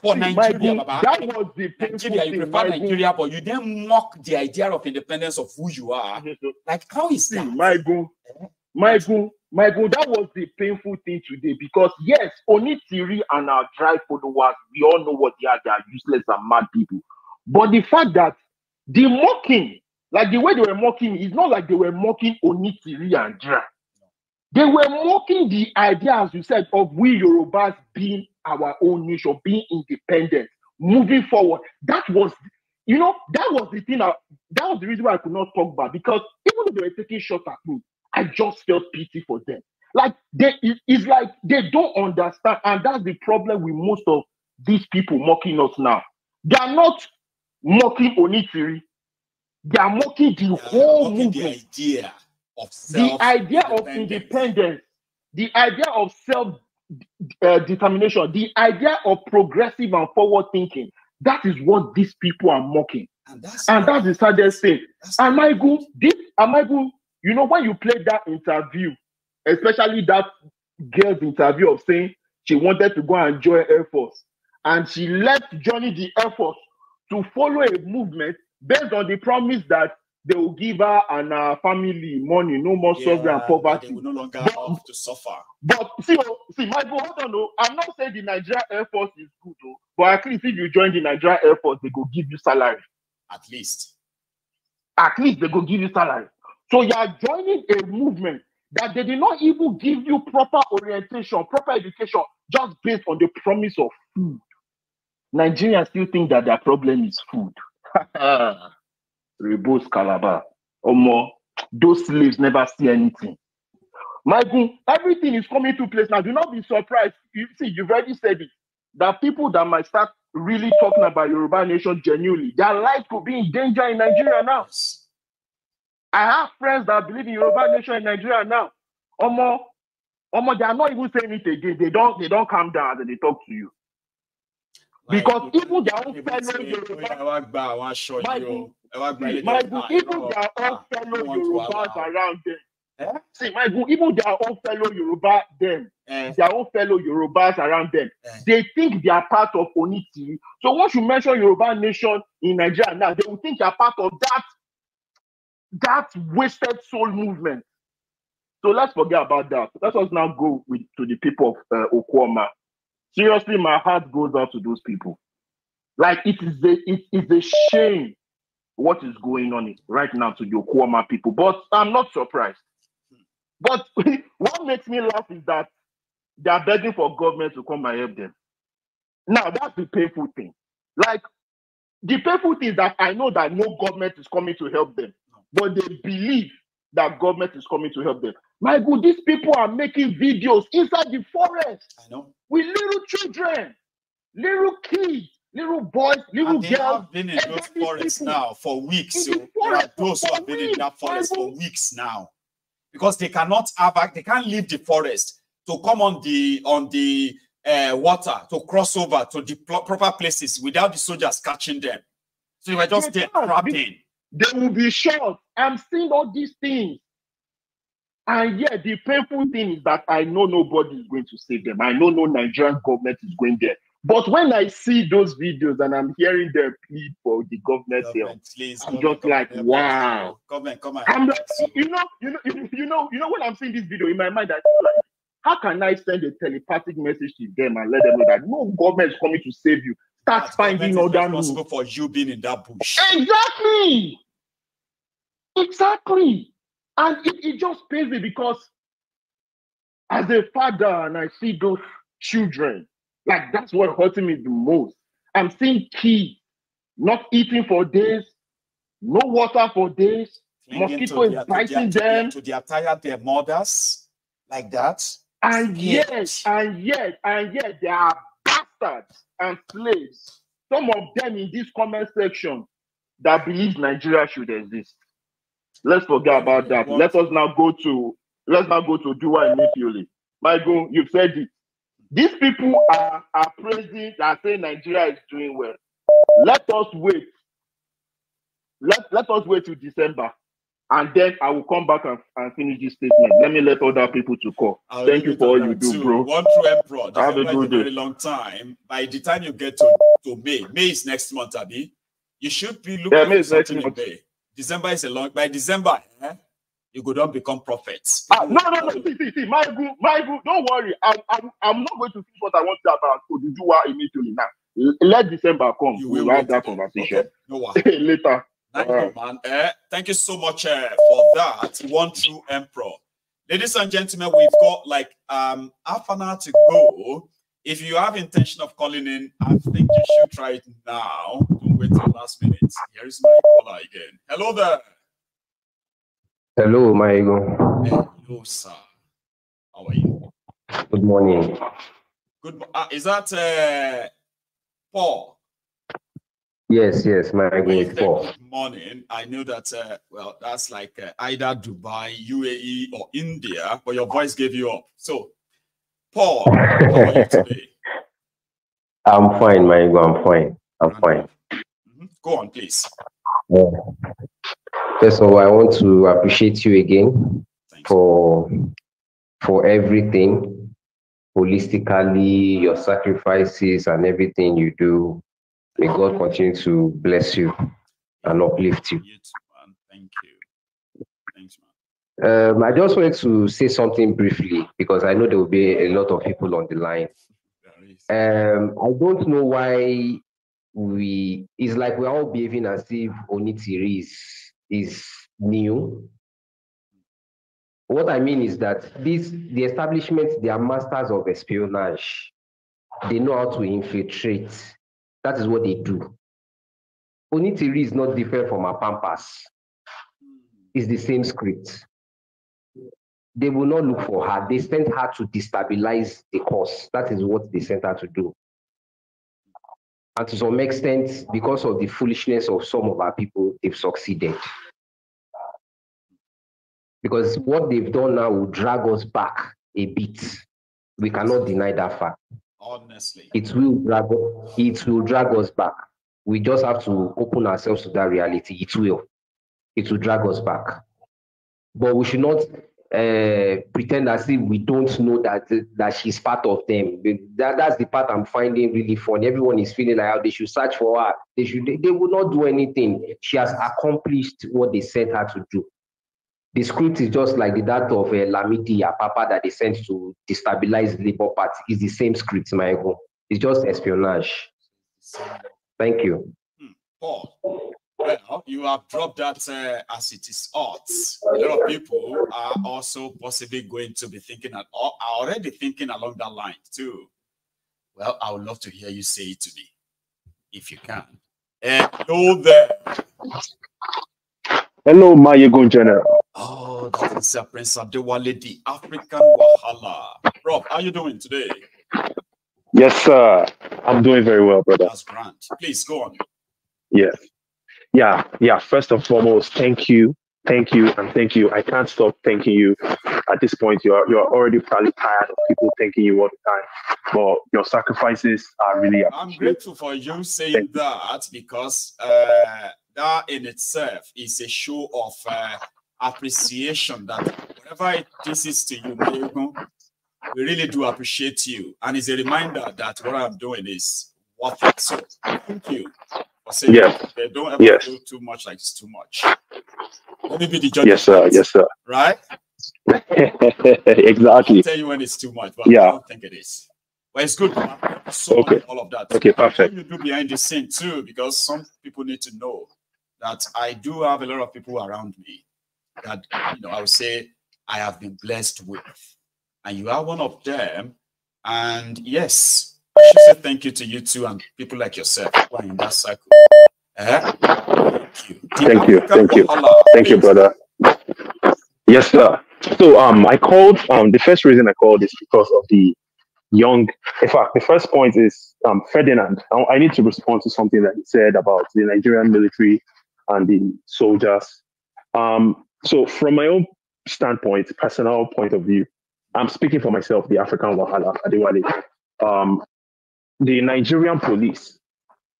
for see, Nigeria, Baba, that was the Nigeria, you prefer Nigeria, but you then mock the idea of independence of who you are. like, how is see, that? My God. Eh? Michael, Michael, that was the painful thing today because yes, Onitiri and our the followers, we all know what they are. They are useless and mad people. But the fact that the mocking, like the way they were mocking, it's not like they were mocking Onitiri and drive. They were mocking the idea, as you said, of we Yorubas being our own nation, being independent, moving forward. That was, you know, that was the thing. that that was the reason why I could not talk about because even though they were taking shots at me, I just felt pity for them. Like they, it's like they don't understand, and that's the problem with most of these people mocking us now. They are not mocking Onitiri. They are mocking the yeah, whole movement. The idea of self the idea of independence, the idea of self uh, determination, the idea of progressive and forward thinking. That is what these people are mocking. And that's, and that's the saddest thing. And Michael, this, and Michael, you know, when you play that interview, especially that girl's interview of saying she wanted to go and join Air Force, and she left Johnny the Air Force to follow a movement based on the promise that they will give her and her family money, no more yeah, suffering and poverty. They will no longer but, have to suffer. But see, oh, see, Michael, hold on. Oh, I'm not saying the Nigeria Air Force is good, oh, but at least if you join the Nigeria Air Force, they go give you salary. At least. At least they go give you salary. So you are joining a movement that they did not even give you proper orientation, proper education, just based on the promise of food. Nigerians still think that their problem is food. (laughs) Rebus Calabar. Or more, those slaves never see anything. Michael, everything is coming to place now. Do not be surprised. You see, you've already said it. That people that might start really talking about Yoruba nation genuinely, their life could be in danger in Nigeria now. Yes. I have friends that believe in Yoruba nation in Nigeria now. Omo, Omo, they are not even saying it again. They don't, they don't come down and they talk to you. Like, because even their own fellow Yorubas, even their own ah, fellow Yorubas around them. Eh? See, my good, even their own fellow Yoruba, them, eh? their own fellow Yorubas around them, eh? they think they are part of Oniti. So once you mention Yoruba nation in Nigeria now, they will think they are part of that that wasted soul movement. So let's forget about that. Let us now go with, to the people of uh, Okwama. Seriously, my heart goes out to those people. Like it is a it is a shame what is going on right now to the Okwama people. But I'm not surprised. But (laughs) what makes me laugh is that they are begging for government to come and help them. Now that's the painful thing. Like the painful thing is that I know that no government is coming to help them but they believe that government is coming to help them. My Michael, these people are making videos inside the forest. I know. With little children, little kids, little boys, little and they girls. Oh. have been in those forests now for weeks. So there are those who have been in that forest for weeks now. Because they cannot have they can't leave the forest to come on the on the uh, water to cross over to the proper places without the soldiers catching them. So they were just they trapped in. They will be short. I'm seeing all these things. And yet, the painful thing is that I know nobody is going to save them. I know no Nigerian government is going there. But when I see those videos and I'm hearing their plea for the government's government, help, please, I'm just like, wow. Government, come on. I'm like, you know, you know, you know, you know, when I'm seeing this video in my mind, I feel like, how can I send a telepathic message to them and let them know that no government is coming to save you? start finding other responsible for you being in that bush. Exactly. Exactly. And it, it just pains me because as a father and I see those children, like that's what hurting me the most. I'm seeing kids not eating for days, no water for days, mosquito is biting them. To their tired their mothers like that. And yes, and yes, and yes, they are bastards and slaves, some of them in this comment section that believe Nigeria should exist. Let's forget about that. What? Let us now go to let's now go to Dua immediately. Michael, you've said it. These people are, are praising and saying Nigeria is doing well. Let us wait. Let, let us wait till December and then I will come back and, and finish this statement. Let me let other people to call. I'll Thank you for all you do, too. bro. One true emperor. This Have a good day. Very long time. By the time you get to, to May, May is next month, Abby. You should be looking yeah, May is next month. May. December is a long. By December, eh? you could not become prophets. Ah, no, no, no. See, see, see. My group, my group. Don't worry. I'm, I'm, I'm not going to think what I want to about So, Oduduwa immediately now. Let December come. You will we'll have that conversation okay. no (laughs) later. Thank you, man. Uh, thank you so much uh, for that. One true emperor. Ladies and gentlemen, we've got like um half an hour to go. If you have intention of calling in, I think you should try it now. Don't wait till last minute. Here is my caller again. Hello there. Hello, my ego. Hello, sir. How are you? Good morning. Good. Uh, is that uh, Paul? Yes, yes, my Morning. I know that. Uh, well, that's like uh, either Dubai, UAE, or India. But your voice gave you up. So, Paul, how are you today? (laughs) I'm fine, my I'm fine. I'm fine. Mm-hmm, go on, please. First of all, I want to appreciate you again Thanks. for for everything holistically, your sacrifices and everything you do May God continue to bless you and uplift you. Thank you. Thanks, man. Um, I just wanted to say something briefly because I know there will be a lot of people on the line. Um, I don't know why we, it's like we're all behaving as if Onitiri is, is new. What I mean is that this, the establishment, they are masters of espionage. They know how to infiltrate that is what they do. Onitiri is not different from our pampas. It's the same script. They will not look for her. They sent her to destabilize the course. That is what they sent her to do. And to some extent, because of the foolishness of some of our people, they've succeeded. Because what they've done now will drag us back a bit. We cannot deny that fact. Honestly. It will drag it will drag us back. We just have to open ourselves to that reality. It will. It will drag us back. But we should not uh, pretend as if we don't know that that she's part of them. That, that's the part I'm finding really fun. Everyone is feeling like they should search for her. They should. They, they will not do anything. She has accomplished what they sent her to do. The script is just like the that of uh, Lamidi Apapa that they sent to destabilize the Labour Party. It's the same script, my own. It's just espionage. Thank you. Hmm. Paul, well, you have dropped that uh, as it is odd. A lot of people are also possibly going to be thinking and are already thinking along that line too. Well, I would love to hear you say it me, if you can. And uh, that Hello, Mayegun General. Oh, that is uh, Prince Adewale, the African Wahala. Rob, how are you doing today? Yes, sir. I'm doing very well, brother. That's grand. Please go on. Yeah. yeah, yeah. First and foremost, thank you. Thank you and thank you. I can't stop thanking you. At this point, you're you're already probably tired of people thanking you all the time, but your sacrifices are really. I'm grateful for you saying thank that because uh, that in itself is a show of uh, appreciation that whatever this is to you, we really do appreciate you. And it's a reminder that what I'm doing is worth it. So thank you for saying yes. don't ever yes. do too much like it's too much. Let me be the judge. Yes, sir. yes, sir. Right? (laughs) exactly. I'll tell you when it's too much, but yeah. I don't think it is. Well, it's good. So okay. all of that. Okay, perfect. You do behind the scene too, because some people need to know that I do have a lot of people around me that you know I would say I have been blessed with, and you are one of them. And yes, I should say thank you to you too and people like yourself who are in that circle. Uh, thank you, thank you, thank you, thank you, brother. Yes, sir. So um, I called. Um, the first reason I called is because of the young. In fact, the first point is um, Ferdinand. I, I need to respond to something that he said about the Nigerian military and the soldiers. Um, so, from my own standpoint, personal point of view, I'm speaking for myself, the African Wahala Adewale. Um, the Nigerian police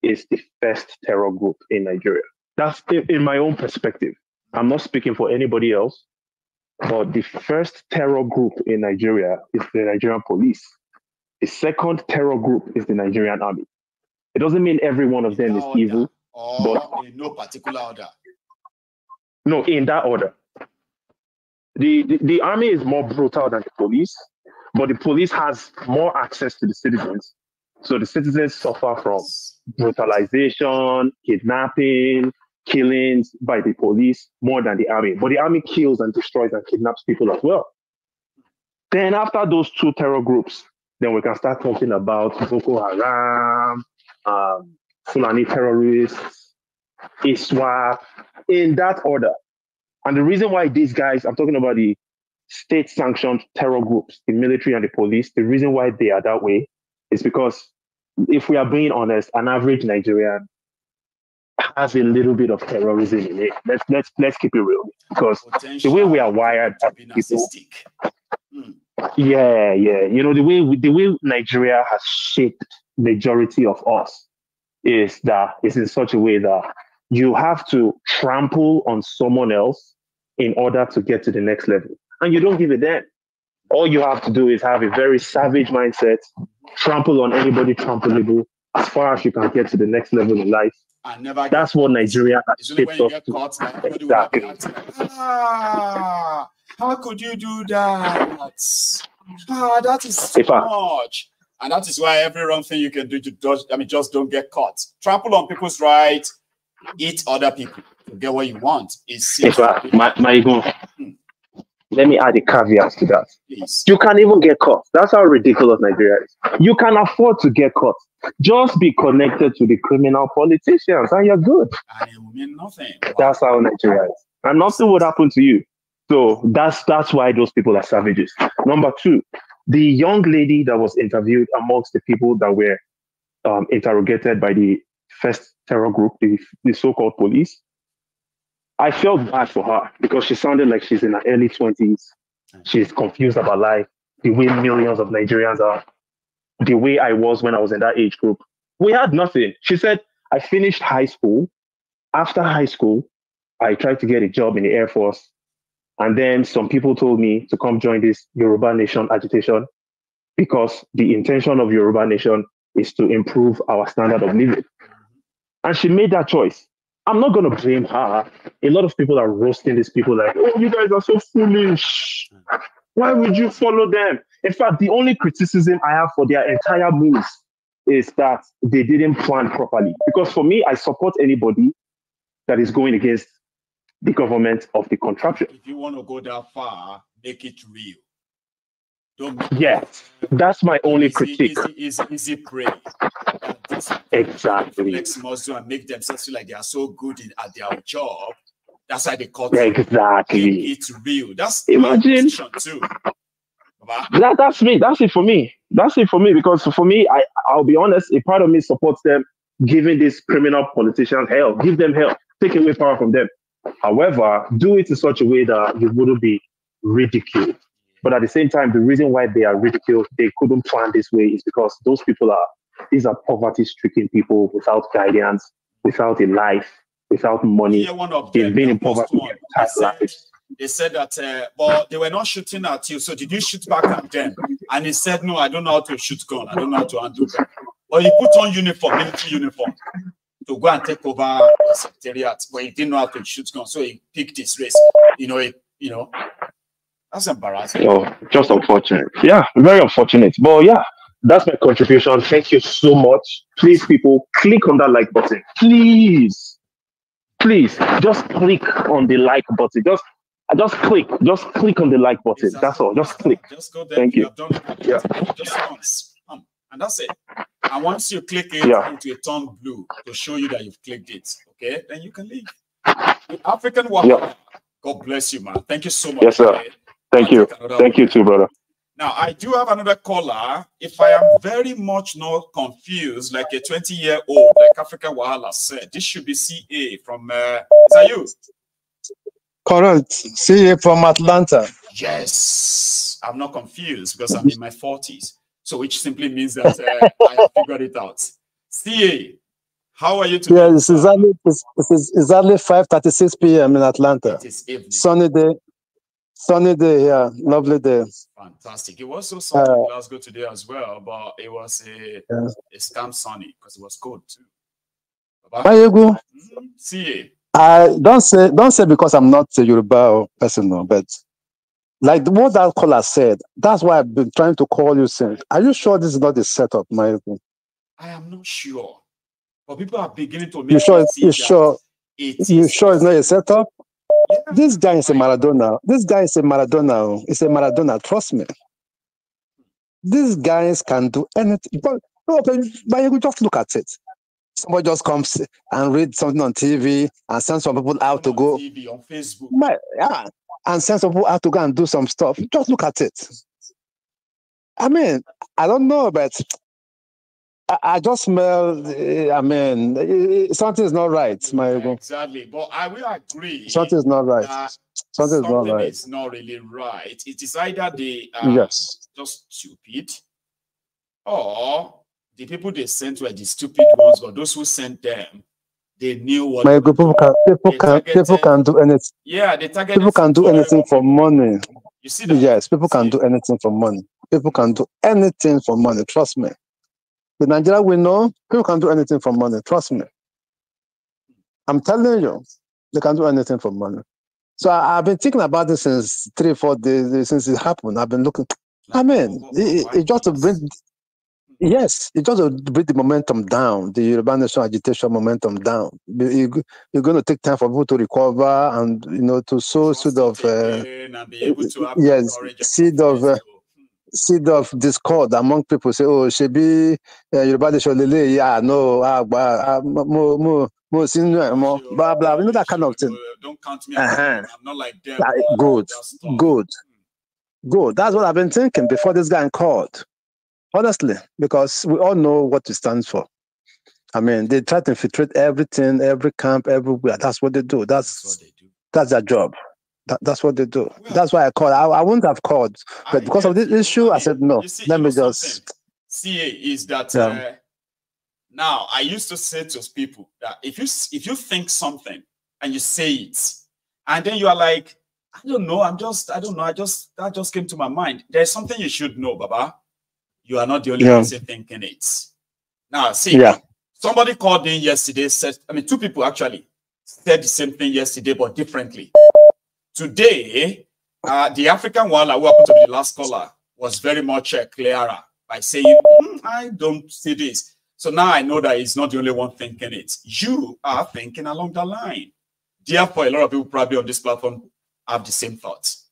is the first terror group in Nigeria. That's in, in my own perspective. I'm not speaking for anybody else, but the first terror group in Nigeria is the Nigerian police. The second terror group is the Nigerian army. It doesn't mean every one of them is evil or but, in no particular order? No, in that order. The, the, the army is more brutal than the police, but the police has more access to the citizens. So the citizens suffer from brutalization, kidnapping, killings by the police more than the army. But the army kills and destroys and kidnaps people as well. Then after those two terror groups, then we can start talking about Boko Haram, um, Fulani terrorists, ISWAP, in that order. And the reason why these guys, I'm talking about the state sanctioned terror groups, the military and the police, the reason why they are that way is because if we are being honest, an average Nigerian has a little bit of terrorism in it. Let's let's let's keep it real because Potential the way we are wired people, hmm. yeah, yeah, you know the way we, the way Nigeria has shaped majority of us is that it's in such a way that you have to trample on someone else in order to get to the next level. And you don't give a damn. All you have to do is have a very savage mindset, trample on anybody trampleable as far as you can get to the next level in life. never That's what Nigeria has shaped us to. Caught, Ah, how could you do that? Ah, that is I, much. And that is why every wrong thing you can do, to dodge, I mean, just don't get caught. Trample on people's rights, eat other people to get what you want. It's yes, my, my ego. Hmm. Let me add a caveat to that. Please. You can even get caught. That's how ridiculous Nigeria is. You can afford to get caught. Just be connected to the criminal politicians and you're good. And it will mean nothing. That's how Nigeria is. And nothing would happen to you. So that's that's why those people are savages. Number two, the young lady that was interviewed amongst the people that were um, interrogated by the first terror group, the, the so called police, I felt bad for her because she sounded like she's in her early 20s. She's confused about life, the way millions of Nigerians are, the way I was when I was in that age group. We had nothing. She said, I finished high school. After high school, I tried to get a job in the Air Force. And then some people told me to come join this Yoruba Nation agitation because the intention of Yoruba Nation is to improve our standard of living. And she made that choice. I'm not going to blame her. A lot of people are roasting these people like, oh, you guys are so foolish. Why would you follow them? In fact, the only criticism I have for their entire moves is that they didn't plan properly. Because for me, I support anybody that is going against the government of the contraption. If you want to go that far, make it real. Don't yeah, that's my only easy, critique. Is easy, prey. Exactly. Flex muscle and make themselves feel like they are so good in, at their job. That's why they call it. Exactly. It's real. That's imagine too. That, that's me. That's it for me. That's it for me. Because for me, I I'll be honest. A part of me supports them giving these criminal politicians hell. Give them hell. Take away power from them. However, do it in such a way that you wouldn't be ridiculed. But at the same time, the reason why they are ridiculed, they couldn't plan this way, is because those people are these are poverty-stricken people without guidance, without a life, without money. They've been in poverty they said that, uh, well, they were not shooting at you. So did you shoot back at them? And he said, no, I don't know how to shoot gun. I don't know how to handle gun. Well, you put on uniform, military uniform to go and take over the secretariat, but he didn't know how to shoot gun, so he picked his race. You know, it, you know, that's embarrassing. Oh, just unfortunate. Yeah, very unfortunate. But yeah, that's my contribution. Thank you so much. Please, people, click on that like button. Please, please, just click on the like button. Just just click, just click on the like button. Exactly. That's all. Just click. Just go there. Thank you. you. Done. Yeah. Just once and that's it. And once you click it, yeah. it will turn blue to show you that you've clicked it. Okay, then you can leave. The African one. Yeah. God bless you, man. Thank you so much. Yes, sir. Thank I'll you. Thank you too, brother. Now, I do have another caller. If I am very much not confused, like a 20 year old, like Africa Wahala said, this should be CA from, uh, Correct. CA from Atlanta. Yes. I'm not confused because I'm in my 40s. So which simply means that uh, I figured it out. CA, how are you today? Yeah, it's exactly, it's, it's exactly 5.36 p.m. in Atlanta. It is evening. Sunny day. Sunny day, yeah. Lovely day. Fantastic. It was so sunny uh, in Glasgow today as well, but it was a, yeah. a scam sunny because it was cold too. Bayegu. Mm, mm-hmm. CA. I don't say don't say because I'm not a Yoruba person, no, but like what that caller said, that's why I've been trying to call you since. Are you sure this is not a setup, Michael? I am not sure. But people are beginning to make you sure it's, you sure it you sure it's not a setup? Yeah. This guy is a Maradona. This guy is a Maradona. It's oh. a Maradona. Trust me. These guys can do anything. But no, but, you just look at it. Somebody just comes and read something on TV and sends some people out on to go. TV, on Facebook. My, yeah, and sense of who have to go and do some stuff. Just look at it. I mean, I don't know, but I, I just smell. Eh, I mean, eh, eh, something is not right, my yeah, Exactly, but I will agree. Something is not right. Something, is not right. It's not really right. It is either they uh, yes. just stupid, or the people they sent were the stupid ones, but those who sent them they knew what. My people can people can people can do anything. Yeah, they target. People can do anything for money. You see yes, people see? can do anything for money. People can do anything for money. Trust me. The Nigeria we know, people can do anything for money. Trust me. I'm telling you, they can do anything for money. So I, have been thinking about this since three, four days since it happened. I've been looking. I mean, it, it just brings Yes, it got to bring the momentum down, the Yoruba agitation momentum down. You, are going to take time for people to recover and you know to sow seed of uh, yes, seed of. Uh, seed of discord among people say oh ṣebí uh, Yoruba nation lele yeah no ah ah mo mo mo mo blah blah you know that kind of thing. Don't count me Uh-huh. I'm not like them. Good, good, good. That's what I've been thinking before this guy called honestly, because we all know what it stands for. I mean, they try to infiltrate everything, every camp, everywhere. That's what they do. That's, that's what they do. That's their job. That, that's what they do. Well, that's why I called. I, I wouldn't have called, but I, because yeah, of this issue, I, said no. See, let me just. CA is that yeah. uh, now I used to say to people that if you if you think something and you say it, and then you are like, I don't know, I'm just I don't know, I just that just came to my mind. There's something you should know, Baba you are not the only yeah. person thinking it. Now, see, yeah. somebody called in yesterday, said, I mean, two people actually said the same thing yesterday, but differently. Today, uh, the African one, who happened to be the last caller, was very much uh, clearer by saying, mm, I don't see this. So now I know that it's not the only one thinking it. You are thinking along the line. Therefore, a lot of people probably on this platform have the same thoughts.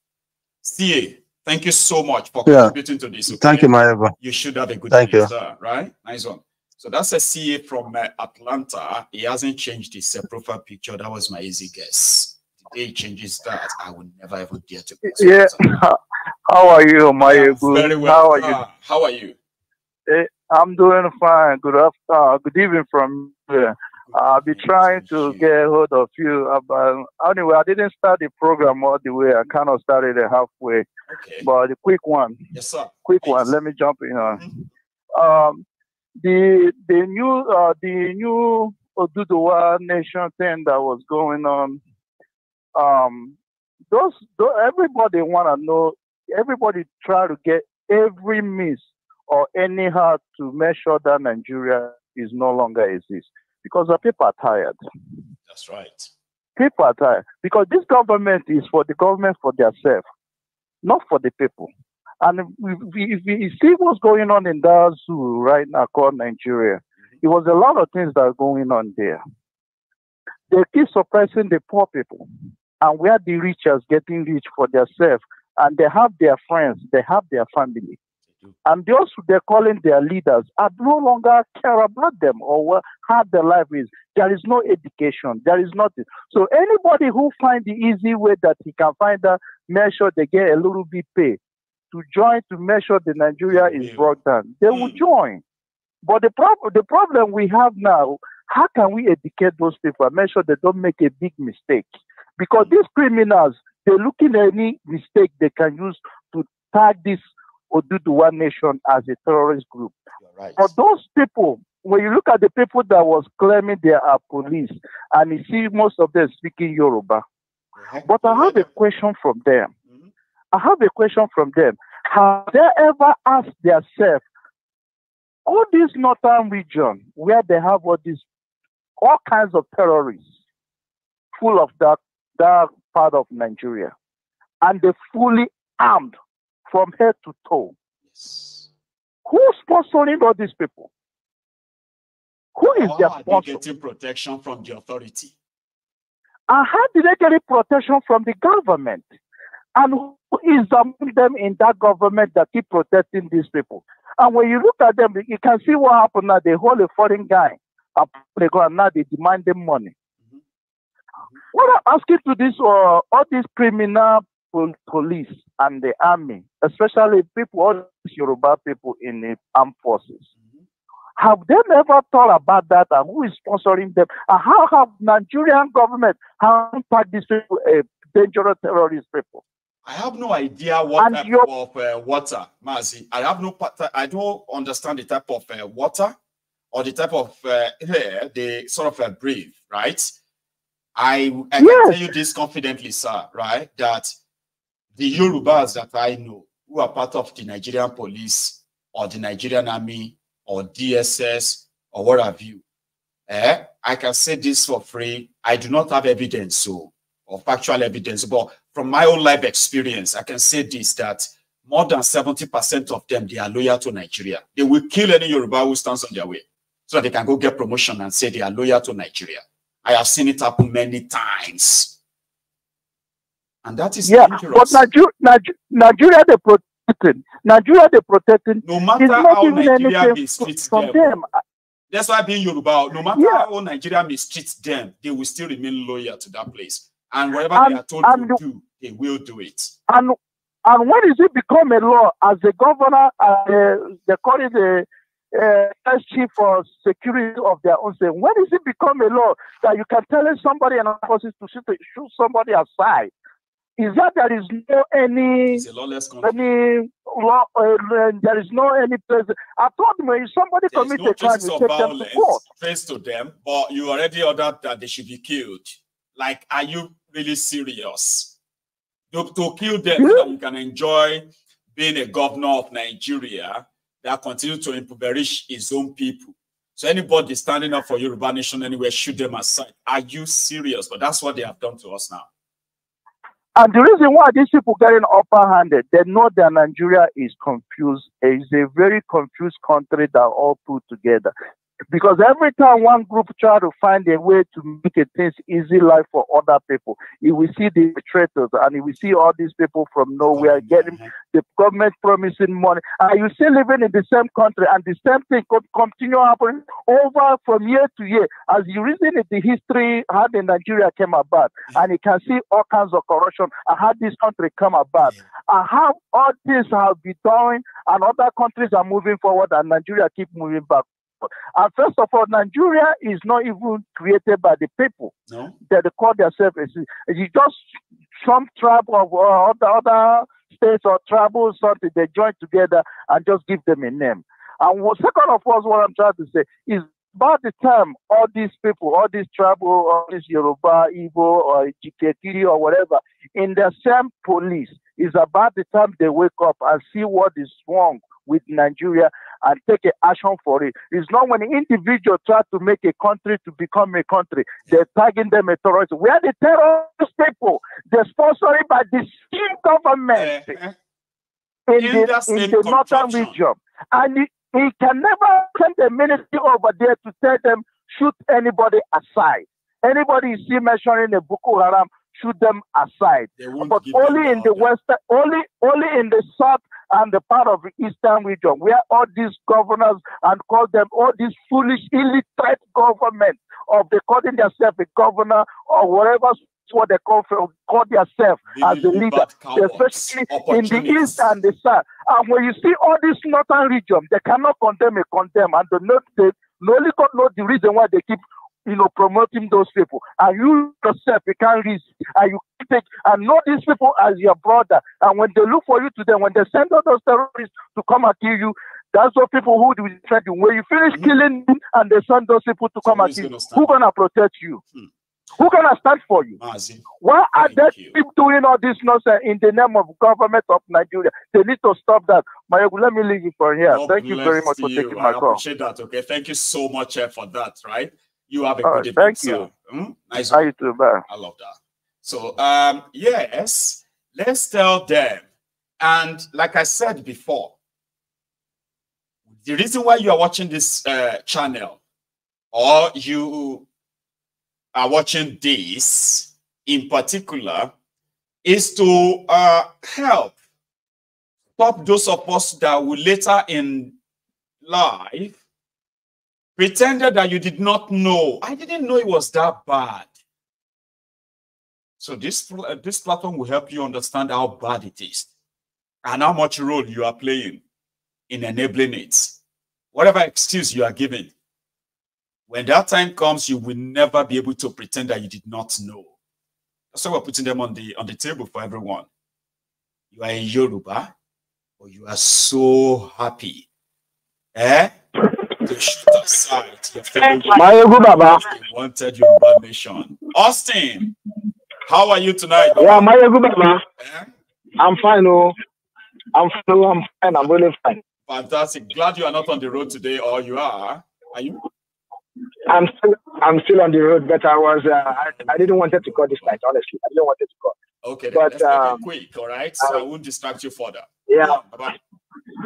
See. Thank you so much for yeah. contributing to this. Okay? Thank you, Maeva. You should have a good Thank day, you. Sir, right? Nice one. So that's a CA from uh, Atlanta. He hasn't changed his uh, profile picture. That was my easy guess. The day he changes that, I would never ever dare to. Yeah. (laughs) How are you, Maeva? Yeah, very well. How are you? Ah, how are you? Hey, eh, I'm doing fine. Good afternoon. Good evening from here. I'll be trying to get hold of you. About, anyway, I didn't start the program all the way. I kind of started it halfway. Okay. But the quick one. Yes, sir. Quick one. Let me jump in on. Mm-hmm. Um, the the new uh, the new Oduduwa nation thing that was going on. Um, those, those everybody want to know. Everybody try to get every miss or anyhow to make sure that Nigeria is no longer exists because the people are tired. That's right. People are tired because this government is for the government for themselves, not for the people. And if we, see what's going on in that zoo right now called Nigeria, it was a lot of things that are going on there. They keep suppressing the poor people, and where the rich are getting rich for themselves, and they have their friends, they have their family. And those they're calling their leaders are no longer care about them or how their life is. There is no education. There is nothing. So anybody who find the easy way that he can find that, make sure they get a little bit pay to join to make sure the Nigeria is brought down. They will mm. join. But the problem the problem we have now, how can we educate those people and make sure they don't make a big mistake? Because these criminals, they're looking at any mistake they can use to tag this Oduduwa Nation as a terrorist group. Right. For those people, when you look at the people that was claiming they are police, and you see most of them speaking Yoruba. But I have a question from them. Mm-hmm. I have a question from them. Have they ever asked themselves, all this northern region where they have all these, all kinds of terrorists, full of that, that part of Nigeria, and they fully armed from head to toe. Yes. Who's sponsoring all these people? Who is How their sponsor? Are they getting protection from the authority? And how did they get protection from the government? And who is among them in that government that keep protecting these people? And when you look at them, you can see what happened now. They hold a foreign guy they go and now they demand them money. Mm -hmm. What I'm asking to this uh, all these criminal police and the army, especially people, all these Yoruba people in the armed forces. Have they never thought about that and who is sponsoring them? And how have Nigerian government handpicked these people, uh, dangerous terrorist people? I have no idea what and type your... of uh, water, Mazi. I have no, I don't understand the type of uh, water or the type of uh, air they sort of uh, breathe, right? I, I yes. can tell you this confidently, sir, right? That the Yorubas that I know who are part of the Nigerian police or the Nigerian army or DSS or what have you, eh, I can say this for free. I do not have evidence so oh, or factual evidence, but from my own life experience, I can say this that more than 70% of them, they are loyal to Nigeria. They will kill any Yoruba who stands on their way so that they can go get promotion and say they are loyal to Nigeria. I have seen it happen many times. And that is yeah, dangerous. But Nigeria, Nigeria, Nigeria they protecting. Nigeria they protecting. No matter how Nigeria mistreats them. them. That's why being Yoruba, no matter yeah. how Nigeria mistreats them, they will still remain loyal to that place. And whatever and, they are told to do, they will do it. And and when is it become a law? As the governor, uh, they call it the uh, chief for security of their own state. When is it become a law that you can tell somebody and forces to shoot somebody aside? is that there is no any any law, uh, uh, there is no any place. I told if somebody there commits no a crime, you take them to court. Face to them, but you already ordered that they should be killed. Like, are you really serious? To, to kill them, so that we can enjoy being a governor of Nigeria that continue to impoverish his own people. So anybody standing up for Yoruba nation anywhere, shoot them aside. Are you serious? But that's what they have done to us now. And the reason why these people getting upper handed, they know that Nigeria is confused. It's a very confused country that all put together because every time one group try to find a way to make things easy life for other people, if we see the traitors and we see all these people from nowhere oh, getting the government promising money. And you still living in the same country and the same thing could continue happening over from year to year. As you reason it, the history how the Nigeria came about and you can see all kinds of corruption and how this country come about yeah. and how all this have been done and other countries are moving forward and Nigeria keep moving back. And first of all, Nigeria is not even created by the people no. that they call themselves. It's just some tribe of uh, other, other states or tribes, something. They join together and just give them a name. And what, second of all, what I'm trying to say is by the time all these people, all these tribal, all these Yoruba, Igbo, or Jikekiri, or whatever, in the same police, it's about the time they wake up and see what is wrong with Nigeria and take action for it. It's not when individual try to make a country to become a country, they're tagging them a terrorist. We are the terrorist people. They're sponsored by the same government uh, eh, uh, eh. in, in, the, in the northern region. And he, he can never send the ministry over there to tell them, shoot anybody aside. Anybody you see mentioning a Boko Haram shoot them aside. But only in the western, only only in the south and the part of the eastern region where all these governors and call them all these foolish, illiterate government of the calling themselves a governor or whatever what they call, call themselves as the leader, especially in the east and the south. And when you see all these northern region, they cannot condemn a condemn, and the, they, no, know the reason why they keep you know, promoting those people. And you yourself, you can't reach. And you take and know these people as your brother. And when they look for you today, when they send all those terrorists to come and kill you, that's what people who do defend you. When you finish mm-hmm. killing them and they send those people to so come and kill you, who gonna protect you? Hmm. Who gonna stand for you? Mazi, ah, Why are they people doing all this nonsense in the name of government of Nigeria? They need to stop that. Mayogu, let me leave you for here. God thank you very much you. for taking I my call. Appreciate that. Okay, thank you so much uh, for that. Right. You have a oh, good thank you. Mm, nice. How you too, man. I love that. So um, yes, let's tell them. And like I said before, the reason why you are watching this uh, channel or you are watching this in particular is to uh, help stop those of us that will later in life pretended that you did not know. I didn't know it was that bad. So this, uh, this platform will help you understand how bad it is and how much role you are playing in enabling it. Whatever excuse you are giving, when that time comes, you will never be able to pretend that you did not know. That's why we're putting them on the, on the table for everyone. You are in Yoruba, but you are so happy. Eh? pushed aside. Mayegu Baba. Wanted Yoruba Nation. Austin, how are you tonight? Baba? Yeah, Mayegu Baba. Eh? I'm fine, oh. I'm fine, oh, I'm fine, I'm really fine. Fantastic. Glad you are not on the road today, or you are. Are you? I'm still, I'm still on the road, but I was uh, I, I didn't want to call this night, honestly. I didn't want to call. Okay, but um, quick, all right. So I won't distract you further. Yeah. yeah bye.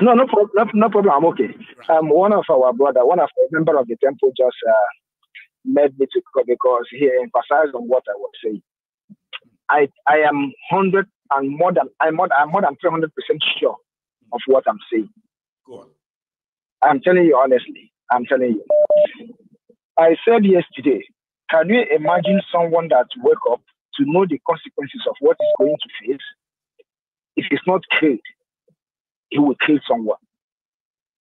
No, no, no, no problem. I'm okay. Um, one of our brother, one of a member of the temple, just uh, made me to because he emphasized on what I was saying. I I am hundred and more than I'm more, I'm more than three hundred percent sure of what I'm saying. Go on. I'm telling you honestly. I'm telling you. I said yesterday. Can you imagine someone that wake up to know the consequences of what is going to face if it's not killed? he would kill someone.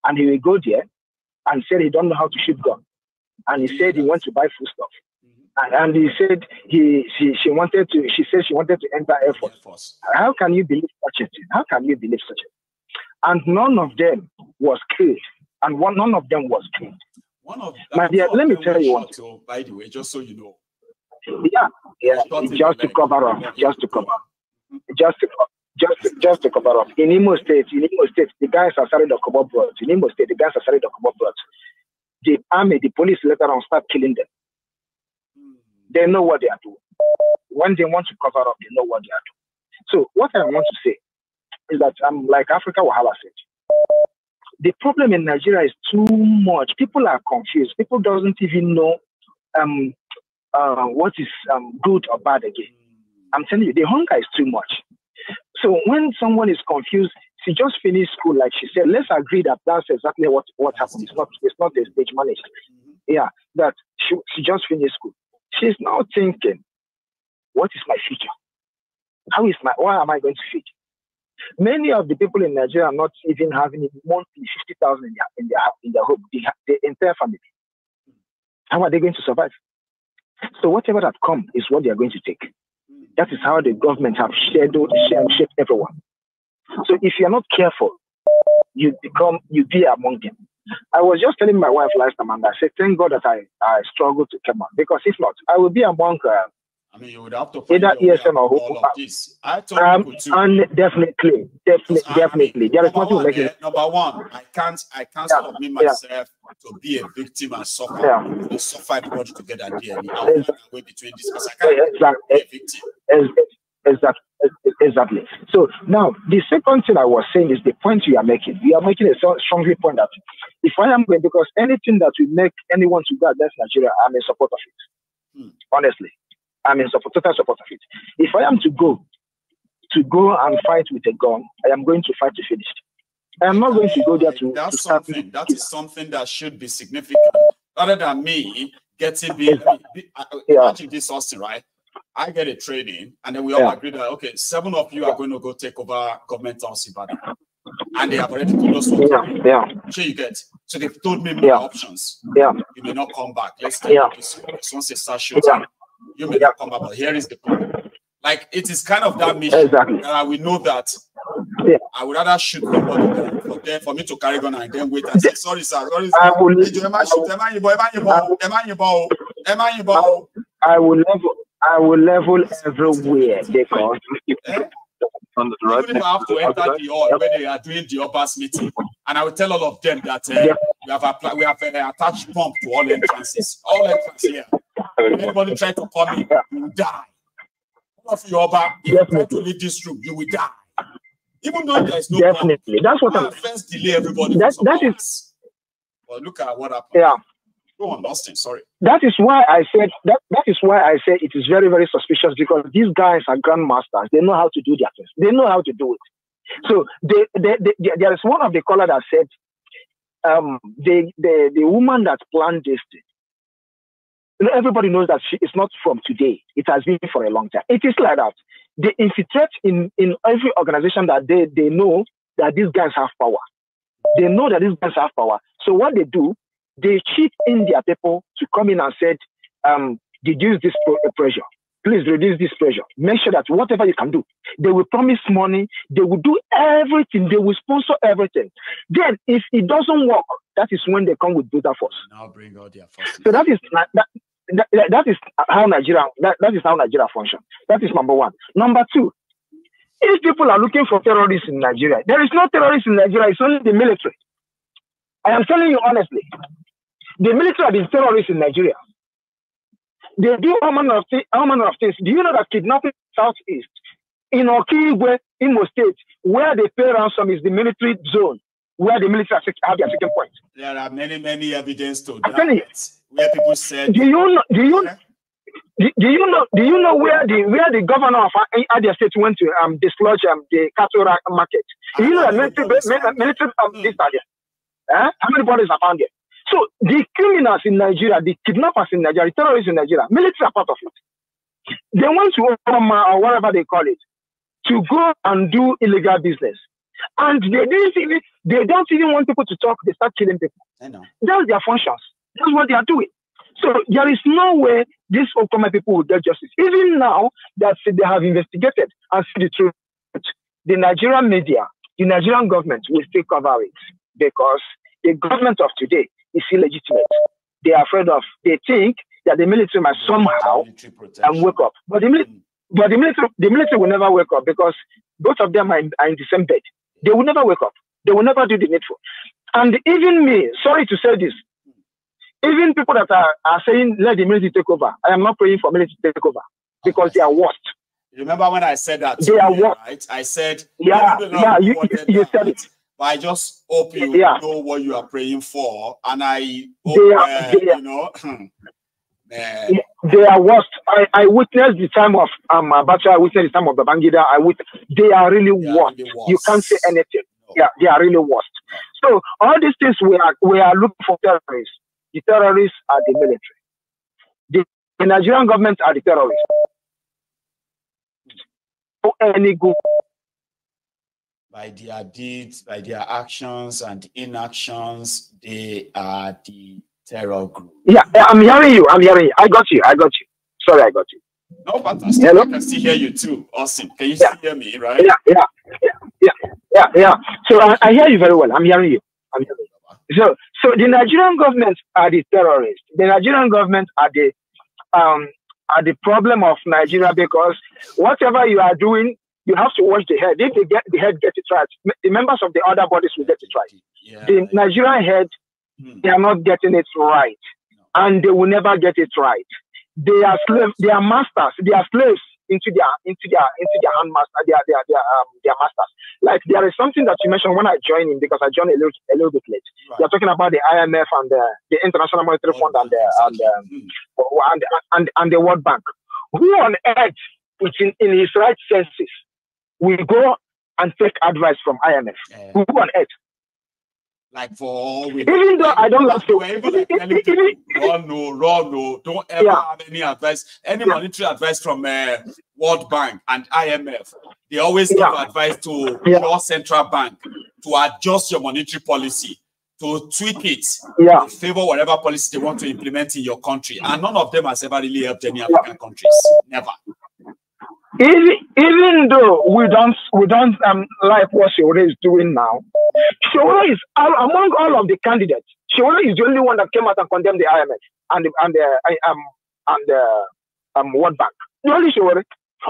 And he would go there and said he don't know how to shoot gun. And he said he went to buy food stuff. And, and he said he she, she wanted to she said she wanted to enter Air Force. Force. How can you believe such a thing? How can you believe such a thing? And none of them was killed. And one, none of them was killed. One of my uh, dear, let me tell you one. Shot, oh, by the way, just so you know. Yeah, yeah. Just to, cover up, yeah. just to cover up, just to cover up, just to cover just just to cover up. In Imo State, in Imo State, the guys are selling the Kobo blood. In Imo State, the guys are selling the Kobo blood. The army, the police later on start killing them. They know what they are doing. When they want to cover up, they know what they are doing. So what I want to say is that I'm um, like Africa Wahala said. The problem in Nigeria is too much. People are confused. People doesn't even know um, uh, what is um, good or bad again. I'm telling you, the hunger is too much. So when someone is confused, she just finished school, like she said. Let's agree that that's exactly what what happened. It's not it's not the stage manager. Mm-hmm. Yeah, that she she just finished school. She's now thinking, what is my future? How is my why am I going to feed? Many of the people in Nigeria are not even having monthly fifty thousand in their in their in their home, the, the entire family. How are they going to survive? So whatever that comes is what they are going to take. That is how the government have shadowed, shaped everyone. So if you're not careful, you become, you be among them. I was just telling my wife last time, and I said, thank God that I, I struggled to come out because if not, I will be among uh, I mean, you would have to find either ESM or all of this. I told um, you And definitely, definitely, definitely. I mean, there is nothing making. yeah, Number one, I can't, I can't yeah, submit myself yeah. to be a victim and suffer. Yeah. We suffer everybody together there. I will exactly. between this because I can't exactly. be a victim. Exactly. Exactly. Exactly. So now the second thing I was saying is the point you are making. You are making a strongly point that if I am going, because anything that will make anyone to go against Nigeria, I'm in support of it. Hmm. Honestly, I'm a support, total support of it. If I am to go, to go and fight with a gun, I am going to fight to finish. I am not going to go there to. That's to something. That is something that should be significant, rather than me getting being. be, I yeah. Imagine this, Austin, right? I get a training, and then we all yeah. agree that okay, seven of you are going to go take over government house and they have already told us what. Yeah, yeah. Sure, you get. So they've told me more yeah. options. Yeah. You may not come back. Let's take yeah. this. Once they start shooting, yeah you may yeah. come up. But here is the problem. Like it is kind of that mission. Exactly. Uh, we know that. Yeah. I would rather shoot somebody for them for me to carry gun and then wait and say, sorry, sir, sorry, sir. I will, Did you, shoot? Am I Am I Am I Am I I will level I will level everywhere because eh? on the road. not have to enter the hall yep. when they are doing the uppers meeting. And I will tell all of them that uh, yep. we have a we have uh, attached pump to all entrances. All entrances here. If anybody try to come in, you will die. All of you, Oba, if you try to leave this room, you will die. Even though there is no Definitely. Problem, That's what I'm. Friends delay everybody. That, that is. Well, look at what happened. Yeah. Go on, Austin. Sorry. That is why I said that. That is why I said it is very, very suspicious because these guys are grandmasters. They know how to do their things. They know how to do it. So they, they, they, there is one of the caller that said, um, the, the the woman that planned this thing. You know, everybody knows that she is not from today. It has been for a long time. It is like that. They infiltrate in, in every organization that they, they know that these guys have power. They know that these guys have power. So what they do, they cheat in their people to come in and said, um, reduce this pressure. Please reduce this pressure. Make sure that whatever you can do, they will promise money. They will do everything. They will sponsor everything. Then, if it doesn't work, that is when they come with brutal force. Now bring all their forces. So that is that, that, that is how Nigeria that, that is how Nigeria functions. That is number one. Number two, if people are looking for terrorists in Nigeria, there is no terrorists in Nigeria. It's only the military. I am telling you honestly. The military are the terrorists in Nigeria. They do all manner of, th- all manner of things. Do you know that kidnapping Southeast, in Okigwe, Imo State, where they pay ransom is the military zone, where the military have their second point. There are many, many evidence to that. where people said. Do you know? Do you? Do, do you know? Do you know where the where the governor of Adia State went to um, dislodge um, the cattle market? Do you know ah, that military, military, um, hmm. this area? Eh? How many bodies are found there? So the criminals in Nigeria, the kidnappers in Nigeria, the terrorists in Nigeria, military are part of it. They want to Obama or whatever they call it to go and do illegal business. And they didn't even they don't even want people to talk, they start killing people. I know. That's their functions. That's what they are doing. So there is no way these Okoma people will get justice. Even now that they have investigated and see the truth, the Nigerian media, the Nigerian government will still cover it because the government of today is illegitimate. They are afraid of, they think that the military must somehow and wake up. But the, mili- mm. but the military the military will never wake up because both of them are in, are in the same bed. They will never wake up. They will never do the needful. And even me, sorry to say this, even people that are, are saying let the military take over, I am not praying for military take over because okay. they are worst. Remember when I said that? They are worst. Right? I said, yeah, yeah, you, you, you said it. But I just hope you yeah. know what you are praying for, and I hope are, uh, you know. (laughs) Uh, they are worst. I, I witnessed the time of um Abacha, I witnessed the time of the Bangida. I with they are really they are worst. you can't say anything. Yeah, they are really worst. So all these things we are we are looking for terrorists. The terrorists are the military. The, the Nigerian government are the terrorists. For any good by their deeds, by their actions and inactions, they are the terror group. Yeah, I'm hearing you. I'm hearing you. I got you. I got you. Sorry, I got you. No, fantastic. Hello? I can still hear you too. Awesome. Can you yeah. still hear me, right? Yeah, yeah, yeah, yeah, yeah. yeah. So I, I, hear you very well. I'm hearing you. I'm hearing you. So, so the Nigerian government are the terrorists. The Nigerian government are the um, are the problem of Nigeria because whatever you are doing, you have to watch the head. If they get the head get it right, the members of the other bodies will get it right. Yeah, the Nigerian head, hmm. they are not getting it right, and they will never get it right. They are slaves. They are masters. They are slaves into their into their into their handmaster. are they are um, their masters. Like there is something that you mentioned when I joined in because I joined a little a little bit late. Right. You're talking about the IMF and the, the International Monetary Fund and the and, um, hmm. and, and and the World Bank. Who on earth, which in, in his right senses, will go and take advice from IMF. Yeah. Who on earth? Like for all we even though I don't like to run no, run no, don't ever yeah. have any advice, any yeah. monetary advice from uh, World Bank and IMF. They always give advice to your central bank to adjust your monetary policy to tweak it yeah. favor whatever policy they want to implement in your country. And none of them has ever really helped any African yeah. countries. Never even, even though we don't we don't um, like what Shewore is doing now, she is among all of the candidates. Shewore is the only one that came out and condemned the IMF and the, and the um and the um World Bank. The only Shewore.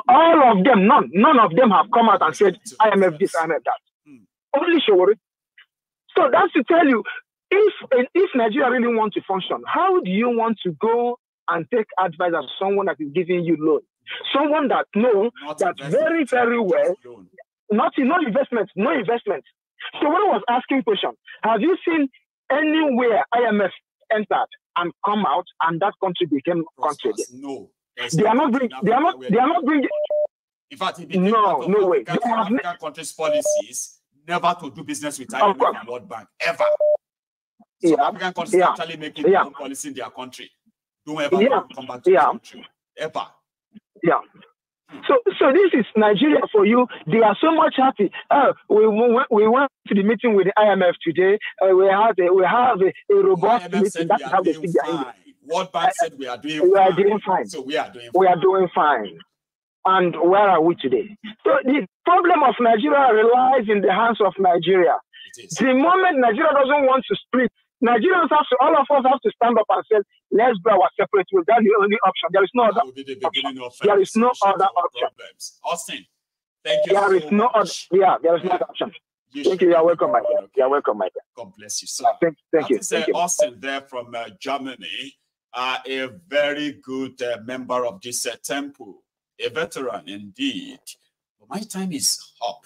All of them, none, none of them have come out and said IMF this, IMF that. Hmm. Only Only Shewore. So that's to tell you, if if Nigeria really wants to function, how do you want to go and take advice of someone that is giving you loan? Someone that know not that very, very well, nothing, no investment, no investment. So when I was asking question, have you seen anywhere IMF entered and come out and that country became country No. They are, not bringing, they are not, they are not bringing. In fact, it became no, no way. African, countries' policies never to do business with IMF and World Bank ever. So yeah. African countries yeah. actually making yeah. policy in their country. Don't ever yeah. come back to yeah. country ever. Yeah. So, so this is Nigeria for you. They are so much happy. Uh, we, we, went to the meeting with the IMF today. Uh, we have a, we have a, a robust meeting. That's how they figure it. World Bank uh, said we are doing we fine. are doing fine. So we are doing we fine. are doing fine. And where are we today? So the problem of Nigeria relies in the hands of Nigeria. The moment Nigeria doesn't want to split, Nigerians have to, all of us have to stand up and say, let's go our separate ways. That's the only option. There is no that other the option. There is no other option. Problems. Austin, thank you. There so is no much. other, yeah, there is no other option. You thank you. You're welcome, my friend. You're welcome, my friend. God bless you, sir. thank, thank you. Thank uh, you. Austin there from uh, Germany, uh, a very good uh, member of this uh, temple, a veteran indeed. But my time is up.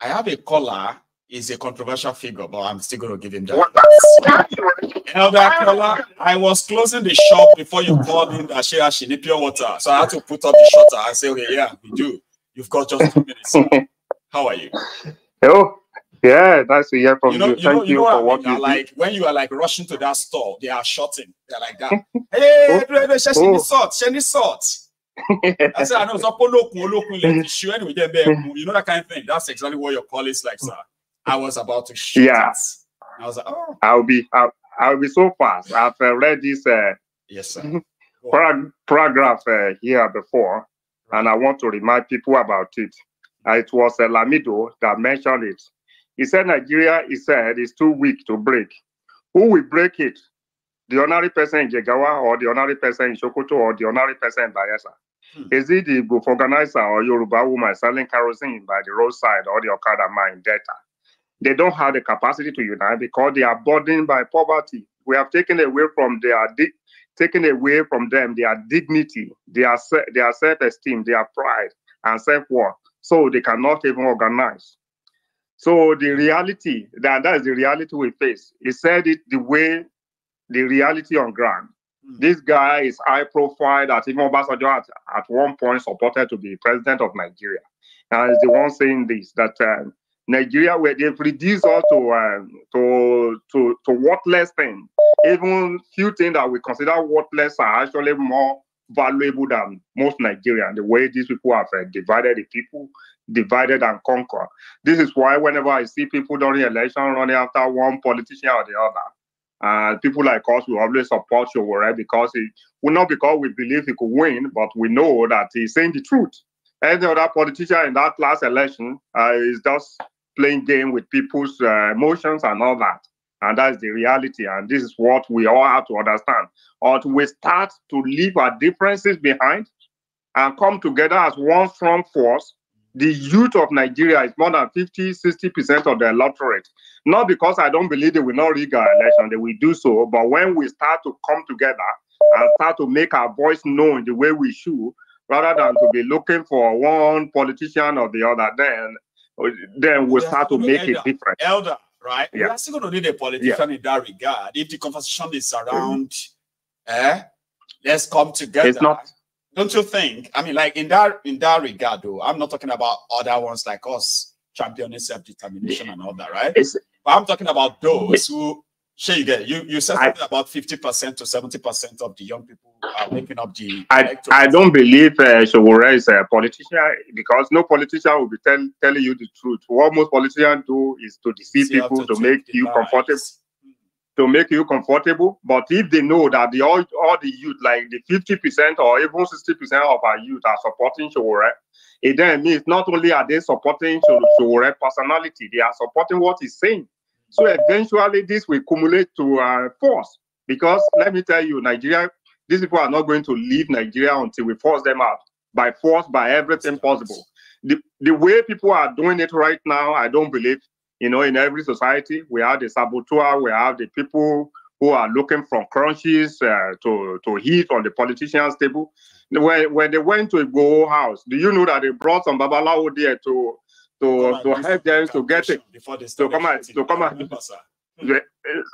I have a caller is a controversial figure, but I'm still going to give him that. Elder Keller, I was closing the shop before you called in that she actually need pure water. So I had to put up the shutter and say, okay, yeah, we do. You've got just two minutes. (laughs) How are you? Hello. Oh, yeah, nice to hear from you. Know, you. you Thank know, you, know for what, like. When you are like rushing to that store, they are shutting. They're like that. (laughs) Oh. hey, oh. salt, shiny salt. (laughs) I said, I know You know that kind of thing. That's exactly what your call is like, sir. I was about to shoot. Yeah. I was like, oh. I'll be I'll, I'll be so fast. I've uh, read this uh, yes sir. Mhm. Parag paragraph uh, here before, right. and I want to remind people about it. Uh, it was uh, Lamido that mentioned it. He said Nigeria, he said, is too weak to break. Who will break it? The honorary person in Jigawa or the honorary person in Shokoto or the honorary person in Bayelsa? Hmm. Is it the group organizer or Yoruba woman selling kerosene by the roadside or the Okada mine in Delta? They don't have the capacity to unite because they are burdened by poverty. We have taken away from their di- taken away from them their dignity, their se- their self-esteem, their pride and self-worth. So they cannot even organize. So the reality that that is the reality we face. He said it the way the reality on ground. Mm-hmm. This guy is high profile that even Obasanjo at, at one point supported to be president of Nigeria. And is the one saying this that um, Nigeria where they reduce us to um, to to to worthless things. Even few things that we consider worthless are actually more valuable than most Nigerians. The way these people have uh, divided the people, divided and conquer. This is why whenever I see people during election running after one politician or the other, and uh, people like us will always support you, right? Because it will not because we believe he could win, but we know that he's saying the truth. Any other politician in that last election uh, is just playing game with people's uh, emotions and all that. And that's the reality. And this is what we all have to understand. Or we start to leave our differences behind and come together as one strong force. The youth of Nigeria is more than 50, 60% of the electorate. Not because I don't believe they will not rig our election, they will do so. But when we start to come together and start to make our voice known the way we should, rather than to be looking for one politician or the other, then then we start to make elder, a difference. Elder, right? Yeah. We are still going to need a politician yeah. in that regard. If the conversation is around, mm. eh, let's come together. It's not. Don't you think? I mean, like in that in that regard, though, I'm not talking about other ones like us championing self-determination yeah. and all that, right? It's, but I'm talking about those who Shige, you, you said I, about 50% to 70% of the young people are waking up the... I, I don't believe uh, Shogura is a politician because no politician will be tell, telling you the truth. What most politicians do is to deceive See people, to, make you lies. comfortable. To make you comfortable, but if they know that the all, all the youth, like the 50% or even 60% of our youth are supporting Shogure, it then means not only are they supporting Shogure personality, they are supporting what he's saying. So eventually, this will accumulate to uh, force. Because let me tell you, Nigeria, these people are not going to leave Nigeria until we force them out by force, by everything possible. The, the way people are doing it right now, I don't believe. You know, in every society, we have the saboteur, we have the people who are looking from crunches uh, to, to heat on the politicians' table. When, when they went to a Go house, do you know that they brought some babalawo there to to to help them to get it to come out to come out. Eh,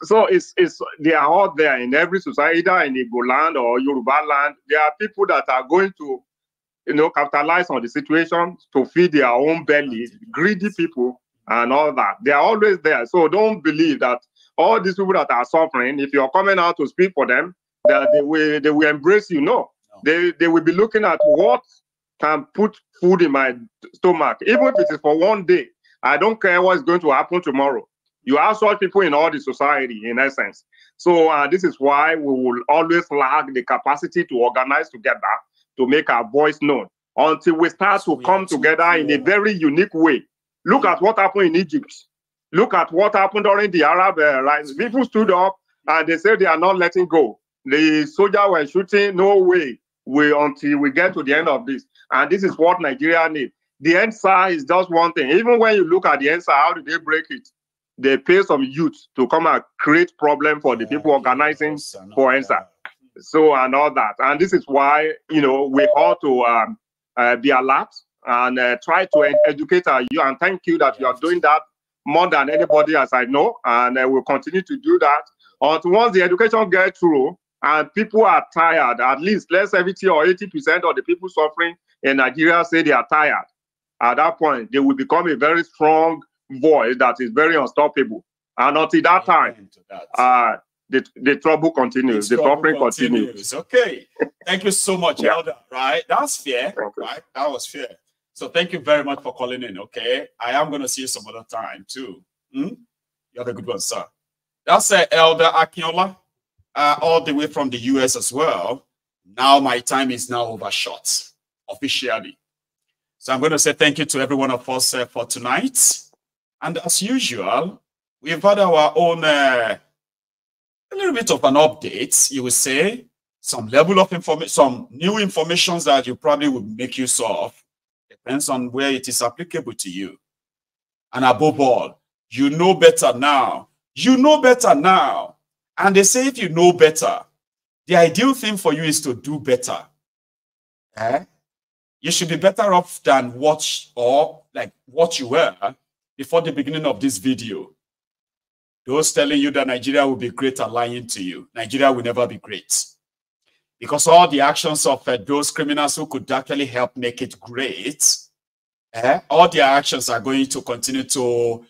so it's it's they are out there in every society, either in Igbo land or Yoruba land. There are people that are going to you know capitalize on the situation to feed their own belly, greedy people and all that. They are always there. So don't believe that all these people that are suffering, if you're coming out to speak for them, that they will they will embrace you. No. no. They they will be looking at what can put food in my stomach, even if it is for one day. I don't care what's going to happen tomorrow. You have such people in all the society, in essence. So uh, this is why we will always lack the capacity to organize together to make our voice known until we start to come together in a very unique way. Look at what happened in Egypt. Look at what happened during the Arab uh, People stood up and they said they are not letting go. The soldiers were shooting. No way. We until we get to the end of this. And this is what Nigeria need. The answer is just one thing. Even when you look at the answer, how do they break it? They pay some youth to come and create problem for the people organizing for answer. So and all that. And this is why, you know, we ought to um, uh, be alert and uh, try to educate our youth. And thank you that you are doing that more than anybody as I know. And uh, we'll continue to do that. But once the education gets through, and people are tired. At least less 70 or 80 percent of the people suffering in Nigeria say they are tired, at that point, they will become a very strong voice that is very unstoppable. And until that time, that. Uh, the, the trouble continues, the, trouble suffering continues. continues. Okay. Thank you so much, yeah. Elder. Right? That's fair. Right? That was fair. So thank you very much for calling in. Okay. I am going to see you some other time too. Hmm? You're the good one, sir. That's uh, Elder Akinola, uh, all the way from the US as well. Now my time is now overshot officially. So I'm going to say thank you to every one of us uh, for tonight. And as usual, we've had our own, uh, a little bit of an update, you will say, some level of information, some new information that you probably would make use of, depends on where it is applicable to you. And above all, you know better now. You know better now. And they say if you know better, the ideal thing for you is to do better. Eh? you should be better off than what or like what you were before the beginning of this video. Those telling you that Nigeria will be great are lying to you. Nigeria will never be great. Because all the actions of uh, those criminals who could actually help make it great, eh, all their actions are going to continue to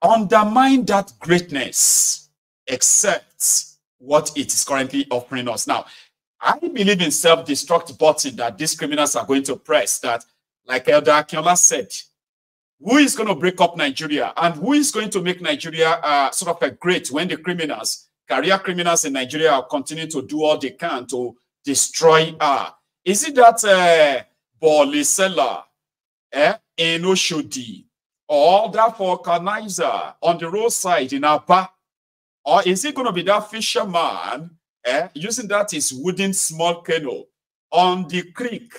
undermine that greatness, except what it is currently offering us. Now, I believe in self-destruct button that these criminals are going to press that, like Elder Akiola said, who is going to break up Nigeria and who is going to make Nigeria uh, sort of a great when the criminals, career criminals in Nigeria continue to do all they can to destroy her? Is it that uh, Bolisela eh, in Oshodi or that vulcanizer on the roadside in Aba? Or is it going to be that fisherman eh, using that is wooden small canoe on the creek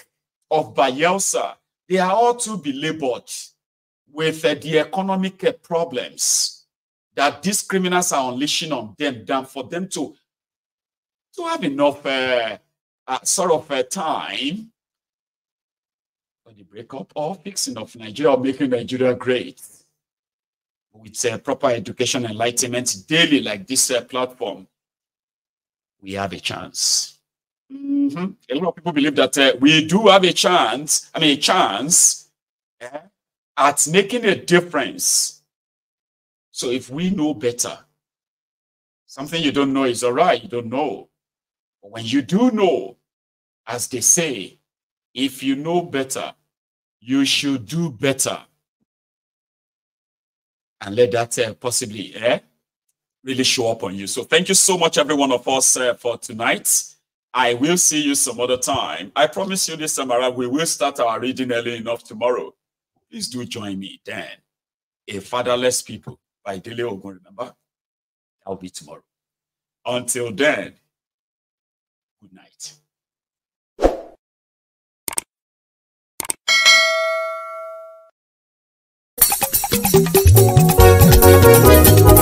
of Bayelsa, they are all to be labored with uh, the economic uh, problems that these criminals are unleashing on them, than for them to, to have enough eh, uh, sort of time for the breakup or fixing of Nigeria or making Nigeria great with proper education enlightenment daily like this platform we have a chance. Mm -hmm. A lot of people believe that uh, we do have a chance, I mean, a chance yeah, at making a difference. So if we know better, something you don't know is all right, you don't know. But when you do know, as they say, if you know better, you should do better. And let that uh, possibly eh, really show up on you. So thank you so much, every one of us, uh, for tonight. I will see you some other time. I promise you this time around, we will start our reading early enough tomorrow. Please do join me then. A Fatherless People by Dele Ogun, remember? I'll be tomorrow. Until then,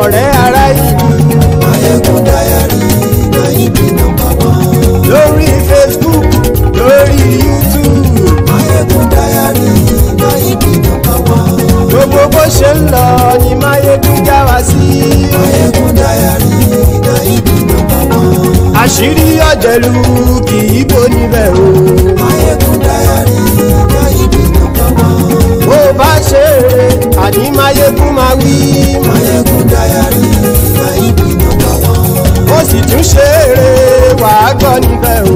ọ̀rẹ́ ará ìlú. Maiyegun Diary náírà nọ́mbà one. lórí Facebook lórí YouTube. Maiyegun Diary náírà nọ́mbà one. gbogbo bó ṣe ń lọ ni Maiyegun já wa sí. Maiyegun Diary náírà nọ́mbà one. àṣírí ọ̀jẹ̀lú kì í bò níbẹ̀ o. Maiyegun Diary náírà nọ́mbà one. bó bá ṣe é àní Maiyegun máa wí. tún ṣe eré gbọ́ níbẹ̀ o.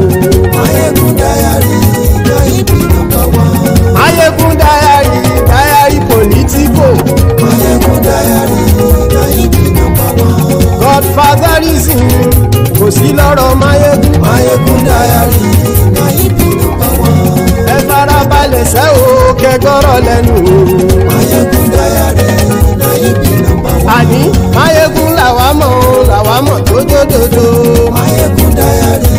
Maiyegun Diary ìjọ ìbí ló kọ́ wọn. Maiyegun Diary Diary Politico. Maiyegun Diary ìbí ló kọ́ wọn. Godfatherism kò sí lọ́rọ̀ Maiyegun. Maiyegun Diary ìjọ ìbí ló kọ́ wọn. Ẹ farabalẹ̀ sẹ́ o kẹgbọ́rọ̀ lẹ́nu. Maiyegun Diary ìjọ ìbí ló kọ́ Àní àmọ́ jójódodo. Máyégún dáyàrí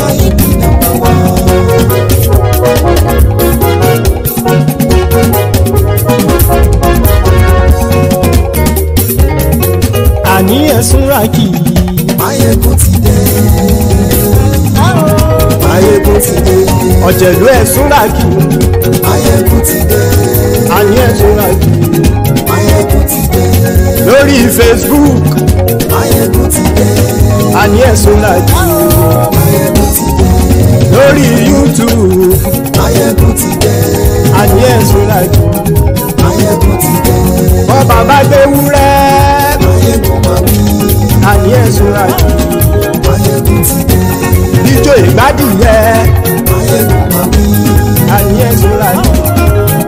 láyé bí nàmbá wá. àníyàn súnra kì í. Máyégún ti dé. Máyégún ti dé. ọ̀jẹ̀lú ẹ̀ súnra kì í. Máyégún ti dé. àníyàn súnra kì í. Máyégún ti dé. lórí Facebook. Maiyegun ti dé. Àníyẹ̀ Ṣọ́lájí. Maiyegun ti dé. Lórí YouTube. Maiyegun ti dé. Àníyẹ̀ Ṣọ́lájí. Maiyegun ti dé. Bọ́ bàbá gbé wúrẹ́. Maiyegun máa wí. Àníyẹ̀ Ṣọ́lájí. Maiyegun ti dé. Ijó ìgbádìyẹ. Maiyegun máa wí. Àníyẹ̀ Ṣọ́lájí.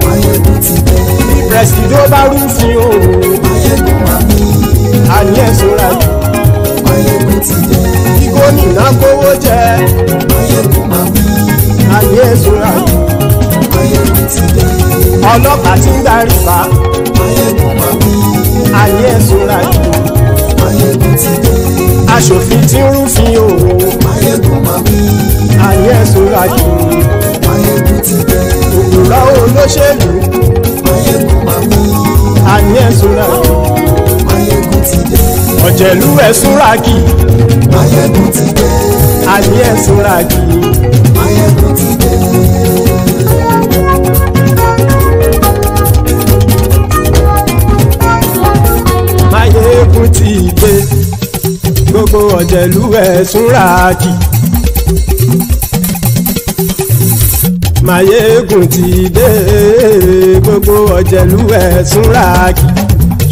Maiyegun ti dé. Bí pẹ̀sìdó bá rúfin o àní ẹ̀sùn ra jù. ọ̀yẹ̀kùn ti jẹ́. kí gómìnà kówó jẹ. ọ̀yẹ̀kùn máa wí. àní ẹ̀sùn ra jù. ọ̀yẹ̀kùn ti jẹ́. ọlọ́pàá ti ń darí bá. ọ̀yẹ̀kùn máa wí. àní ẹ̀sùn ra jù. ọ̀yẹ̀kùn ti jẹ́. aṣòfin ti ń rúfin o. ọ̀yẹ̀kùn máa wí. àní ẹ̀sùn jù. ọ̀yẹ̀kùn ti jẹ́. òkúra olóṣèlú. ọ̀yẹ̀kùn máa wí. àní ẹ̀sùn jù ti dé. ọ̀jẹ̀lú ẹ̀ súnragì. ayẹ́gun ti dé. ayé ẹ̀ súnragì. ayẹ́gun ti dé. ayẹ́gun ti dé. gbogbo ọ̀jẹ̀lú ẹ̀ súnragì. Màyégùn ti dé gbogbo ọ̀jẹ̀lú ẹ̀ súnragì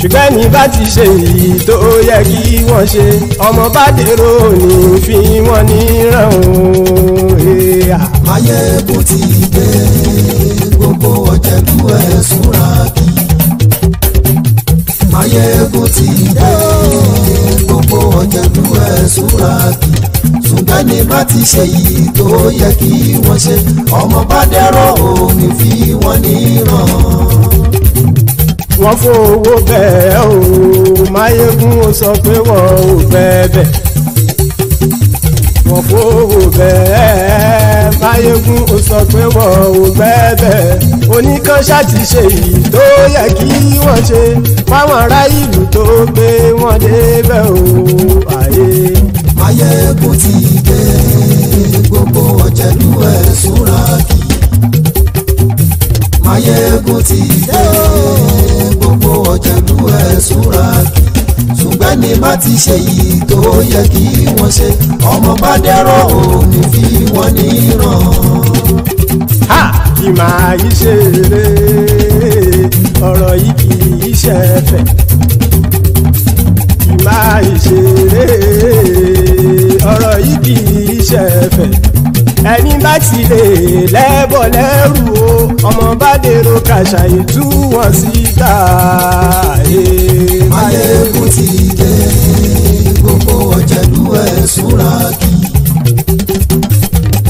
ṣùgbọ́n ní bá ti ṣe èyí tó yẹ kí wọ́n ṣe ọmọ bá dèrò ní fi wọ́n níran o. ayé bó ti dé gbogbo ọ̀jẹ̀lú ẹ̀ súnra kí. ayé bó ti dé gbogbo ọ̀jẹ̀lú ẹ̀ súnra kí ṣùgbọ́n ní bá ti ṣe èyí tó yẹ kí wọ́n ṣe ọmọ bá dẹ̀rọ̀ òní fi wọ́n níran wọ́n fowó bẹ́ẹ̀ o máyégún ó sọ pé wọ́n ò fẹ́ bẹ̀. wọ́n fowó bẹ́ẹ̀ máyégún ó sọ pé wọ́n ò fẹ́ bẹ̀. oníkanṣá ṣe èyí tó yẹ kí wọ́n ṣe fáwọn ará ìlú tó gbé wọn débẹ̀ o àyè. máyégún ti dé gbogbo ọ̀jẹ̀lú ẹ̀ súnra kì. máyégún ti dé gbogbo ọ̀jẹ̀lú ẹ̀ súnra ṣùgbọ́n ní má ti ṣe yìí tó yẹ kí wọ́n ṣe ọmọ bá dẹ́rọ̀ ò ní fi wọ́n níran. ha kì máa yí ṣe eré ọ̀rọ̀ yìí kì í ṣe ẹ̀fẹ̀ kì máa yí ṣe eré ọ̀rọ̀ yìí kì í ṣe ẹ̀fẹ̀ ẹni bá ti lè lẹ́bọ̀ lẹ́rù o ọmọ bá dèrò kàṣà ìtú wọn síta. Máyégún ti dé gbogbo ọ̀jẹ̀lú ẹ̀ súnra kí.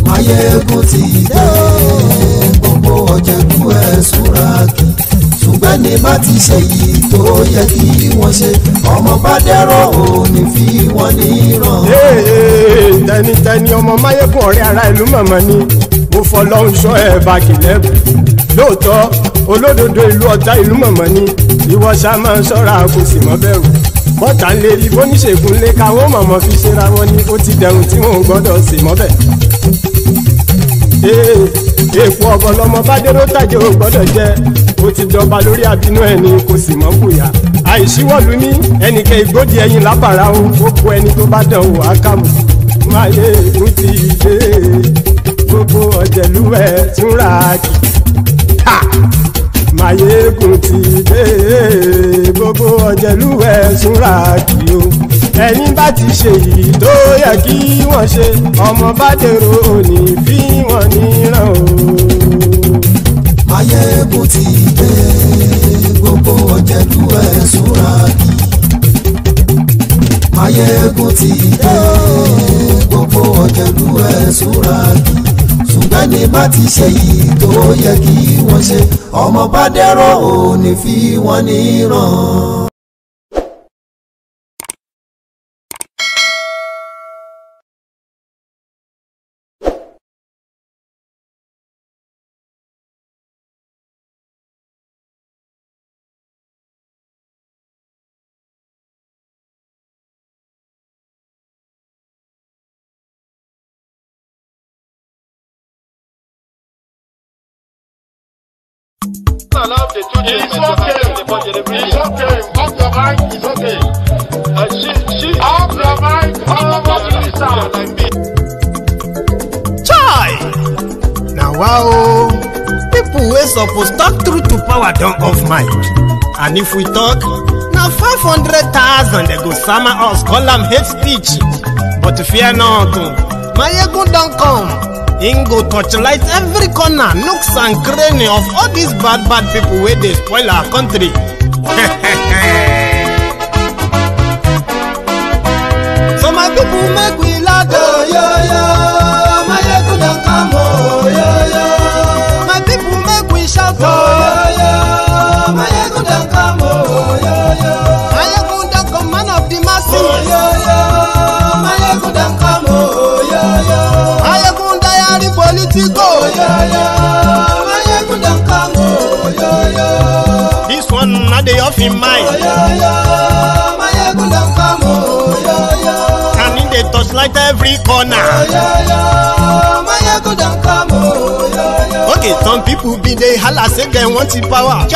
Máyégún ti dé gbogbo ọ̀jẹ̀lú ẹ̀ súnra kí ṣùgbọ́n ní má ti ṣe yìí tó yẹ kí wọ́n ṣe ọmọ bá dẹ́rọ̀ ò ní fi wọ́n níran. tẹnitẹni ọmọ máyégún ọ̀rẹ́ ara ìlú mọ̀mọ́ ni mo fọlọ́hún ṣọ́ ẹ̀ bá kìlẹ̀ lóòótọ́ olódodo ìlú ọ̀tá ìlú mọ̀mọ́ ni ìwọ ṣá máa ń ṣọ́ra kò sì mọ́ bẹ̀rù bọ́tà lè rí bóníṣègùn lé káwọn mọ̀mọ́ fi ṣera wọn ni ó ti dẹrùn tí wọn ò gbọ́dọ̀ sì mọ́ èèpo ọ̀gọ̀lọ́mọ bá dérò tàjẹ́ ò gbọ́dọ̀ jẹ́ ó ti jọba lórí àbínú ẹni kò sì mọ́ bùyà àìsíwọ́lu ní ẹnìkẹ́ ìgbódì ẹyin lábàrá o ó kó ẹni tó bá dán o ákàmù máyé ìlú ti dé gbogbo ọ̀jẹ̀lúwẹ̀ túnra kì mayegun ti dé gbogbo ọ̀jẹ̀lúwẹ̀ túnra kì o ẹ̀yin bá ti ṣe èyí tó yẹ kí wọ́n ṣe ọmọ bá dèrò òní fi níran o jẹ́ bó ti jẹ́ gbogbo ọ̀jẹ̀lú ẹ̀ súnra kì má yẹ bó ti jẹ́ gbogbo ọ̀jẹ̀lú ẹ̀ súnra kì ṣùgbọ́n ní bá ti ṣe yìí tó yẹ kí wọ́n ṣe ọmọ bá dẹ́rọ̀ ò ní fi wọ́n ní ràn. the two okay. It's okay. Off your mind. It's okay. Uh, she, she, off your mind. All of us in sound. Chai! Now, wow. People wey suppose talk true to power don off mind. And if we talk, na thousand they go sama us, call am hate speech. But fear not, my ego don come him go torchlight every corner nooks and crannies of all these bad bad people wey dey spoil our country (laughs) Mexico. This one na dey off im mind. Can e dey touch light every corner? okay some people be they hala say they want the power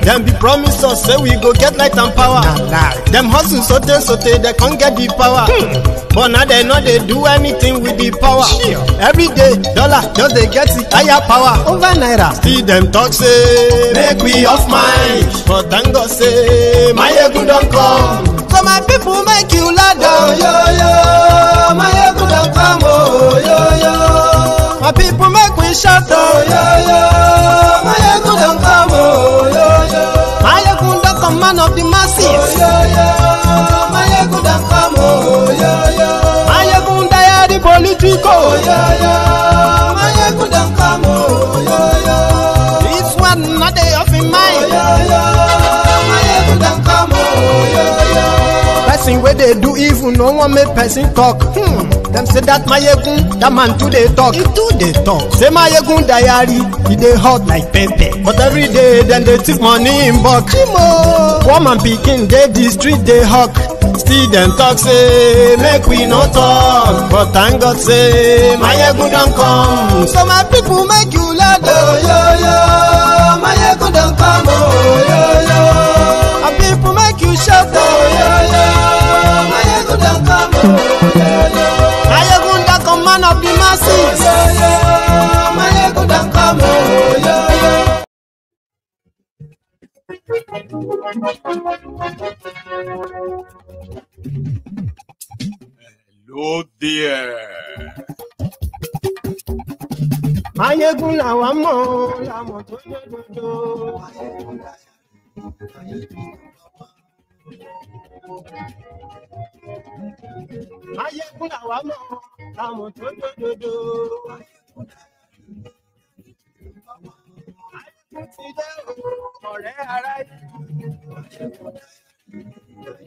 them be promise us say we go get light and power Nah, them hustle so so sotey they con get the power hmm. but na they no they do anything with the power Every day dollar just they get the higher power over naira still them talk say make we off mind but thank god say my ego don't come. so my people make you oh, Yo yo, my ego don't come Oh yo yo. My people make we shout oh yo yo. Mayekunda come oh yo yo. Mayekunda come man of the masses. Oh yo yo. Mayekunda come oh yo yo. Mayekunda ya di politico. Oh. oh yo yo. wey dey do evil no wan make person talk hmm. dem say dat mayegun dat man too dey talk e too dey talk say mayegun diary e dey hot like pepper but every day dem dey thief money in bulk chimo woman pikin dey di street dey hawk still dem talk say make we no talk but thank god say mayegun don come so my pipo make you yo yo. mayegun don come oh yo yo people make you shout oyoyo Mayegun don come oyoyo Mayegun don come man of the masses oyoyo oh, yeah don come oyoyo. Hello yeah Mayegun oh, làwọn mọ̀ làwọn tó yẹ dodo. Mayegun làwọn mọ̀. mọ̀ tó Good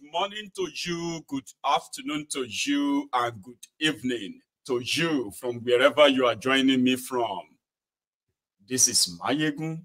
morning to you, good afternoon to you, and good evening to you from wherever you are joining me from. This is Mayegun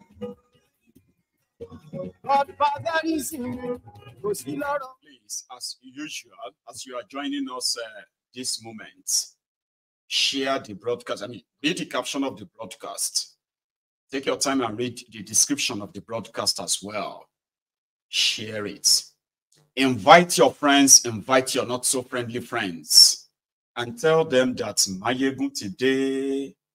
that is Please, as usual, as you are joining us uh, this moment, share the broadcast. I mean, read the caption of the broadcast. Take your time and read the description of the broadcast as well. Share it. Invite your friends, invite your not so friendly friends, and tell them that Mayegun today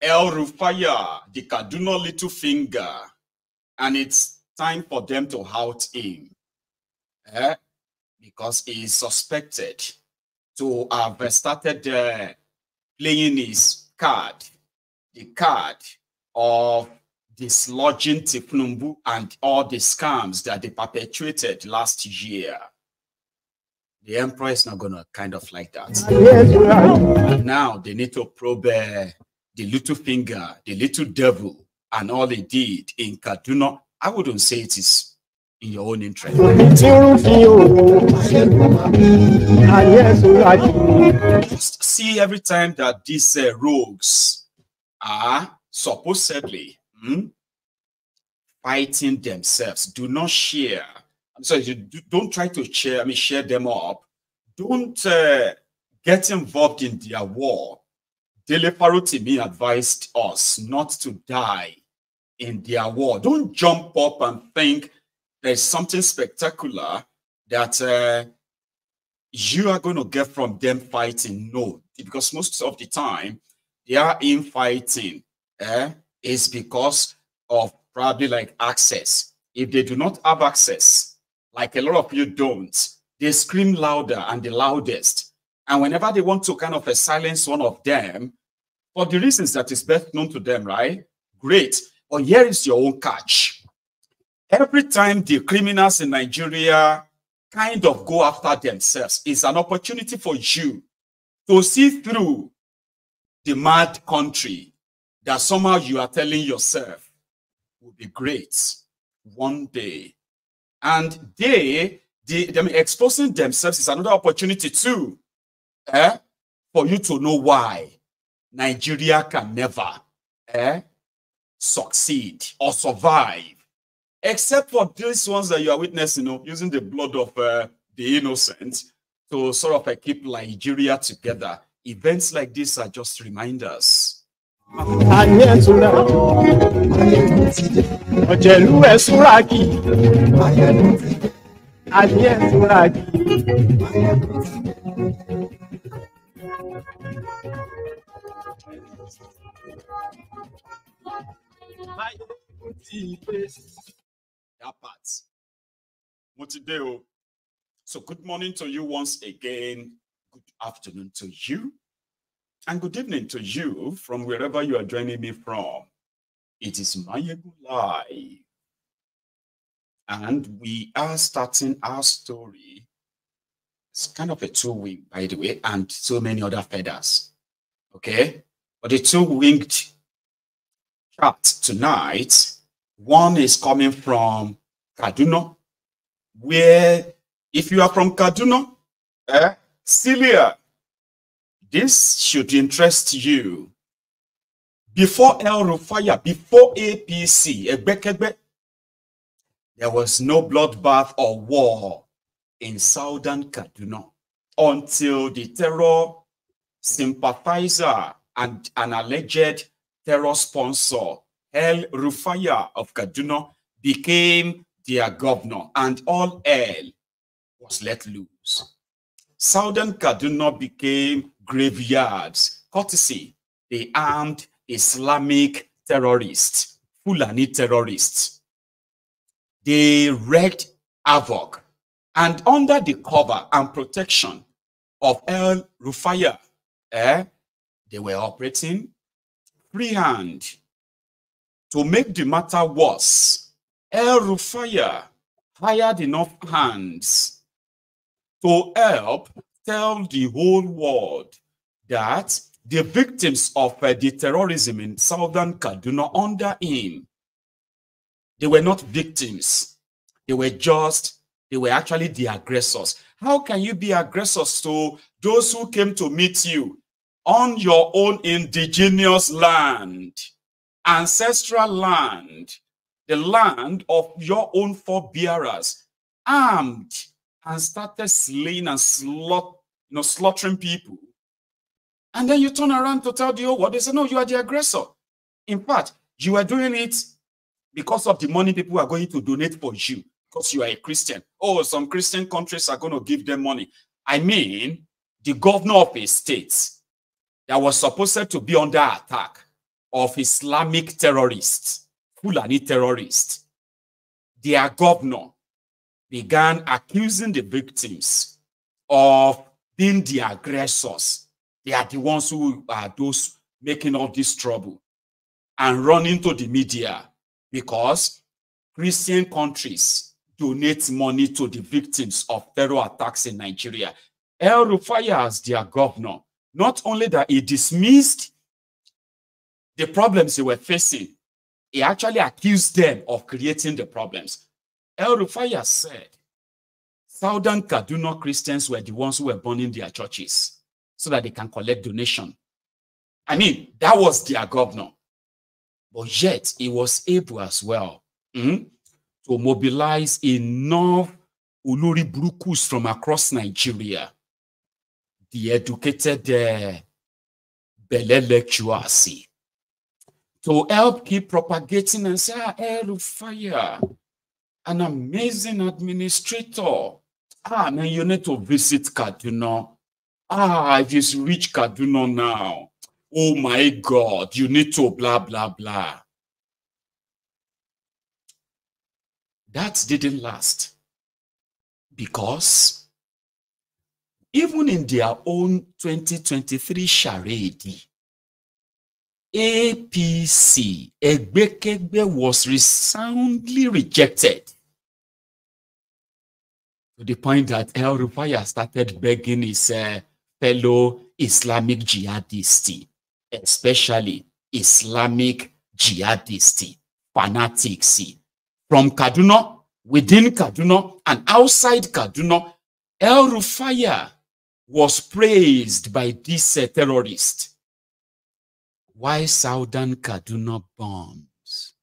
El Rufaya, the Kaduna Little Finger, and it's time for them to halt him eh? because he is suspected to have started uh, playing his card, the card of dislodging Tipnumbu and all the scams that they perpetrated last year. The emperor is not going to kind of like that. Yes, Now they need to probe. Uh, the little finger, the little devil, and all he did in Kaduna, I wouldn't say it is in your own interest. Just see every time that these uh, rogues are supposedly hmm, fighting themselves, do not share. I'm sorry, don't try to share, I mean, share them up. Don't uh, get involved in their war Dele me advised us not to die in their war. Don't jump up and think there's something spectacular that uh, you are going to get from them fighting. No, because most of the time they are in fighting eh, is because of probably like access. If they do not have access, like a lot of you don't, they scream louder and the loudest and whenever they want to kind of uh, silence one of them, for the reasons that is best known to them, right? Great. But here is your own catch. Every time the criminals in Nigeria kind of go after themselves, it's an opportunity for you to see through the mad country that somehow you are telling yourself will be great one day. And they, the, them exposing themselves is another opportunity too eh, for you to know why Nigeria can never eh, succeed or survive, except for these ones that you are witnessing, you know, using the blood of uh, the innocent to sort of uh, keep Nigeria together. Events like this are just reminders. ayẹ̀túnra ọ̀jẹ̀lú part. So good morning to you once again. Good afternoon to you. And good evening to you from wherever you are joining me from. It is Mayegu Live. And we are starting our story it's kind of a two wing, by the way, and so many other feathers. Okay? But the two winged chart tonight, one is coming from Kaduna, where if you are from Kaduna, eh, Celia, this should interest you. Before El Rufaya, before APC, Ebekebe, there was no bloodbath or war in southern Kaduna until the terror sympathizer and an alleged terror sponsor, El Rufaya of Kaduna, became their governor, and all hell was let loose. Southern Kaduna became graveyards, courtesy the armed Islamic terrorists, Fulani terrorists. They wreaked havoc and under the cover and protection of El Rufaya, eh, they were operating freehand. To make the matter worse, El Rufaya hired enough hands to help tell the whole world that the victims of uh, the terrorism in southern Kaduna under him, they were not victims. They were just they were actually the aggressors. How can you be aggressors to those who came to meet you on your own indigenous land, ancestral land, the land of your own forebearers, armed and started slaying and slaught, you know, slaughtering people? And then you turn around to tell the old world, they say, no, you are the aggressor. In fact, you are doing it because of the money people are going to donate for you because you are a Christian. Oh, some Christian countries are going to give them money. I mean, the governor of a state that was supposed to be under attack of Islamic terrorists, Fulani terrorists, their governor began accusing the victims of being the aggressors. They are the ones who are those making all this trouble and running to the media because Christian countries donate money to the victims of terror attacks in Nigeria. El Rufai as their governor, not only that he dismissed the problems they were facing, he actually accused them of creating the problems. El Rufai said, Southern Kaduna Christians were the ones who were burning their churches so that they can collect donation. I mean, that was their governor. But yet, he was able as well mm, to mobilize enough Uluri Brukus from across Nigeria, the educated uh, Bele lecturers, to help keep propagating and say, ah, El Fire, an amazing administrator. Ah, man, you need to visit Kaduna. Ah, if you reach Kaduna now, oh my God, you need to blah, blah, blah. That didn't last because even in their own 2023 charade, APC, Egbekegbe, was resoundly rejected to the point that El Rufaya started begging his uh, fellow Islamic jihadists, especially Islamic jihadists, fanatics, from Kaduna, within Kaduna, and outside Kaduna, El Rufaya was praised by these uh, terrorists. Why Southern Kaduna bombs?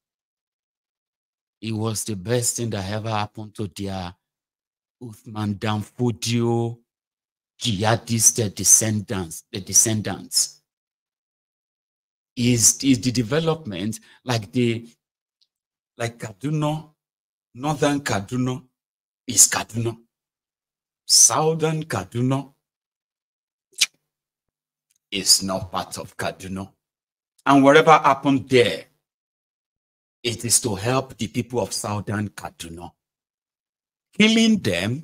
It was the best thing that ever happened to their Uthman Danfodio jihadist the uh, descendants, the descendants. Is, is the development like the like Kaduna, northern Kaduna is Kaduna. Southern Kaduna is not part of Kaduna. And whatever happened there, it is to help the people of Southern Kaduna. Killing them,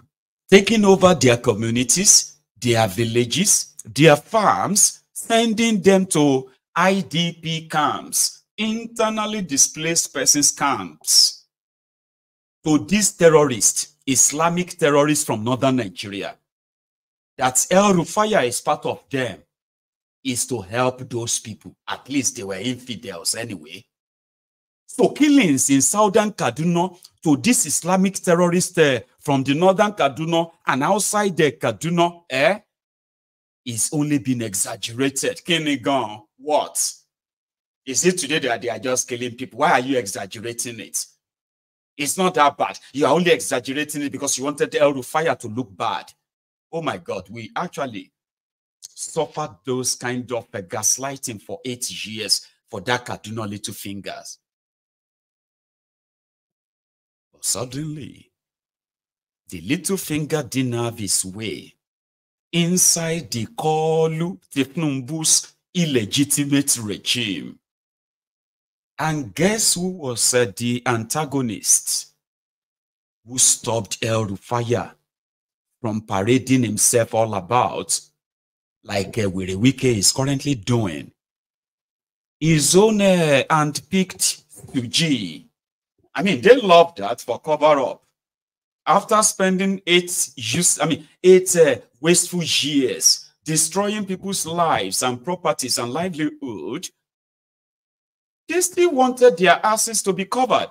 taking over their communities, their villages, their farms, sending them to IDP camps internally displaced persons camps to these terrorist, Islamic terrorists from northern Nigeria, that El Rufaya is part of them, is to help those people. At least they were infidels anyway. So killings in southern Kaduna to this Islamic terrorist uh, from the northern Kaduna and outside the Kaduna eh, is only been exaggerated. Kinigan, what? Is it today that they are just killing people? Why are you exaggerating it? It's not that bad. You are only exaggerating it because you wanted El Fire to look bad. Oh my God, we actually suffered those kind of gaslighting for eight years for that Kaduna little fingers. But suddenly, the little finger didn't have his way inside the Kolu Teknumbu's illegitimate regime. And guess who was uh, the antagonist who stopped El Rufaya from parading himself all about like uh, is currently doing? His own uh, picked refugee. I mean, they love that for cover up. After spending eight use, I mean, eight uh, wasteful years destroying people's lives and properties and livelihood, they wanted their asses to be covered,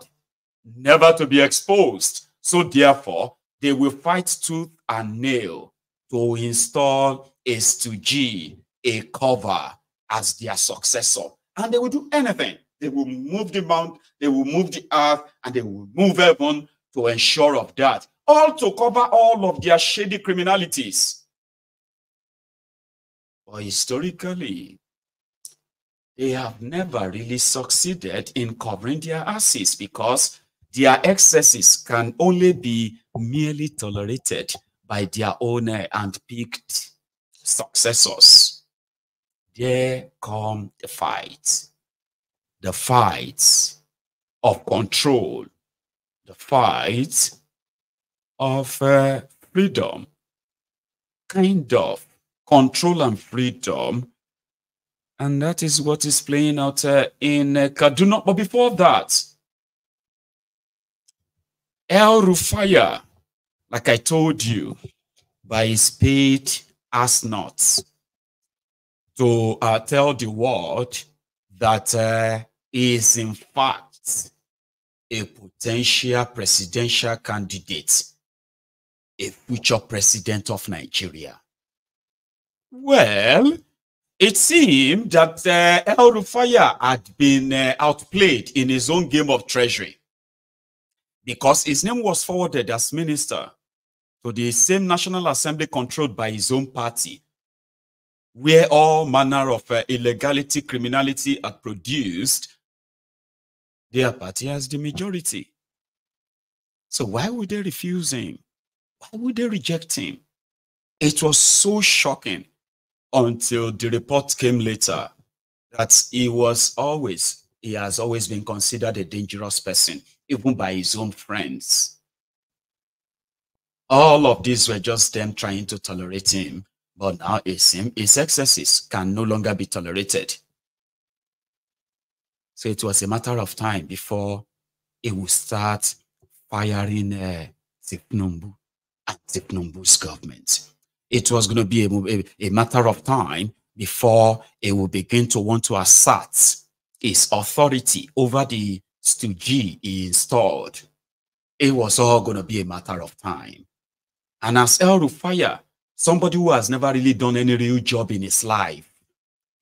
never to be exposed. So therefore, they will fight tooth and nail to install a Stuji, a cover as their successor. And they will do anything. They will move the mount, they will move the earth, and they will move heaven to ensure of that. All to cover all of their shady criminalities. But historically, they have never really succeeded in covering their asses because their excesses can only be merely tolerated by their owner and picked successors. There come the fights, the fights of control, the fights of uh, freedom, kind of control and freedom and that is what is playing out uh, in uh, Kaduna. But before that, El Rufaya, like I told you, by his paid as not to uh, tell the world that uh, he is in fact a potential presidential candidate, a future president of Nigeria. Well, it seemed that uh, El Rufaya had been uh, outplayed in his own game of treasury because his name was forwarded as minister to the same National Assembly controlled by his own party, where all manner of uh, illegality, criminality are produced, their party has the majority. So why would they refuse him? Why would they reject him? It was so shocking until the report came later that he was always, he has always been considered a dangerous person, even by his own friends. All of these were just them trying to tolerate him, but now it's him, his excesses can no longer be tolerated. So it was a matter of time before he would start firing uh, Tifnumbu and Tifnumbu's government it was going to be a, a, a matter of time before it would begin to want to assert its authority over the stooge he installed. It was all going to be a matter of time. And as El Rufaya, somebody who has never really done any real job in his life,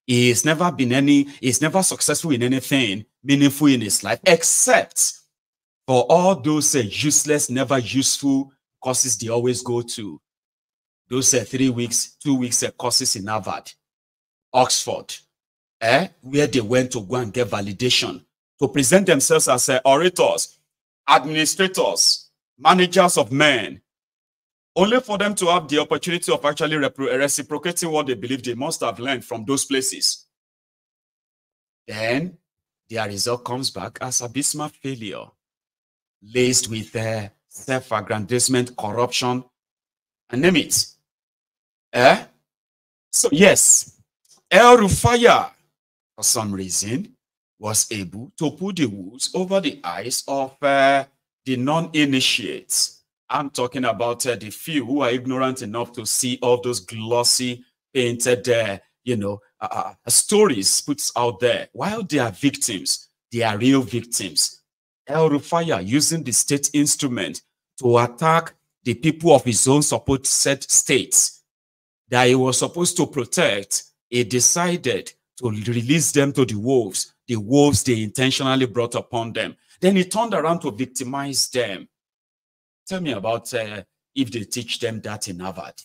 he's never been any, he's never successful in anything meaningful in his life, except for all those uh, useless, never useful courses they always go to those uh, three weeks, two weeks uh, courses in Harvard, Oxford, eh, where they went to go and get validation to present themselves as uh, orators, administrators, managers of men, only for them to have the opportunity of actually reciprocating what they believe they must have learned from those places. Then their result comes back as abysmal failure, laced with uh, eh, self aggrandizement, corruption, and name it. Eh? So, yes, El Rufaya, for some reason, was able to put the woods over the eyes of uh, the non-initiates. I'm talking about uh, the few who are ignorant enough to see all those glossy painted, uh, you know, uh, uh, uh, stories put out there. While they are victims, they are real victims. El Rufaya using the state instrument to attack the people of his own supported states that he was supposed to protect, he decided to release them to the wolves, the wolves they intentionally brought upon them. Then he turned around to victimize them. Tell me about uh, if they teach them that in Harvard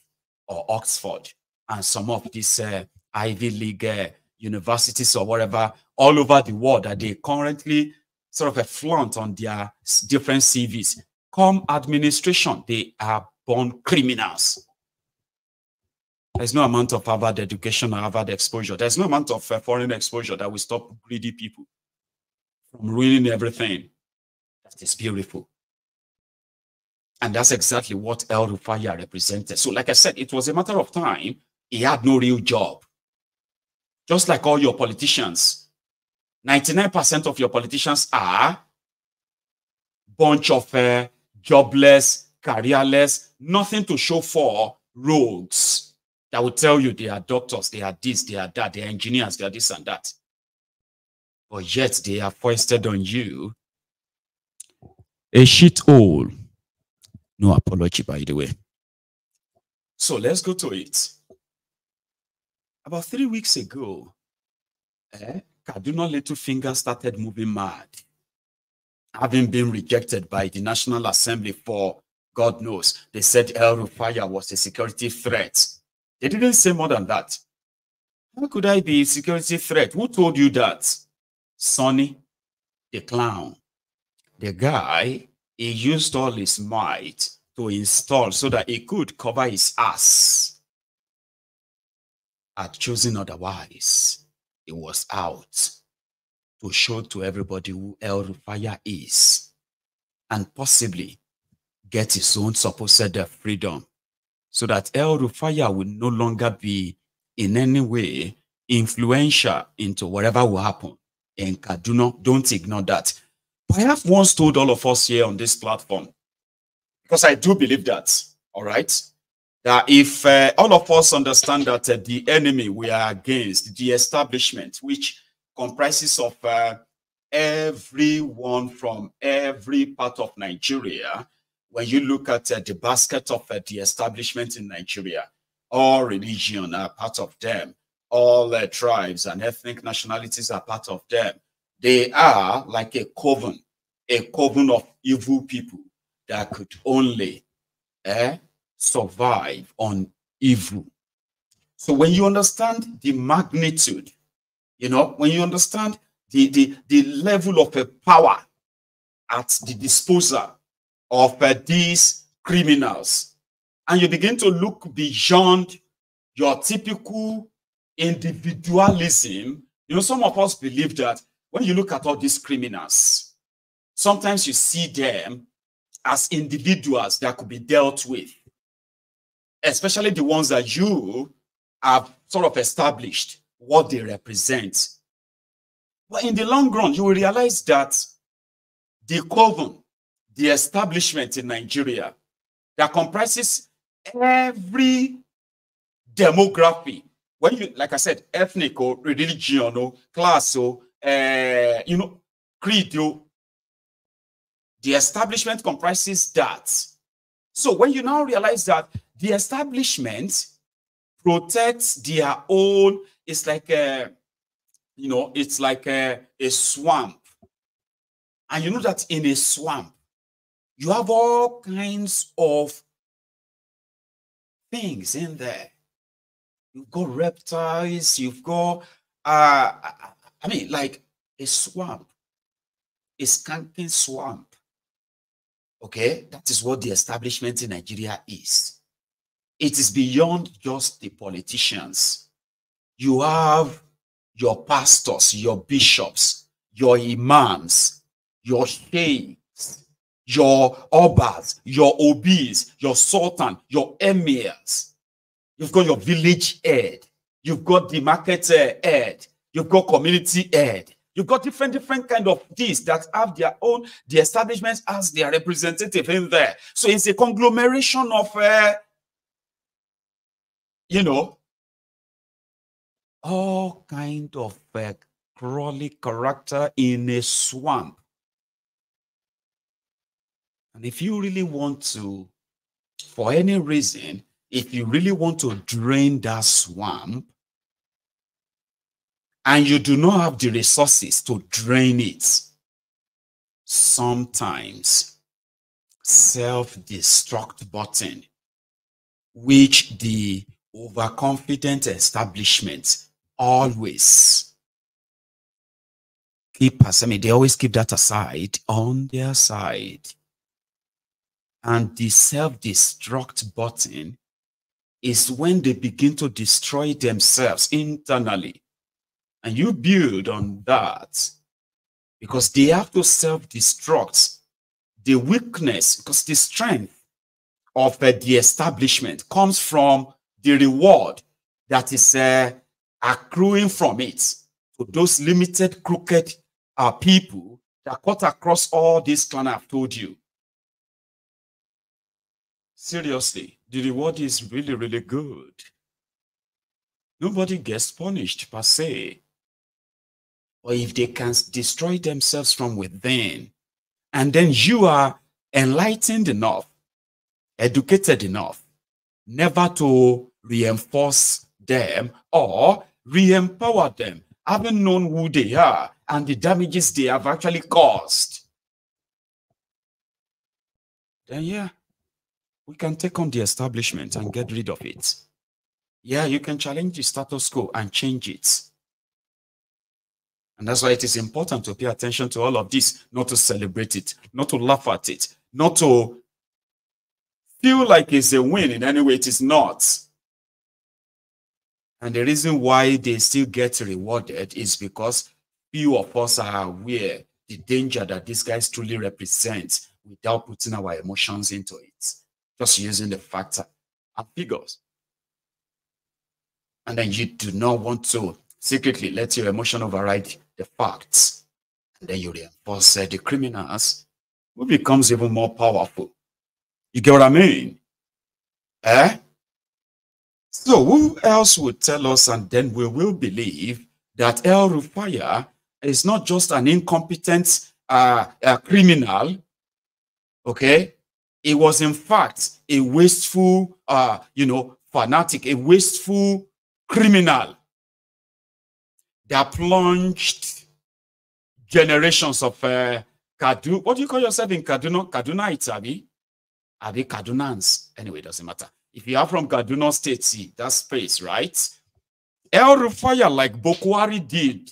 or Oxford and some of these uh, Ivy League uh, universities or whatever all over the world that they currently sort of flaunt on their different CVs. Come administration, they are born criminals. There's no amount of Harvard education or Harvard exposure. There's no amount of uh, foreign exposure that will stop greedy people from ruining everything. That is beautiful. And that's exactly what El Rufaya represented. So, like I said, it was a matter of time. He had no real job. Just like all your politicians, 99% of your politicians are bunch of uh, jobless, careerless, nothing to show for rogues that will tell you they are doctors, they are this, they are that, they are engineers, they are this and that. But yet they are foisted on you a shit hole. No apology, by the way. So let's go to it. About three weeks ago, eh, Kaduna finger started moving mad, having been rejected by the National Assembly for God knows. They said El Rufaya was a security threat they didn't say more than that. How could I be a security threat? Who told you that? Sonny, the clown. The guy, he used all his might to install so that he could cover his ass. Had chosen otherwise, he was out to show to everybody who El Rufaya is and possibly get his own supposed freedom so that El Rufaya will no longer be in any way influential into whatever will happen in Kaduna. Don't ignore that. I have once told all of us here on this platform, because I do believe that, all right, that if uh, all of us understand that uh, the enemy we are against, the establishment, which comprises of uh, everyone from every part of Nigeria, when you look at uh, the basket of uh, the establishment in Nigeria, all religion are part of them. All uh, tribes and ethnic nationalities are part of them. They are like a coven, a coven of evil people that could only eh, survive on evil. So when you understand the magnitude, you know, when you understand the, the, the level of a power at the disposal of uh, these criminals. And you begin to look beyond your typical individualism. You know, some of us believe that when you look at all these criminals, sometimes you see them as individuals that could be dealt with, especially the ones that you have sort of established what they represent. But in the long run, you will realize that the coven the establishment in Nigeria that comprises every demography. When you, like I said, ethnic or religion or class or, uh, you know, creed, or, the establishment comprises that. So when you now realize that the establishment protects their own, it's like a, you know, it's like a, a swamp. And you know that in a swamp, you have all kinds of things in there. You've got reptiles, you've got, uh, I mean, like a swamp, a skanking swamp. Okay, that is what the establishment in Nigeria is. It is beyond just the politicians. You have your pastors, your bishops, your imams, your sheikh, your obas, your obis, your sultan, your emirs. You've got your village head. You've got the market uh, head. You've got community head. You've got different, different kind of these that have their own, the establishments as their representative in there. So it's a conglomeration of, uh, you know, all kind of uh, crawly character in a swamp. And if you really want to, for any reason, if you really want to drain that swamp and you do not have the resources to drain it, sometimes self-destruct button, which the overconfident establishment always keep aside. I mean, they always keep that aside on their side and the self-destruct button is when they begin to destroy themselves internally. And you build on that because they have to self-destruct the weakness because the strength of uh, the establishment comes from the reward that is uh, accruing from it to those limited, crooked uh, people that cut across all this clan I've told you. Seriously, the reward is really, really good. Nobody gets punished per se. Or if they can destroy themselves from within, and then you are enlightened enough, educated enough, never to reinforce them or re-empower them, having known who they are and the damages they have actually caused. Then yeah, we can take on the establishment and get rid of it. Yeah, you can challenge the status quo and change it. And that's why it is important to pay attention to all of this, not to celebrate it, not to laugh at it, not to feel like it's a win in any way. It is not. And the reason why they still get rewarded is because few of us are aware the danger that these guys truly represent without putting our emotions into it just using the facts and figures. And then you do not want to secretly let your emotion override the facts. And then you reinforce uh, the criminals who becomes even more powerful. You get what I mean? Eh? So who else would tell us and then we will believe that El Rufaya is not just an incompetent uh, criminal, okay, it was, in fact, a wasteful, uh, you know, fanatic, a wasteful criminal that plunged generations of uh, Kaduna. What do you call yourself in Kaduna? Kaduna, it's Abi? Abi Kadunans. Anyway, doesn't matter. If you are from Kaduna State, see, that's space, right? El Rufaya, like Bokwari did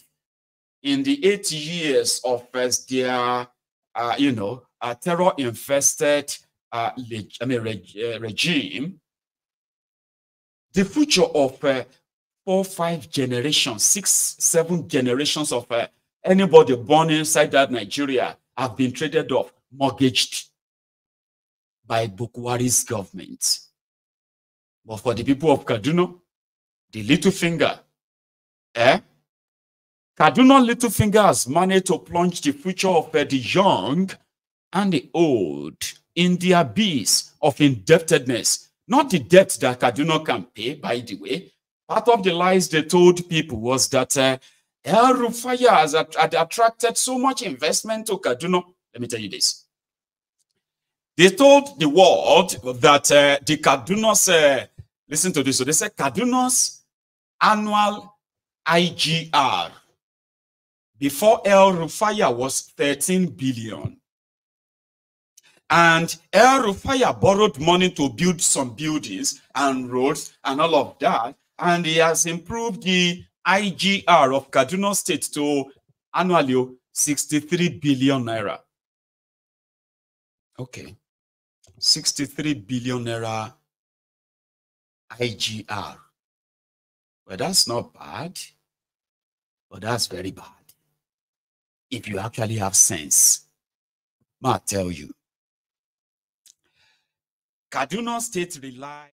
in the eight years of uh, their, uh, you know, uh, terror-infested uh, I mean, reg- uh, regime, the future of uh, four, five generations, six, seven generations of uh, anybody born inside that Nigeria have been traded off, mortgaged by Bukwari's government. But for the people of Kaduna, the little finger, eh? Kaduna little finger has managed to plunge the future of uh, the young and the old in the abyss of indebtedness. Not the debt that Kaduna can pay, by the way. Part of the lies they told people was that uh, El Rufaya has had attracted so much investment to Kaduna. Let me tell you this. They told the world that uh, the Kaduna's, uh, listen to this, so they said Kaduna's annual IGR before El Rufaya was 13 billion. And El Rufaya borrowed money to build some buildings and roads and all of that. And he has improved the IGR of Kaduna State to annually 63 billion naira. Okay. 63 billion naira IGR. Well, that's not bad, but that's very bad. If you actually have sense, Ma tell you, Kaduna State relied